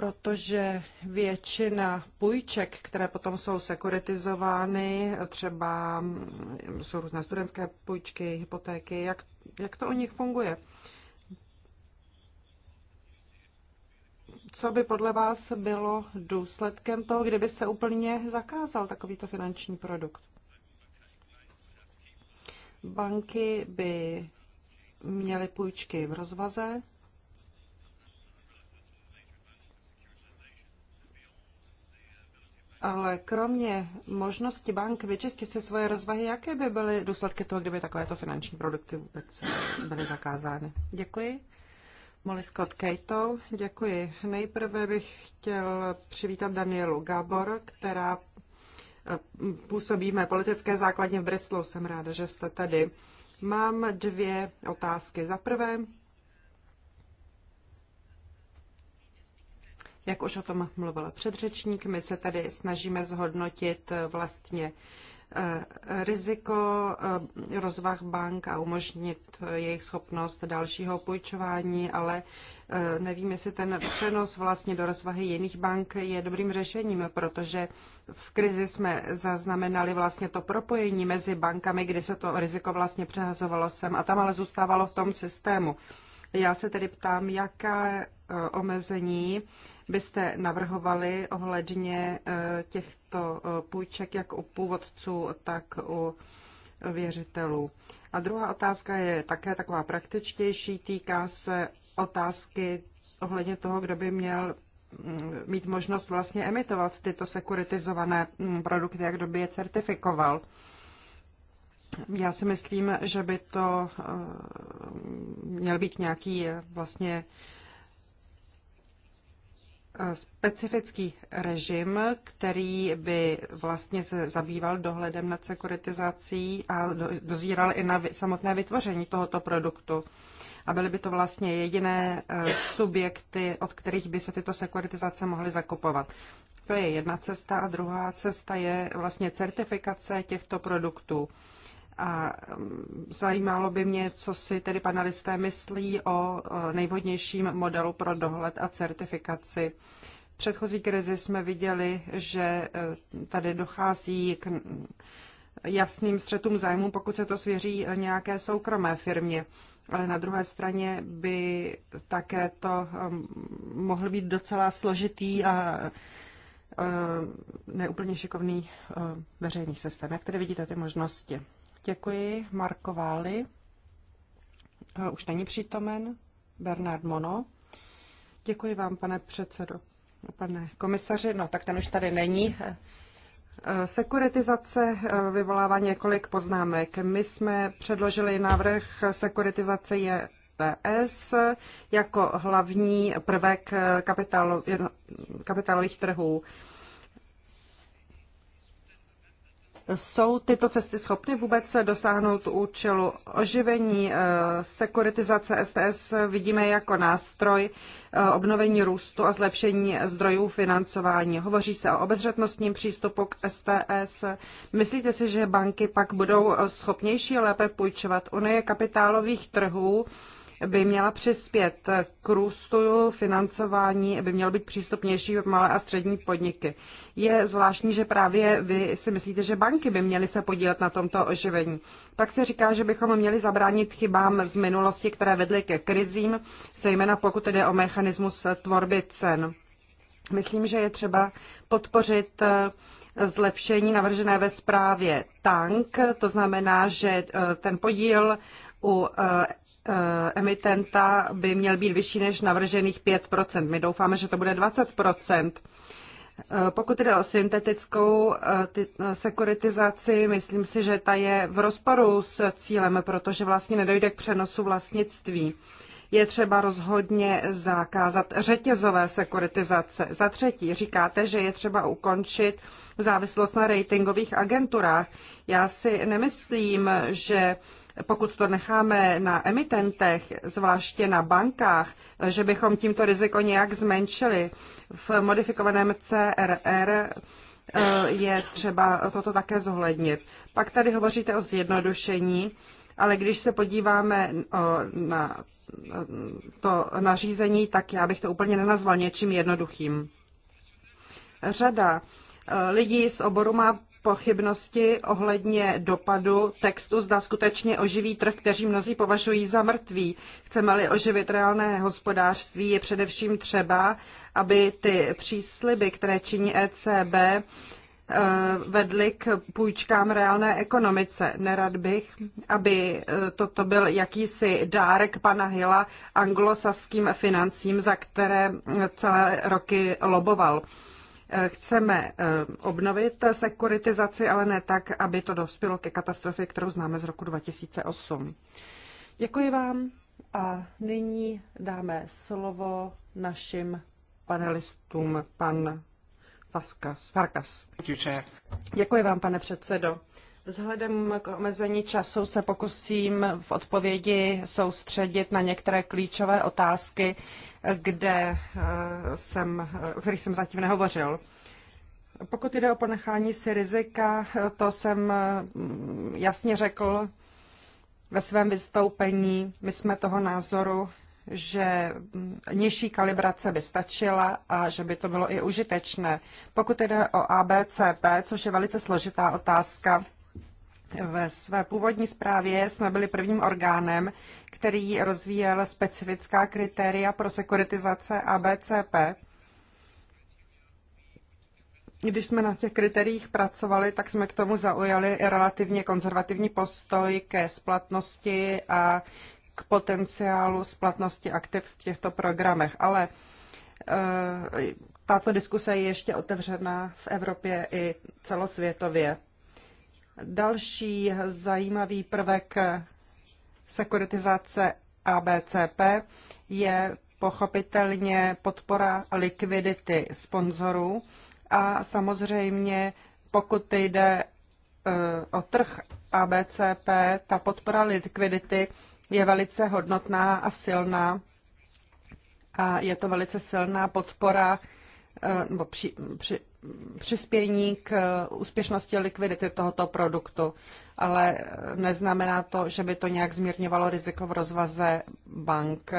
protože většina půjček, které potom jsou sekuritizovány, třeba mm, jsou různé studentské půjčky, hypotéky, jak, jak to u nich funguje? Co by podle vás bylo důsledkem toho, kdyby se úplně zakázal takovýto finanční produkt? Banky by měly půjčky v rozvaze, Ale kromě možnosti bank vyčistit si svoje rozvahy, jaké by byly důsledky toho, kdyby takovéto finanční produkty vůbec byly zakázány? Děkuji. Molly Scott Kato, děkuji. Nejprve bych chtěl přivítat Danielu Gabor, která eh, působí mé politické základně v Bristolu. Jsem ráda, že jste tady. Mám dvě otázky. Za prvé, Jak už o tom mluvil předřečník, my se tady snažíme zhodnotit eh, vlastně eh, riziko, eh, rozvah bank a umožnit jejich schopnost dalšího půjčování, ale nevím, jestli ten přenos vlastně do rozvahy jiných bank je dobrým řešením, protože v krizi jsme zaznamenali vlastně to propojení mezi bankami, kdy se to riziko vlastně přehazovalo sem a tam ale zůstávalo v tom systému. Já se tedy ptám, jaká omezení byste navrhovali ohledně eh, těchto eh, půjček jak u původců, tak u věřitelů. A druhá otázka je také taková praktičtější, týká se otázky ohledně toho, kdo by měl mm, mít možnost vlastně emitovat tyto sekuritizované mm, produkty, jak kdo by je certifikoval. Já si myslím, že by to eh, měl být nějaký vlastně specifický režim, který by vlastně se zabýval dohledem nad sekuritizací a dozíral i na samotné vytvoření tohoto produktu. A byly by to vlastně jediné eh, subjekty, od kterých by se tyto sekuritizace mohly zakupovat. To je jedna cesta a druhá cesta je vlastně certifikace těchto produktů. A um, zajímalo by mě, co si tedy panelisté myslí o nejvhodnějším modelu pro dohled a certifikaci. V předchozí krizi jsme viděli, že eh, tady dochází k jasným střetům zájmu, pokud se to svěří eh, nějaké soukromé firmě. Ale na druhé straně by také to eh, mohl být docela složitý a neúplně šikovný veřejný systém. Jak tedy vidíte ty možnosti? Děkuji. Marko Váli. Eh, už není přítomen. Bernard Mono. Děkuji vám, pane předsedo. Pane komisaři, no tak ten už tady není. Eh, eh, sekuritizace vyvolává několik poznámek. My jsme předložili návrh sekuritizace je PS jako hlavní prvek kapitálo, kapitálových trhů. Jsou tyto cesty schopny vůbec dosáhnout účelu oživení eh, sekuritizace STS? Vidíme jako nástroj eh, obnovení růstu a zlepšení zdrojů financování. Hovoří se o obezřetnostním přístupu k STS. Myslíte si, že banky pak budou eh, schopnější lépe půjčovat Unie kapitálových trhů? by měla přispět k růstu financování, aby měl být přístupnější v malé a střední podniky. Je zvláštní, že právě vy si myslíte, že banky by měly se podílet na tomto oživení. Pak se říká, že bychom měli zabránit chybám z minulosti, které vedly ke krizím, zejména pokud jde o mechanismus tvorby cen. Myslím, že je třeba podpořit eh, zlepšení navržené ve zprávě tank, to znamená, že eh, ten podíl u eh, Eh, emitenta by měl být vyšší než navržených 5%. My doufáme, že to bude 20%. Eh, pokud jde o syntetickou eh, sekuritizaci, myslím si, že ta je v rozporu s cílem, protože vlastně nedojde k přenosu vlastnictví. Je třeba rozhodně zakázat řetězové sekuritizace. Za třetí, říkáte, že je třeba ukončit závislost na ratingových agenturách. Já si nemyslím, že pokud to necháme na emitentech, zvláště na bankách, že bychom tímto riziko nějak zmenšili. V modifikovaném CRR eh, je třeba toto také zohlednit. Pak tady hovoříte o zjednodušení, ale když se podíváme eh, na eh, to nařízení, tak já bych to úplně nenazval něčím jednoduchým. Řada lidí z oboru má pochybnosti ohledně dopadu textu, zda skutečně oživí trh, kteří mnozí považují za mrtvý. Chceme-li oživit reálné hospodářství, je především třeba, aby ty přísliby, které činí ECB, eh, vedly k půjčkám reálné ekonomice. Nerad bych, aby eh, toto byl jakýsi dárek pana Hila anglosaským financím, za které eh, celé roky loboval. Chceme eh, obnovit sekuritizaci, ale ne tak, aby to dospělo ke katastrofě, kterou známe z roku 2008. Děkuji vám a nyní dáme slovo našim panelistům, pan Vaskas, Farkas. Děkuji vám, pane předsedo. Vzhledem k omezení času se pokusím v odpovědi soustředit na některé klíčové otázky, kde eh, jsem, eh, o kterých jsem zatím nehovořil. Pokud jde o ponechání si rizika, to jsem eh, jasně řekl ve svém vystoupení. My jsme toho názoru, že mm, nižší kalibrace by stačila a že by to bylo i užitečné. Pokud jde o ABCP, což je velice složitá otázka, ve své původní zprávě jsme byli prvním orgánem, který rozvíjel specifická kritéria pro sekuritizace ABCP. Když jsme na těch kritériích pracovali, tak jsme k tomu zaujali relativně konzervativní postoj ke splatnosti a k potenciálu splatnosti aktiv v těchto programech. Ale eh, tato diskuse je ještě otevřená v Evropě i celosvětově. Další zajímavý prvek sekuritizace ABCP je pochopitelně podpora likvidity sponzorů a samozřejmě pokud jde e, o trh ABCP, ta podpora likvidity je velice hodnotná a silná a je to velice silná podpora e, nebo při, při, přispění k úspěšnosti likvidity tohoto produktu, ale neznamená to, že by to nějak zmírňovalo riziko v rozvaze bank,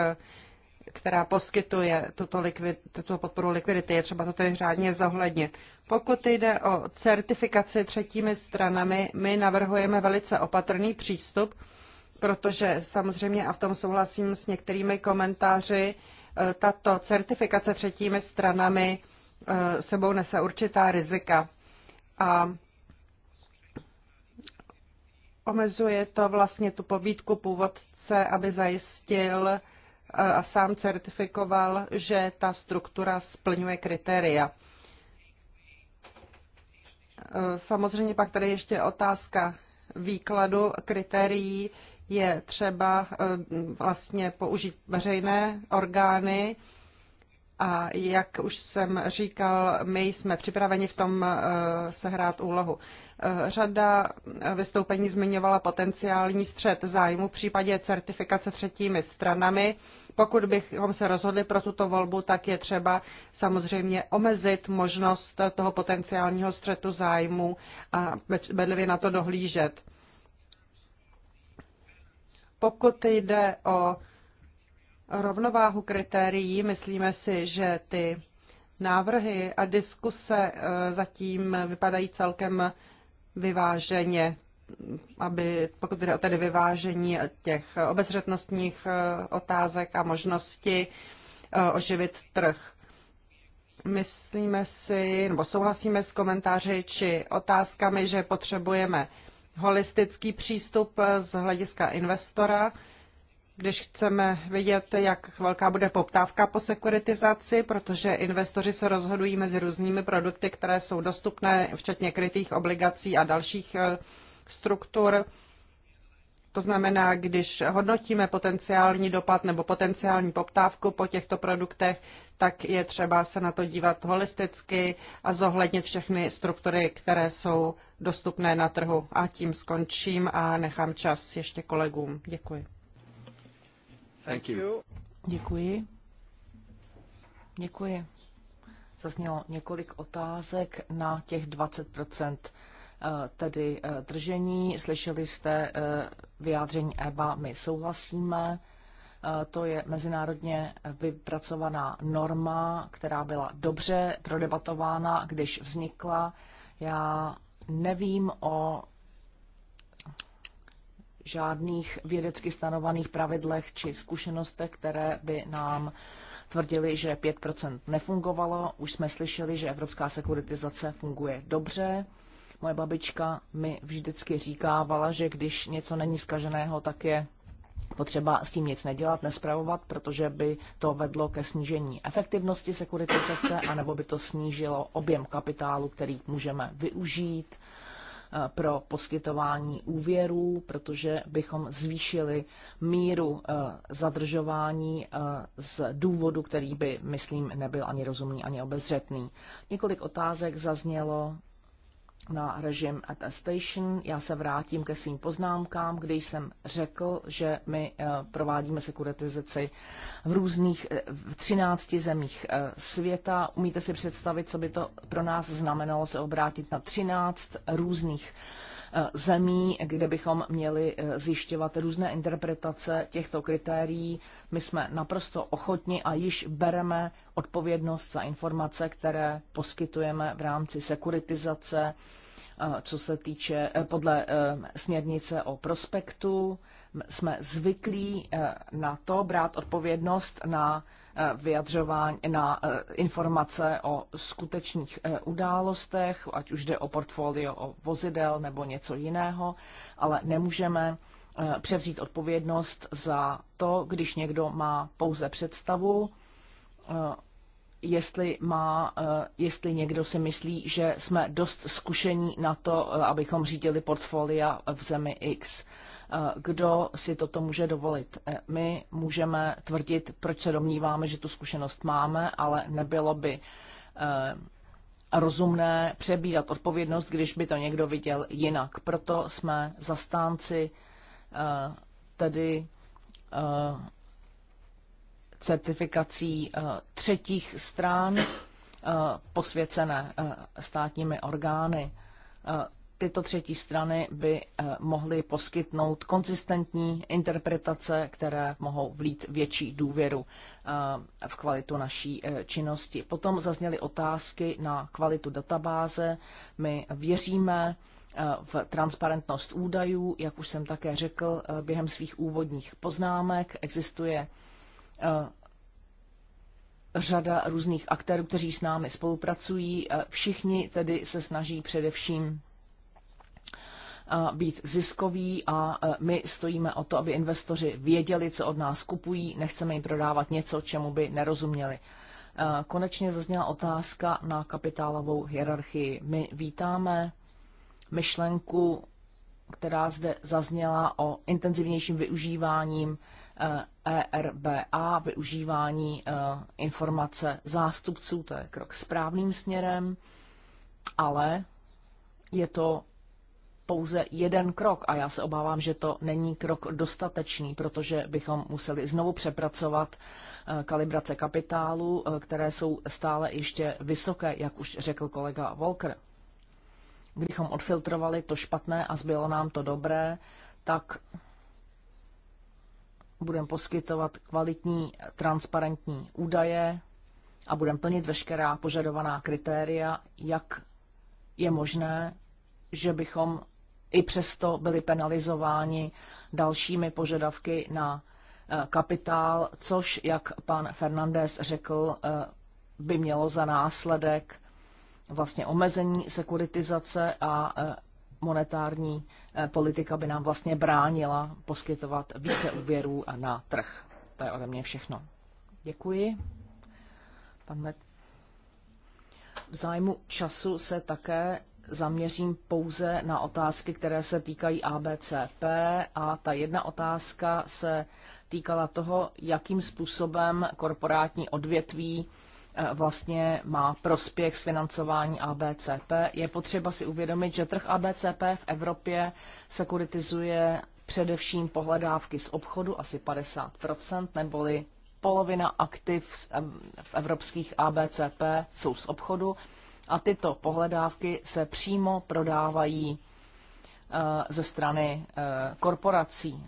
která poskytuje tuto, likvid, tuto podporu likvidity. Je třeba to tedy řádně zohlednit. Pokud jde o certifikaci třetími stranami, my navrhujeme velice opatrný přístup, protože samozřejmě, a v tom souhlasím s některými komentáři, eh, tato certifikace třetími stranami Eh, sebou nese určitá rizika. A omezuje to vlastně tu pobídku původce, aby zajistil eh, a sám certifikoval, že ta struktura splňuje kritéria. Eh, samozřejmě pak tady ještě otázka výkladu kritérií. Je třeba vlastně použít veřejné orgány, a jak už jsem říkal, my jsme připraveni v tom eh, sehrát úlohu. Eh, řada vystoupení zmiňovala potenciální střed zájmu v případě certifikace třetími stranami. Pokud bychom se rozhodli pro tuto volbu, tak je třeba samozřejmě omezit možnost toho potenciálního střetu zájmu a bedlivě na to dohlížet. Pokud jde o rovnováhu kritérií. Myslíme si, že ty návrhy a diskuse eh, zatím vypadají celkem vyváženě, aby, pokud jde o tedy vyvážení těch obezřetnostních eh, otázek a možnosti eh, oživit trh. Myslíme si, nebo souhlasíme s komentáři či otázkami, že potřebujeme holistický přístup z hlediska investora, když chceme vidět, jak velká bude poptávka po sekuritizaci, protože investoři se rozhodují mezi různými produkty, které jsou dostupné, včetně krytých obligací a dalších eh, struktur. To znamená, když hodnotíme potenciální dopad nebo potenciální poptávku po těchto produktech, tak je třeba se na to dívat holisticky a zohlednit všechny struktury, které jsou dostupné na trhu. A tím skončím a nechám čas ještě kolegům. Děkuji. Děkuji. Děkuji. Zaznělo několik otázek na těch 20 eh, tedy eh, držení. Slyšeli jste eh, vyjádření EBA, my souhlasíme. To je mezinárodně vypracovaná norma, která byla dobře prodebatována, když vznikla. Já nevím o žádných vědecky stanovaných pravidlech či zkušenostech, které by nám tvrdili, že 5% nefungovalo. Už jsme slyšeli, že evropská sekuritizace funguje dobře. Moje babička mi vždycky říkávala, že když něco není zkaženého, tak je potřeba s tím nic nedělat, nespravovat, protože by to vedlo ke snížení efektivnosti sekuritizace, anebo by to snížilo objem kapitálu, který můžeme využít pro poskytování úvěrů, protože bychom zvýšili míru eh, zadržování eh, z důvodu, který by, myslím, nebyl ani rozumný, ani obezřetný. Několik otázek zaznělo na režim attestation. Já se vrátím ke svým poznámkám, kde jsem řekl, že my eh, provádíme sekuritizaci v různých, eh, v 13 zemích eh, světa. Umíte si představit, co by to pro nás znamenalo se obrátit na 13 různých Eh, zemí, kde bychom měli eh, zjišťovat různé interpretace těchto kritérií. My jsme naprosto ochotni a již bereme odpovědnost za informace, které poskytujeme v rámci sekuritizace, eh, co se týče podle směrnice o prospektu. Jsme zvyklí na to brát odpovědnost na vyjadřování na eh, informace o skutečných eh, událostech, ať už jde o portfolio o vozidel nebo něco jiného, ale nemůžeme eh, převzít odpovědnost za to, když někdo má pouze představu, jestli, má, jestli někdo si myslí, že jsme dost zkušení na to, abychom řídili portfolia v zemi X. Eh, kdo si toto může dovolit. Eh, my můžeme tvrdit, proč se domníváme, že tu zkušenost máme, ale nebylo by eh, rozumné přebírat odpovědnost, když by to někdo viděl jinak. Proto jsme zastánci tedy certifikací třetích stran posvěcené státními orgány tyto třetí strany by eh, mohly poskytnout konzistentní interpretace, které mohou vlít větší důvěru eh, v kvalitu naší eh, činnosti. Potom zazněly otázky na kvalitu databáze. My věříme v transparentnost údajů, jak už jsem také řekl během svých úvodních poznámek. Existuje řada různých aktérů, kteří s námi spolupracují. Všichni tedy se snaží především být ziskový a my stojíme o to, aby investoři věděli, co od nás kupují, nechceme jim prodávat něco, čemu by nerozuměli. Konečně zazněla otázka na kapitálovou hierarchii. My vítáme myšlenku, která zde zazněla o intenzivnějším využíváním ERBA, e využívání e, informace zástupců, to je krok správným směrem, ale je to pouze jeden krok a já se obávám, že to není krok dostatečný, protože bychom museli znovu přepracovat eh, kalibrace kapitálu, eh, které jsou stále ještě vysoké, jak už řekl kolega Volker. Kdybychom odfiltrovali to špatné a zbylo nám to dobré, tak budeme poskytovat kvalitní, transparentní údaje a budeme plnit veškerá požadovaná kritéria, jak je možné, že bychom i přesto byli penalizováni dalšími požadavky na eh, kapitál, což, jak pan Fernandez řekl, eh, by mělo za následek vlastně omezení sekuritizace a eh, monetární politika by nám vlastně bránila poskytovat více úvěrů na trh. To je ode mě všechno. Děkuji. Pan Met. V zájmu času se také zaměřím pouze na otázky, které se týkají ABCP a ta jedna otázka se týkala toho, jakým způsobem korporátní odvětví eh, vlastně má prospěch s financování ABCP. Je potřeba si uvědomit, že trh ABCP v Evropě sekuritizuje především pohledávky z obchodu asi 50%, neboli polovina aktiv v evropských ABCP jsou z obchodu a tyto pohledávky se přímo prodávají eh, ze strany eh, korporací.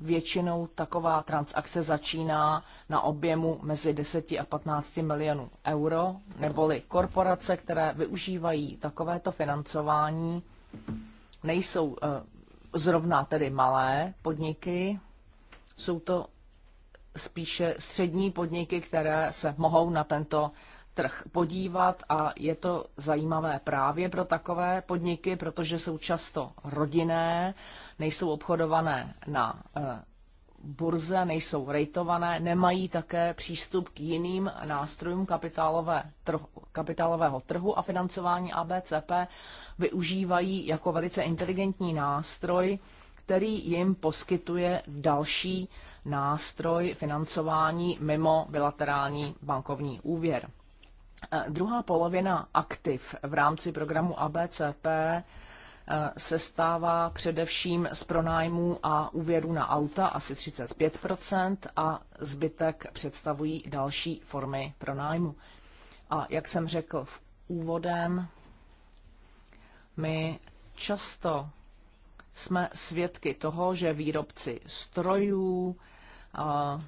Většinou taková transakce začíná na objemu mezi 10 a 15 milionů euro, neboli korporace, které využívají takovéto financování, nejsou eh, zrovna tedy malé podniky, jsou to spíše střední podniky, které se mohou na tento trh podívat a je to zajímavé právě pro takové podniky, protože jsou často rodinné, nejsou obchodované na eh, burze, nejsou rejtované, nemají také přístup k jiným nástrojům kapitálové trhu, kapitálového trhu a financování ABCP využívají jako velice inteligentní nástroj, který jim poskytuje další nástroj financování mimo bilaterální bankovní úvěr. Eh, druhá polovina aktiv v rámci programu ABCP eh, se stává především z pronájmů a úvěrů na auta asi 35 a zbytek představují další formy pronájmu. A jak jsem řekl v úvodem, my často jsme svědky toho, že výrobci strojů, eh,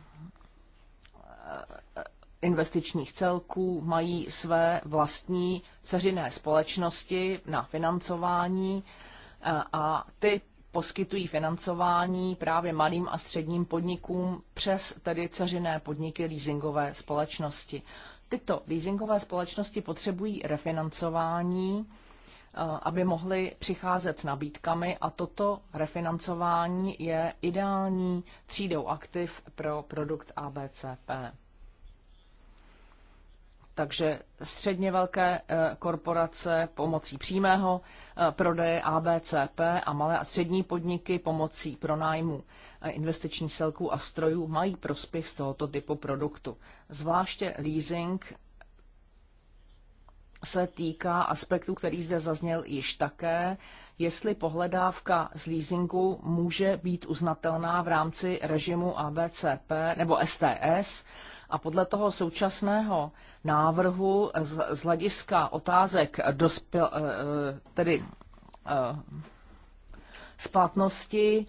investičních celků mají své vlastní ceřiné společnosti na financování eh, a ty poskytují financování právě malým a středním podnikům přes tedy ceřiné podniky leasingové společnosti. Tyto leasingové společnosti potřebují refinancování, eh, aby mohly přicházet s nabídkami a toto refinancování je ideální třídou aktiv pro produkt ABCP. Takže středně velké eh, korporace pomocí přímého eh, prodeje ABCP a malé a střední podniky pomocí pronájmu eh, investičních celků a strojů mají prospěch z tohoto typu produktu. Zvláště leasing se týká aspektu, který zde zazněl již také, jestli pohledávka z leasingu může být uznatelná v rámci režimu ABCP nebo STS, a podle toho současného návrhu z, z hlediska otázek dospěl, eh, eh, tedy eh, splatnosti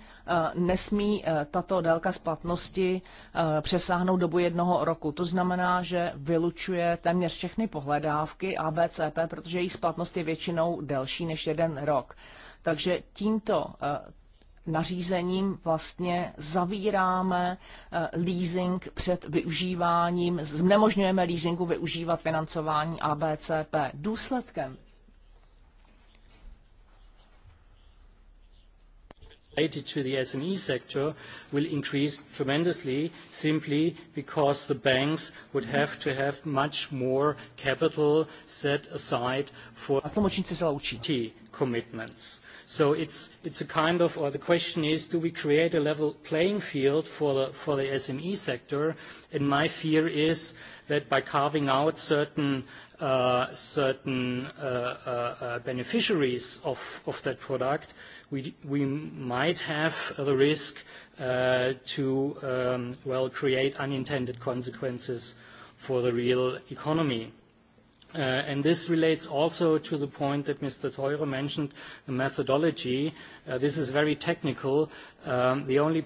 nesmí tato délka splatnosti přesáhnout dobu jednoho roku. To znamená, že vylučuje téměř všechny pohledávky ABCP, protože jejich splatnost je většinou delší než jeden rok. Takže tímto nařízením vlastně zavíráme eh, leasing před využíváním, znemožňujeme leasingu využívat financování ABCP. Důsledkem related to the SME sector will increase tremendously simply because the banks would have to have much more capital set aside for commitments. So it's, it's a kind of, or the question is, do we create a level playing field for the, for the SME sector? And my fear is that by carving out certain Uh, certain uh, uh, uh beneficiaries of, of that product, we, we might have the risk uh, to, um, well, create unintended consequences for the real economy. Uh, and this relates also to the point that Mr. Theurer mentioned, the methodology. Uh, this is very technical. Um, the only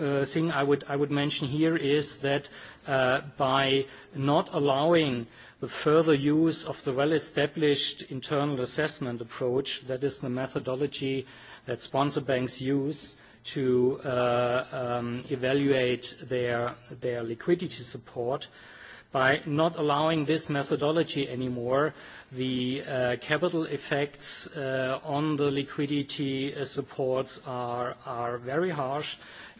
uh, thing I would, mention here is that by not allowing the further use of the well-established internal assessment approach, that is the methodology that sponsor banks use to um, evaluate their liquidity support, by not allowing this methodology anymore, the uh, capital effects uh, on the liquidity uh, supports are, are very harsh,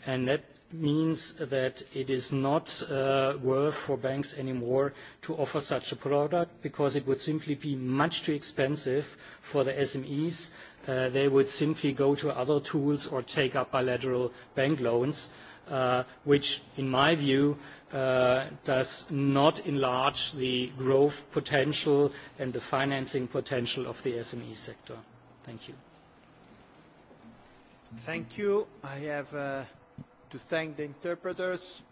and that means that it is not uh, worth for banks anymore to offer such a product because it would simply be much too expensive for the SMEs. Uh, they would simply go to other tools or take up bilateral bank loans. Uh, which, in my view, uh, does not enlarge the growth potential and the financing potential of the SME sector. Thank you. Thank you. I have uh, to thank the interpreters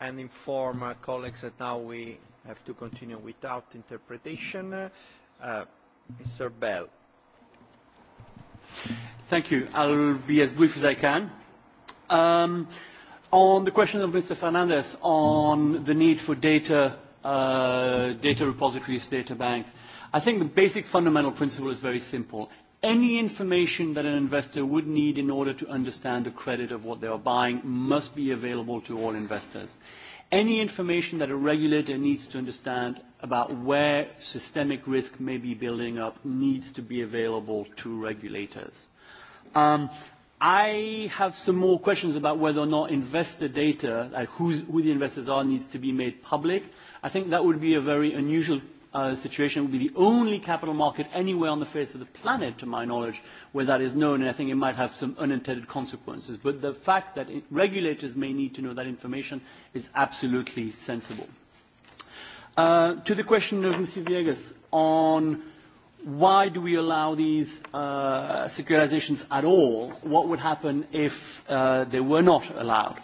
and inform our uh, colleagues that now we have to continue without interpretation. Uh, Mr. Bell. Thank you. I'll be as brief as I can. Um, On the question of Mr. Fernandez on the need for data, uh, data repositories, data banks, I think the basic fundamental principle is very simple. Any information that an investor would need in order to understand the credit of what they are buying must be available to all investors. Any information that a regulator needs to understand about where systemic risk may be building up needs to be available to regulators. Um, i have some more questions about whether or not investor data, like who the investors are, needs to be made public. I think that would be a very unusual uh, situation. It would be the only capital market anywhere on the face of the planet, to my knowledge, where that is known, and I think it might have some unintended consequences. But the fact that it, regulators may need to know that information is absolutely sensible. Uh, to the question of Mr. Viegas on why do we allow these uh, securitizations at all? What would happen if uh, they were not allowed?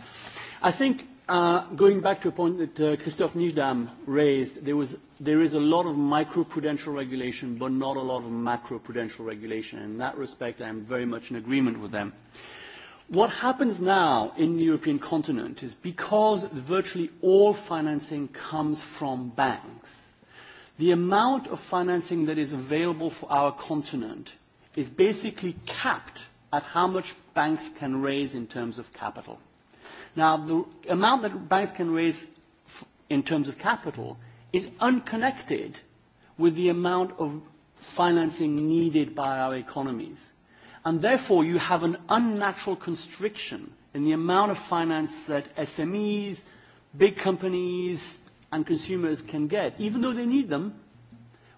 I think uh, going back to a point that uh, Christoph Nijdam raised, there, was, there is a lot of microprudential regulation, but not a lot of macroprudential regulation. In that respect, I am very much in agreement with them. What happens now in the European continent is because virtually all financing comes from banks, the amount of financing that is available for our continent is basically capped at how much banks can raise in terms of capital. Now, the amount that banks can raise in terms of capital is unconnected with the amount of financing needed by our economies. And therefore, you have an unnatural constriction in the amount of finance that SMEs, big companies, and consumers can get, even though they need them,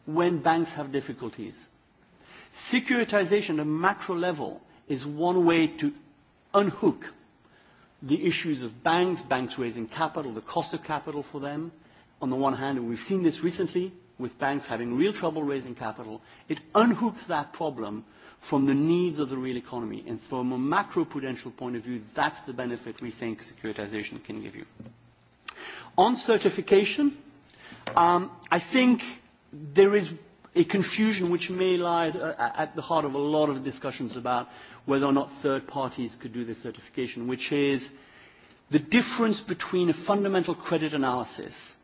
when banks have difficulties. Securitization at macro level is one way to unhook the issues of banks, banks raising capital, the cost of capital for them. On the one hand, and we've seen this recently with banks having real trouble raising capital, it unhooks that problem from the needs of the real economy. And from a macro prudential point of view, that's the benefit we think securitization can give you. On certification, um, I think there is a confusion which may lie at, uh, at the heart of a lot of discussions about whether or not third parties could do this certification, which is the difference between a fundamental credit analysis,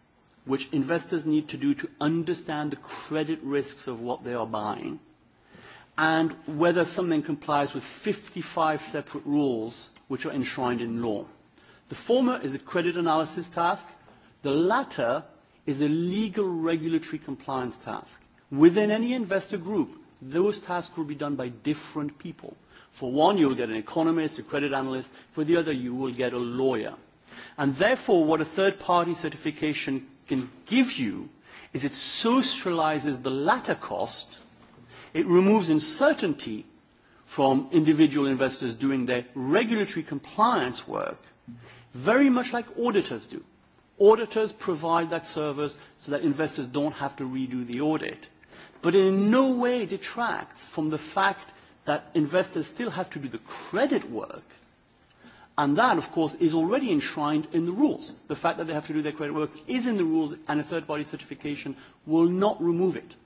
which investors need to do to understand the credit risks of what they are buying, and whether something complies with 55 separate rules which are enshrined in law. The former is a credit analysis task, The latter is a legal regulatory compliance task. Within any investor group, those tasks will be done by different people. For one, you will get an economist, a credit analyst. For the other, you will get a lawyer. And therefore, what a third-party certification can give you is it socializes the latter cost. It removes uncertainty from individual investors doing their regulatory compliance work, very much like auditors do. Auditors provide that service so that investors don't have to redo the audit. But in no way detracts from the fact that investors still have to do the credit work. And that, of course, is already enshrined in the rules. The fact that they have to do their credit work is in the rules, and a third-party certification will not remove it.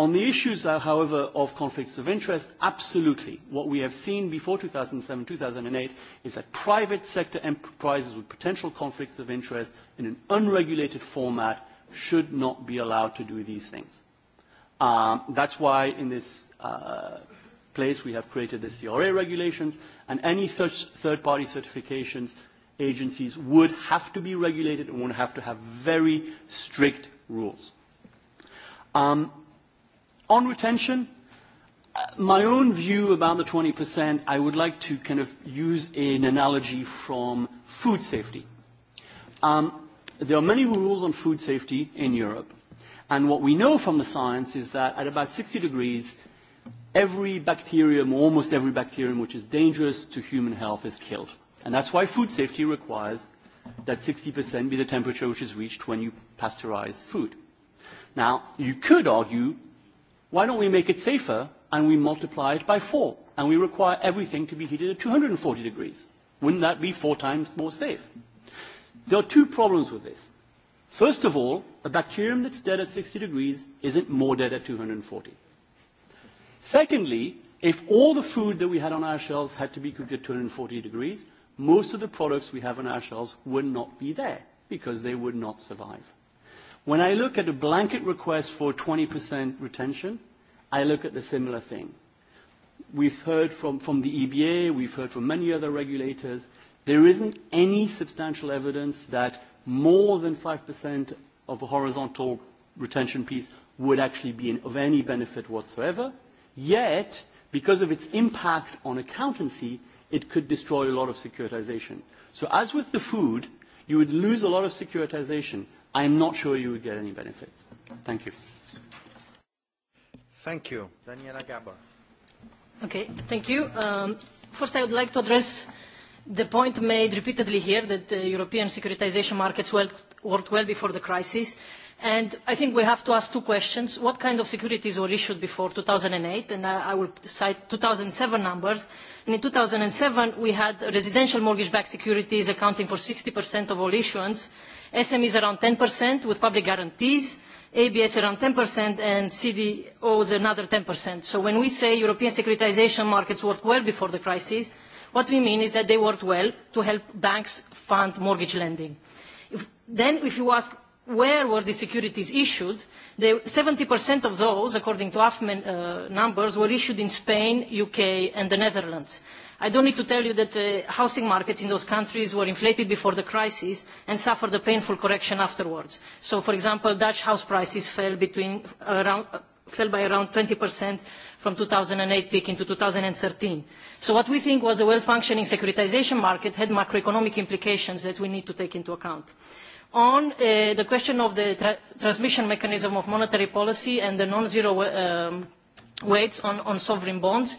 On the issues, uh, however, of conflicts of interest, absolutely. What we have seen before 2007, 2008 is that private sector enterprises with potential conflicts of interest in an unregulated format should not be allowed to do these things. Um, that's why in this uh, place we have created the CRA regulations, and any third-party certifications agencies would have to be regulated and would have to have very strict rules. Um, On retention, uh, my own view about the 20%, I would like to kind of use an analogy from food safety. Um, there are many rules on food safety in Europe, and what we know from the science is that at about 60 degrees, every bacterium, almost every bacterium which is dangerous to human health is killed. And that's why food safety requires that 60% be the temperature which is reached when you pasteurize food. Now, you could argue Why don't we make it safer and we multiply it by four and we require everything to be heated at 240 degrees? Wouldn't that be four times more safe? There are two problems with this. First of all, a bacterium that's dead at 60 degrees isn't more dead at 240. Secondly, if all the food that we had on our shelves had to be cooked at 240 degrees, most of the products we have on our shelves would not be there because they would not survive. When I look at a blanket request for 20% retention, I look at the similar thing. We've heard from, from the EBA, we've heard from many other regulators, there isn't any substantial evidence that more than 5% of a horizontal retention piece would actually be of any benefit whatsoever. Yet, because of its impact on accountancy, it could destroy a lot of securitization. So as with the food, you would lose a lot of securitization i am not sure you would get any benefits. Thank you. Thank you. Daniela Gabor. Okay, thank you. Um, first, I would like to address the point made repeatedly here that the European securitization markets well, worked well before the crisis. And I think we have to ask two questions. What kind of securities were issued before 2008? And I, I will cite 2007 numbers. And in 2007, we had residential mortgage-backed securities accounting for 60% of all issuance SMEs e around 10% with public guarantees, ABS around 10%, and CDOs another 10%. So when we say European securitization markets worked well before the crisis, what we mean is that they worked well to help banks fund mortgage lending. If, then if you ask where were the securities issued, 70% of those, according to AFMEN uh, numbers, were issued in Spain, UK, and the Netherlands. I don't need to tell you that the uh, housing markets in those countries were inflated before the crisis and suffered a painful correction afterwards. So, for example, Dutch house prices fell, between uh, around, uh, fell by around 20% from 2008 peak into 2013. So what we think was a well-functioning securitization market had macroeconomic implications that we need to take into account. On uh, the question of the tra transmission mechanism of monetary policy and the non-zero um, weights on, on sovereign bonds, uh,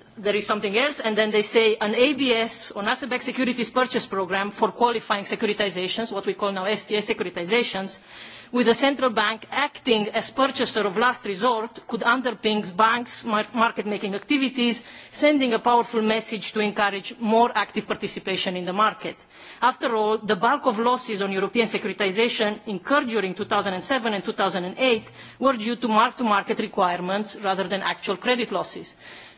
there is something else, and then they say an ABS, an asset-backed securities purchase program for qualifying securitizations, what we call now STS securitizations, with the central bank acting as purchaser of last resort could underpin banks' market-making activities, sending a powerful message to encourage more active participation in the market. After all, the bulk of losses on European securitisation incurred during 2007 and 2008 were due to mark-to-market requirements rather than actual credit losses.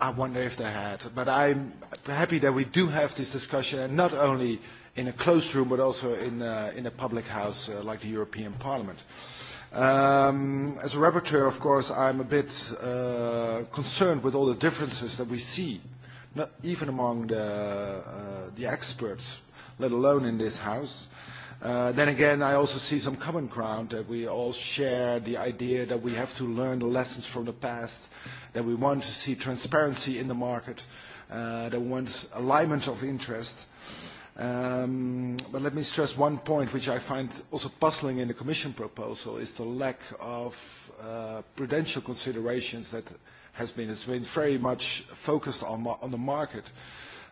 I wonder if they had. But I'm happy that we do have this discussion, and not only in a closed room, but also in, a, uh, in a public house uh, like the European Parliament. Um, as a rapporteur, of course, I'm a bit uh, concerned with all the differences that we see, not even among the, uh, the experts, let alone in this house. Uh, then again, I also see some common ground that we all share the idea that we have to learn the lessons from the past that we want to see transparency in the market, uh, that we want alignment of interest. Um, but let me stress one point which I find also puzzling in the Commission proposal is the lack of uh, prudential considerations that has been, has been very much focused on, on the market,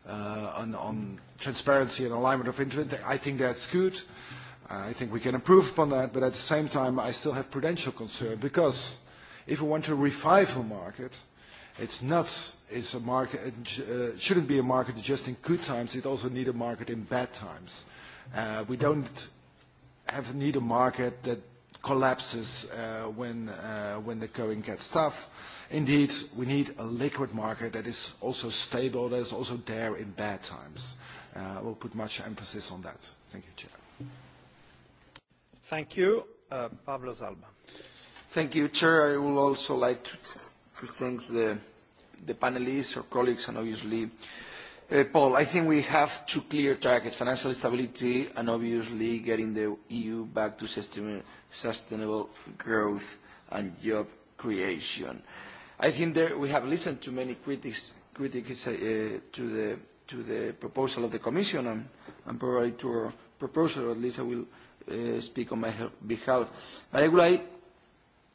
uh, on, on transparency and alignment of interest. I think that's good. I think we can improve upon that, but at the same time, I still have prudential concern because if we want to revive a market, it's not it's a market it uh, shouldn't be a market just in good times. It also need a market in bad times. Uh, we don't have need a market that collapses uh, when uh, when the going gets tough. Indeed, we need a liquid market that is also stable, that is also there in bad times. Uh, we'll put much emphasis on that. Thank you, Chair. Thank you. Uh, Pablo Zalba. Thank you, Chair. I would also like to, to thank the, the panelists or colleagues and obviously uh, Paul. I think we have two clear targets, financial stability and obviously getting the EU back to sustainable growth and job creation. I think there we have listened to many critics, critics uh, to, the, to the proposal of the Commission and, and probably to our proposal, or at least I will uh, speak on my behalf. But I would like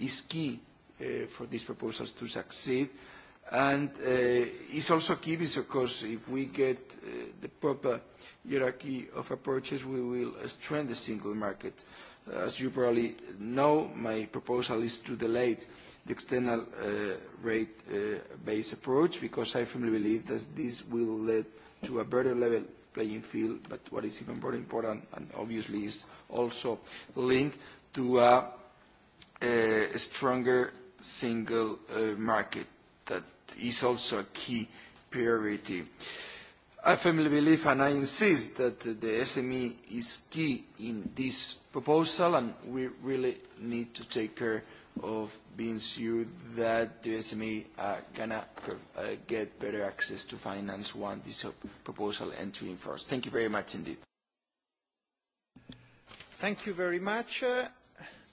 is key uh, for these proposals to succeed. And uh, it's also key because if we get uh, the proper hierarchy of approaches, we will strengthen the single market. Uh, as you probably know, my proposal is to delay the external uh, rate-based uh, approach because I firmly believe that this will lead to a better level playing field, but what is even more important and obviously is also linked to a a uh, stronger single uh, market. That is also a key priority. I firmly believe, and I insist, that the SME is key in this proposal, and we really need to take care of being sure that the SME are going to uh, get better access to finance once this proposal enter in force. Thank you very much indeed. Thank you very much